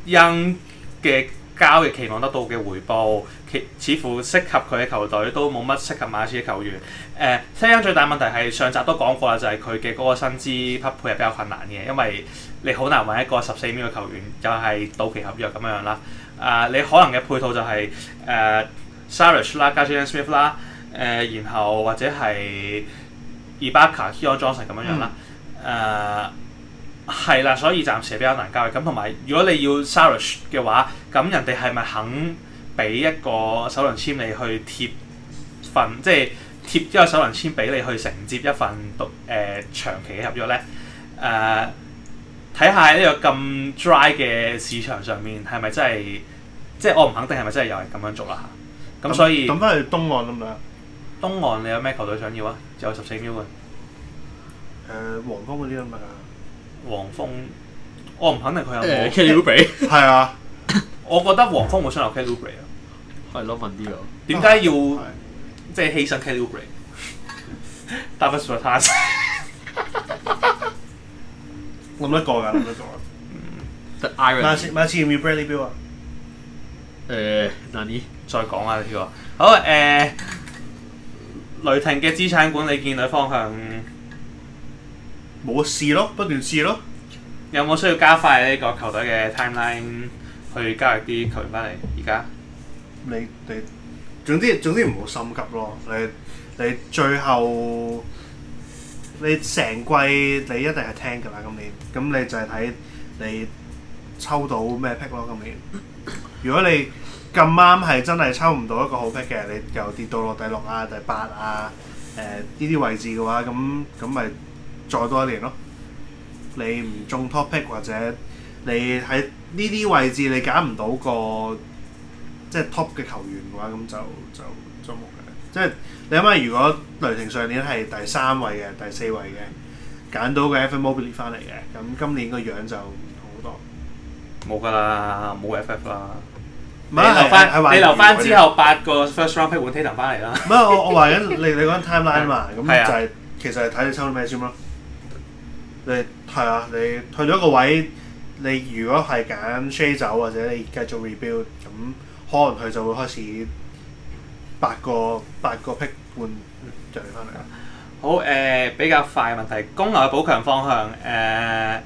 欣嘅交易期望得到嘅回報。其似乎適合佢嘅球隊都冇乜適合馬刺嘅球員。誒、呃，西恩最大問題係上集都講過啦，就係佢嘅嗰個薪資匹配係比較困難嘅，因為你好難揾一個十四秒嘅球員，又係到期合約咁樣啦。誒、呃，你可能嘅配套就係誒 Sarish 啦，加 James Smith 啦，誒、呃，然後或者係 e b a c a Kier Johnson 咁樣啦。誒、嗯，係啦、呃，所以暫時比較難交易。咁同埋如果你要 Sarish 嘅話，咁人哋係咪肯？俾一個首輪籤你去貼份，即係貼一個首輪籤俾你去承接一份讀誒、呃、長期嘅合約咧。誒、呃，睇下呢個咁 dry 嘅市場上面係咪真係，即係我唔肯定係咪真係有人咁樣做啦。咁所以，咁都去東岸啦。東岸你有咩球隊想要啊？有十四秒嘅。誒黃蜂嗰啲啊嘛。黃蜂，我唔肯定佢有冇。Kelly Oubre？係啊。我覺得黃蜂會想留 Kelly Oubre 啊。係咯，份啲啊？點解要即係犧牲 Calibre、Thomas and Tans 諗得過㗎？諗得過。嗯 The irony.，得 Ivan。唔斯馬斯要 Bradley 表啊？誒，嗱你再講下呢個。好誒、呃，雷霆嘅資產管理建隊方向冇試咯，不斷試咯。有冇需要加快呢個球隊嘅 timeline 去加入啲球員翻嚟？而家？你你，總之總之唔好心急咯。你你最後你成季你一定係聽㗎啦。今年咁你就係睇你抽到咩 pick 咯。今年如果你咁啱係真係抽唔到一個好 pick 嘅，你又跌到落第六啊、第八啊，誒呢啲位置嘅話，咁咁咪再多一年咯。你唔中 top pick 或者你喺呢啲位置你揀唔到個。即係 top 嘅球員嘅話，咁就就做冇嘅。即係你諗下，如果雷霆上年係第三位嘅、第四位嘅，揀到個 f m o b i l y 翻嚟嘅，咁今年個樣就好多冇㗎啦，冇 FF 啦。唔係留翻，你留翻之後們八個 First Round Pick 換 Tatum 翻嚟啦。唔係我我話緊你你講緊 Timeline 啊嘛，咁 就係、是啊、其實係睇你抽到咩先咯。你係啊，你退咗一個位，你如果係揀 Shade 走，或者你繼續 Rebuild 咁。可能佢就會開始八個八個 pick 換入嚟翻嚟啦。嗯、好誒、呃，比較快嘅問題，公牛嘅補強方向誒、呃，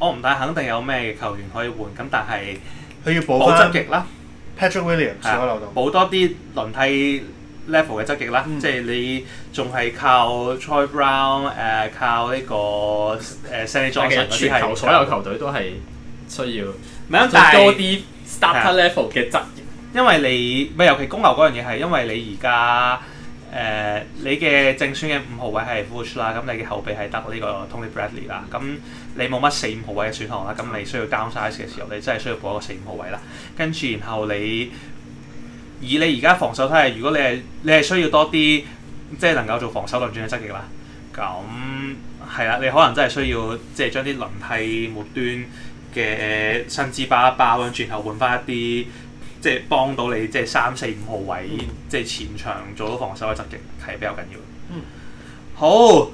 我唔太肯定有咩球員可以換，咁但係佢要補補側翼啦 Patrick Williams 的補多啲輪替 level 嘅側翼啦，嗯、即係你仲係靠 Troy Brown 誒、呃，靠呢個誒 s a n m Johnson，、嗯、所有球隊都係需要但，唔多啲 starter level 嘅質。嗯因為你咪尤其公牛嗰樣嘢係，因為你而家誒你嘅正選嘅五號位係 Vooch 啦，咁你嘅後備係得呢個 Tony Bradley 啦，咁你冇乜四五號位嘅選項啦，咁你需要 downsize 嘅時候，你真係需要補一個四五號位啦。跟住然後你以你而家防守體系，如果你係你係需要多啲，即係能夠做防守輪轉嘅質地啦。咁係啊，你可能真係需要即係將啲輪替末端嘅薪資包一包，跟住後換翻一啲。即係幫到你，即係三四五號位，即係、嗯、前場做到防守嘅執擊，係比較緊要。嗯，好，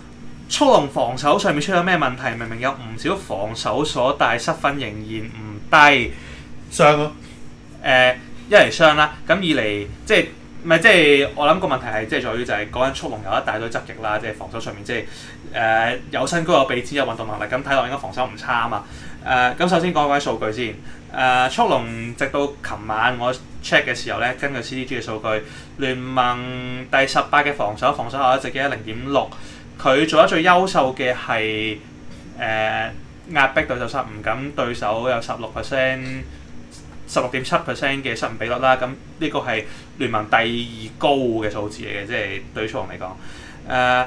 速龍防守上面出咗咩問題？明明有唔少防守所，所但係失分仍然唔低，傷咯、啊。誒、呃，一嚟傷啦，咁二嚟即係咪即係我諗個問題係即係在於就係講緊速龍有一大堆執擊啦，即係防守上面即係誒、呃、有身高有臂展有運動能力，咁睇落應該防守唔差啊嘛。誒、呃，咁首先講一下啲數據先。誒、啊，速龍直到琴晚我 check 嘅時候咧，根據 CDG 嘅數據，聯盟第十八嘅防守，防守效率值嘅零點六，佢做得最優秀嘅係誒壓迫對手失誤，咁對手有十六 percent，十六點七 percent 嘅失誤比率啦，咁呢個係聯盟第二高嘅數字嚟嘅，即、就、係、是、對速龍嚟講，誒、呃。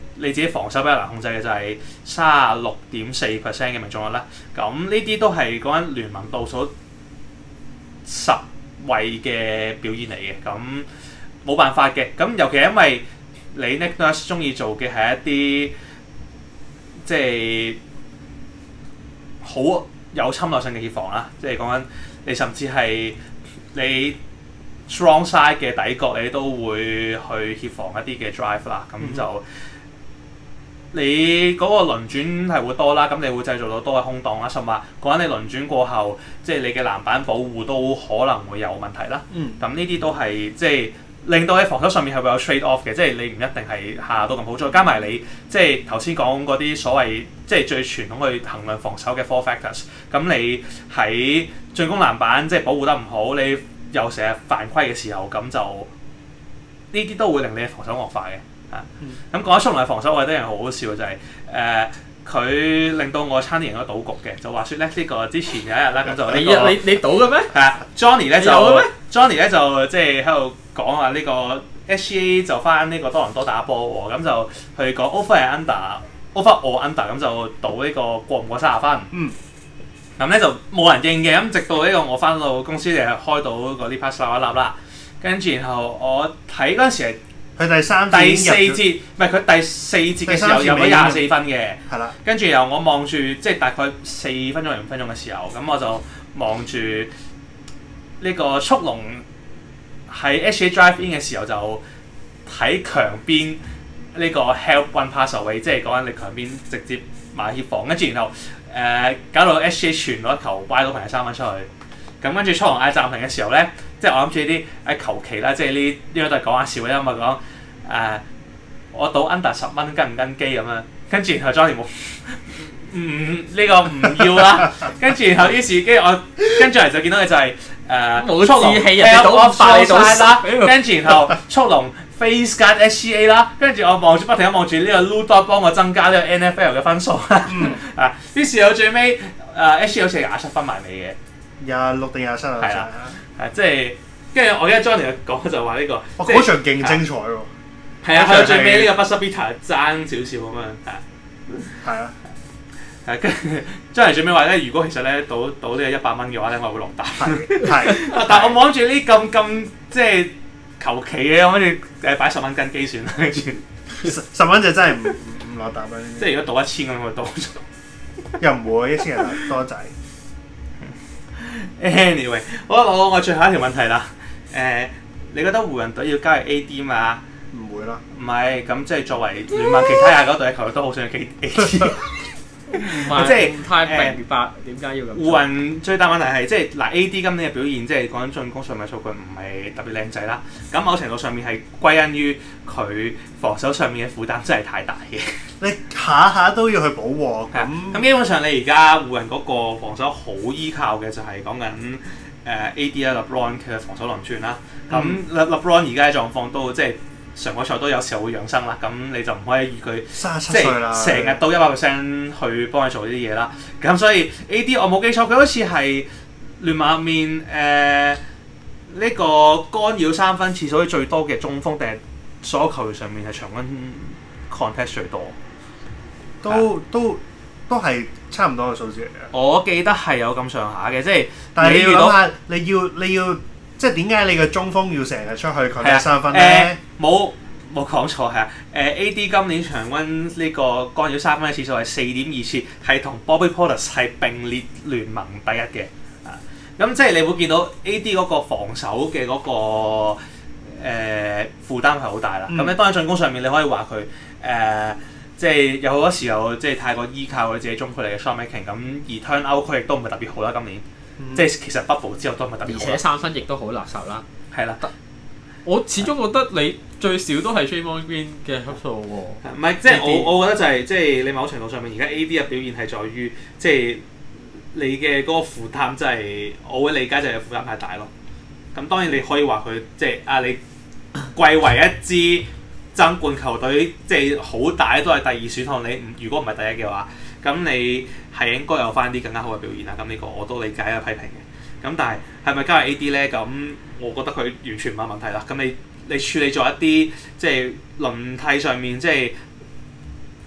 你自己防守比較難控制嘅就係三十六點四 percent 嘅命中率啦。咁呢啲都係講緊聯盟倒數十位嘅表現嚟嘅。咁冇辦法嘅。咁尤其因為你 Nick Nurse 中意做嘅係一啲即係好有侵略性嘅協防啦。即係講緊你甚至係你 strong side 嘅底角，你都會去協防一啲嘅 drive 啦。咁就、嗯你嗰個輪轉係會多啦，咁你會製造到多嘅空檔啦，同埋嗰陣你輪轉過後，即係你嘅籃板保護都可能會有問題啦。咁呢啲都係即係令到喺防守上面係會有 trade off 嘅，即係你唔一定係下都咁好。再加埋你即係頭先講嗰啲所謂即係最傳統去衡量防守嘅 four factors，咁你喺進攻籃板即係保護得唔好，你又成日犯規嘅時候，咁就呢啲都會令你防守惡化嘅。咁講得出嚟防守，我覺得人好好笑就係、是、誒，佢、呃、令到我參與完個賭局嘅，就話説咧呢、這個之前有一日啦，咁就、這個、你你你賭嘅咩？係啊，Johnny 咧就 Johnny 咧、這個、就即係喺度講話呢個 SGA 就翻呢個多倫多打波喎，咁就去講 over 係 under，over 我 under，咁就賭呢個過唔過三十分。咁咧、嗯、就冇人應嘅，咁直到呢個我翻到公司就開到這個呢批手一粒啦，跟住然後我睇嗰陣時係。佢第三、第四節，唔係佢第四節嘅時候入咗廿四分嘅，係啦。跟住由我望住，即係大概四分鐘、五分鐘嘅時候，咁我就望住呢個速龍喺 H A drive in 嘅時候就喺強邊呢個 help one passaway，即係講緊你強邊直接埋協防，跟住然後誒、呃、搞到 H A 傳落一球歪到 d e 平三分出去。咁跟住速龍嗌暫停嘅時候咧，即係我諗住啲誒求其啦，即係呢呢啲都係講下笑啦，咪講誒我賭 under 十蚊跟唔跟機咁啊？跟住然後 Johnny 冇唔呢個唔要啦，跟住然後於是跟住我跟住嚟就見到嘅就係、是、誒、呃、速龍 tell off 曬啦，跟住然後 速龍 face guard S C A 啦，跟住我望住不停咁望住呢個 Ludo 幫我增加呢個 N F L 嘅分數、嗯、 啊，於是我最尾誒 S C 好似廿七分埋尾嘅。廿六定廿七啊？係啊，係即係，跟住我而家 Jony 講就話呢個，哇嗰場勁精彩喎！係啊，去到最尾呢個 Buster Peter 爭少少咁嘛，係啊，啊，係跟住 Jony 最尾話咧，如果其實咧賭賭呢個一百蚊嘅話咧，我會落大。係，但係我望住呢咁咁即係求其嘅，我諗住誒擺十蚊斤機算啦，跟住十蚊就真係唔唔落大啦。即係如果賭一千咁，我賭咗又唔會一千又多仔。anyway，好啦，我我最後一條問題啦。誒、呃，你覺得湖人隊要加入 AD 嘛？唔會啦。唔係，咁即係作為聯盟其他嘅嗰隊球隊 Yeah. 都好想嘅 AD。 即係，唔太明白點解要咁。湖人最大問題係 即係嗱、呃、AD 今年嘅表現即係講緊進攻上面嘅數據唔係特別靚仔啦。咁某程度上面係歸因於佢防守上面嘅負擔真係太大嘅。 你下下都要去補鑊咁，咁基本上你而家湖人嗰個防守好依靠嘅就係、是、講緊誒、呃、AD 啊，LeBron 其實防守輪轉啦。咁、嗯、LeBron 而家嘅狀況都即係。上海菜都有時候會養生啦，咁你就唔可以以佢，即係成日都一百 percent 去幫佢做呢啲嘢啦。咁所以 A.D. 我冇記錯，佢好似係聯盟入面誒呢、呃這個干擾三分次數最多嘅中鋒，定係所有球員上面係平均 contest 最多，都、啊、都都係差唔多嘅數字嚟嘅。我記得係有咁上下嘅，即係但係你要諗下，你要你要。你要你要即係點解你個中鋒要成日出去抗壓三分咧？冇冇講錯係啊！誒、呃、AD 今年場均呢個干擾三分嘅次數係四點二次，係同 Bobby Portis 係並列聯盟第一嘅。啊，咁即係你會見到 AD 嗰個防守嘅嗰、那個誒、呃、負擔係好大啦。咁咧，當喺進攻上面你可以話佢誒，即、呃、係、就是、有好多時候即係太過依靠佢自己中距離嘅 shotmaking 咁而 turnout 佢亦都唔係特別好啦今年。嗯、即係其實北部之後都唔係特別好，而且三分亦都好垃圾啦。係啦，得我始終覺得你最少都係 Jalen Green 嘅級數，唔係、啊、是 AD? 即係我我覺得就係、是、即係你某程度上面而家 A. D. 嘅表現係在於即係你嘅嗰個負擔就係、是、我會理解就係負擔太大咯。咁當然你可以話佢即係啊，你貴為一支爭冠球隊，即係好大都係第二選項。你唔如果唔係第一嘅話。咁你係應該有翻啲更加好嘅表現啦，咁呢個我都理解嘅批評嘅。咁但係係咪加入 A.D. 咧？咁我覺得佢完全冇問題啦。咁你你處理咗一啲即係輪替上面，即、就、係、是、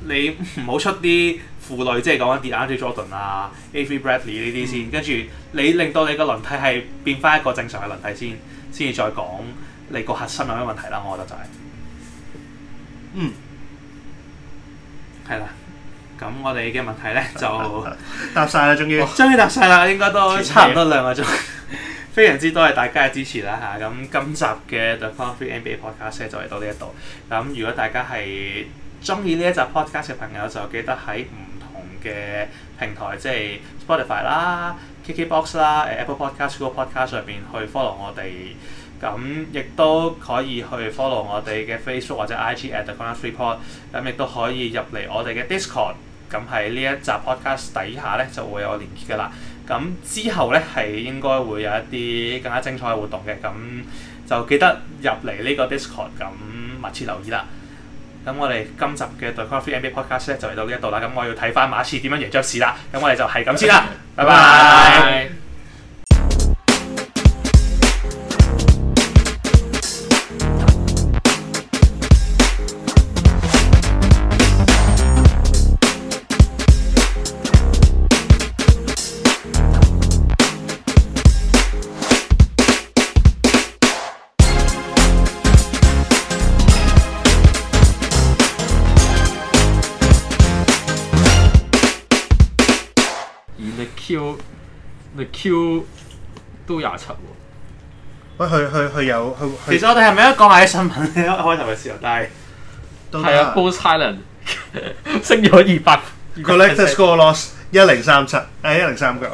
你唔好出啲負累，即係講緊 DeAndre Jordan 啊、Avery Bradley 呢啲先，跟住、嗯、你令到你嘅輪替係變翻一個正常嘅輪替先，先至再講你個核心有咩問題啦。我覺得就係、是，嗯，係啦。咁我哋嘅問題咧就答晒啦，仲要，終於，終於答晒啦，應該都差唔多兩個鐘。氣 非常之多謝大家嘅支持啦嚇，咁今集嘅 The Corner 3 NBA Podcast 就嚟到呢一度。咁如果大家係中意呢一集 Podcast 嘅朋友，就記得喺唔同嘅平台，即係 Spotify 啦、KKBox 啦、Apple Podcast、School Podcast 上邊去 follow 我哋。咁亦都可以去 follow 我哋嘅 Facebook 或者 IG at thecorner3pod，咁亦都可以入嚟我哋嘅 Discord，咁喺呢一集 podcast 底下咧就會有連結噶啦。咁之後咧係應該會有一啲更加精彩嘅活動嘅，咁就記得入嚟呢個 Discord，咁密切留意啦。咁我哋今集嘅 The Corner 3 NBA Podcast 咧就嚟到呢一度啦，咁我要睇翻馬刺點樣贏爵士啦。咁我哋就係咁先啦，拜拜。拜拜，拜拜。跳都廿七喎，喂，佢佢佢有佢。其實我哋係咪一講下啲新聞咧？一開頭嘅時候，但係到咗 post silent 升咗二百，collectors score loss 一零三七，係一零三九。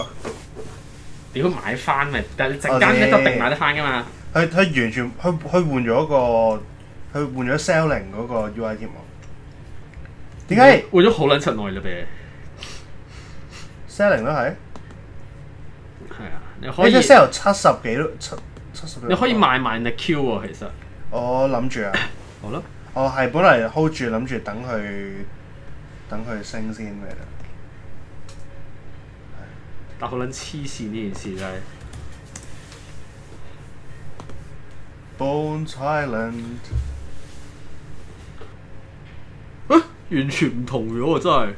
屌買翻嚟，但係你陣間一定買得翻㗎嘛。佢佢完全佢佢換咗個，佢換咗 selling 嗰個 UI 貼喎。點解換咗好撚七耐咧？selling 都係。你可以 sell 七十幾，七七十。你可以賣埋呢 Q 喎，啊，其實。我諗住啊， 好咯，我係本嚟 hold 住諗住等佢，等佢升先嘅啫。但好撚黐線呢件事就係。Bones Hyland 完全唔同咗啊！真係。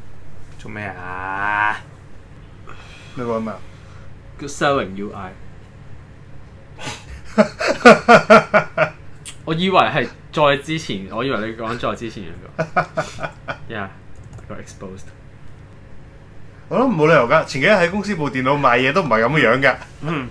做咩啊？你講咩啊？to selling UI， 我以為係再， 再之前，我以為你講再之前嘅個，yeah exposed，我諗冇理由噶，前幾日喺公司部電腦買嘢都唔係咁嘅樣嘅，嗯。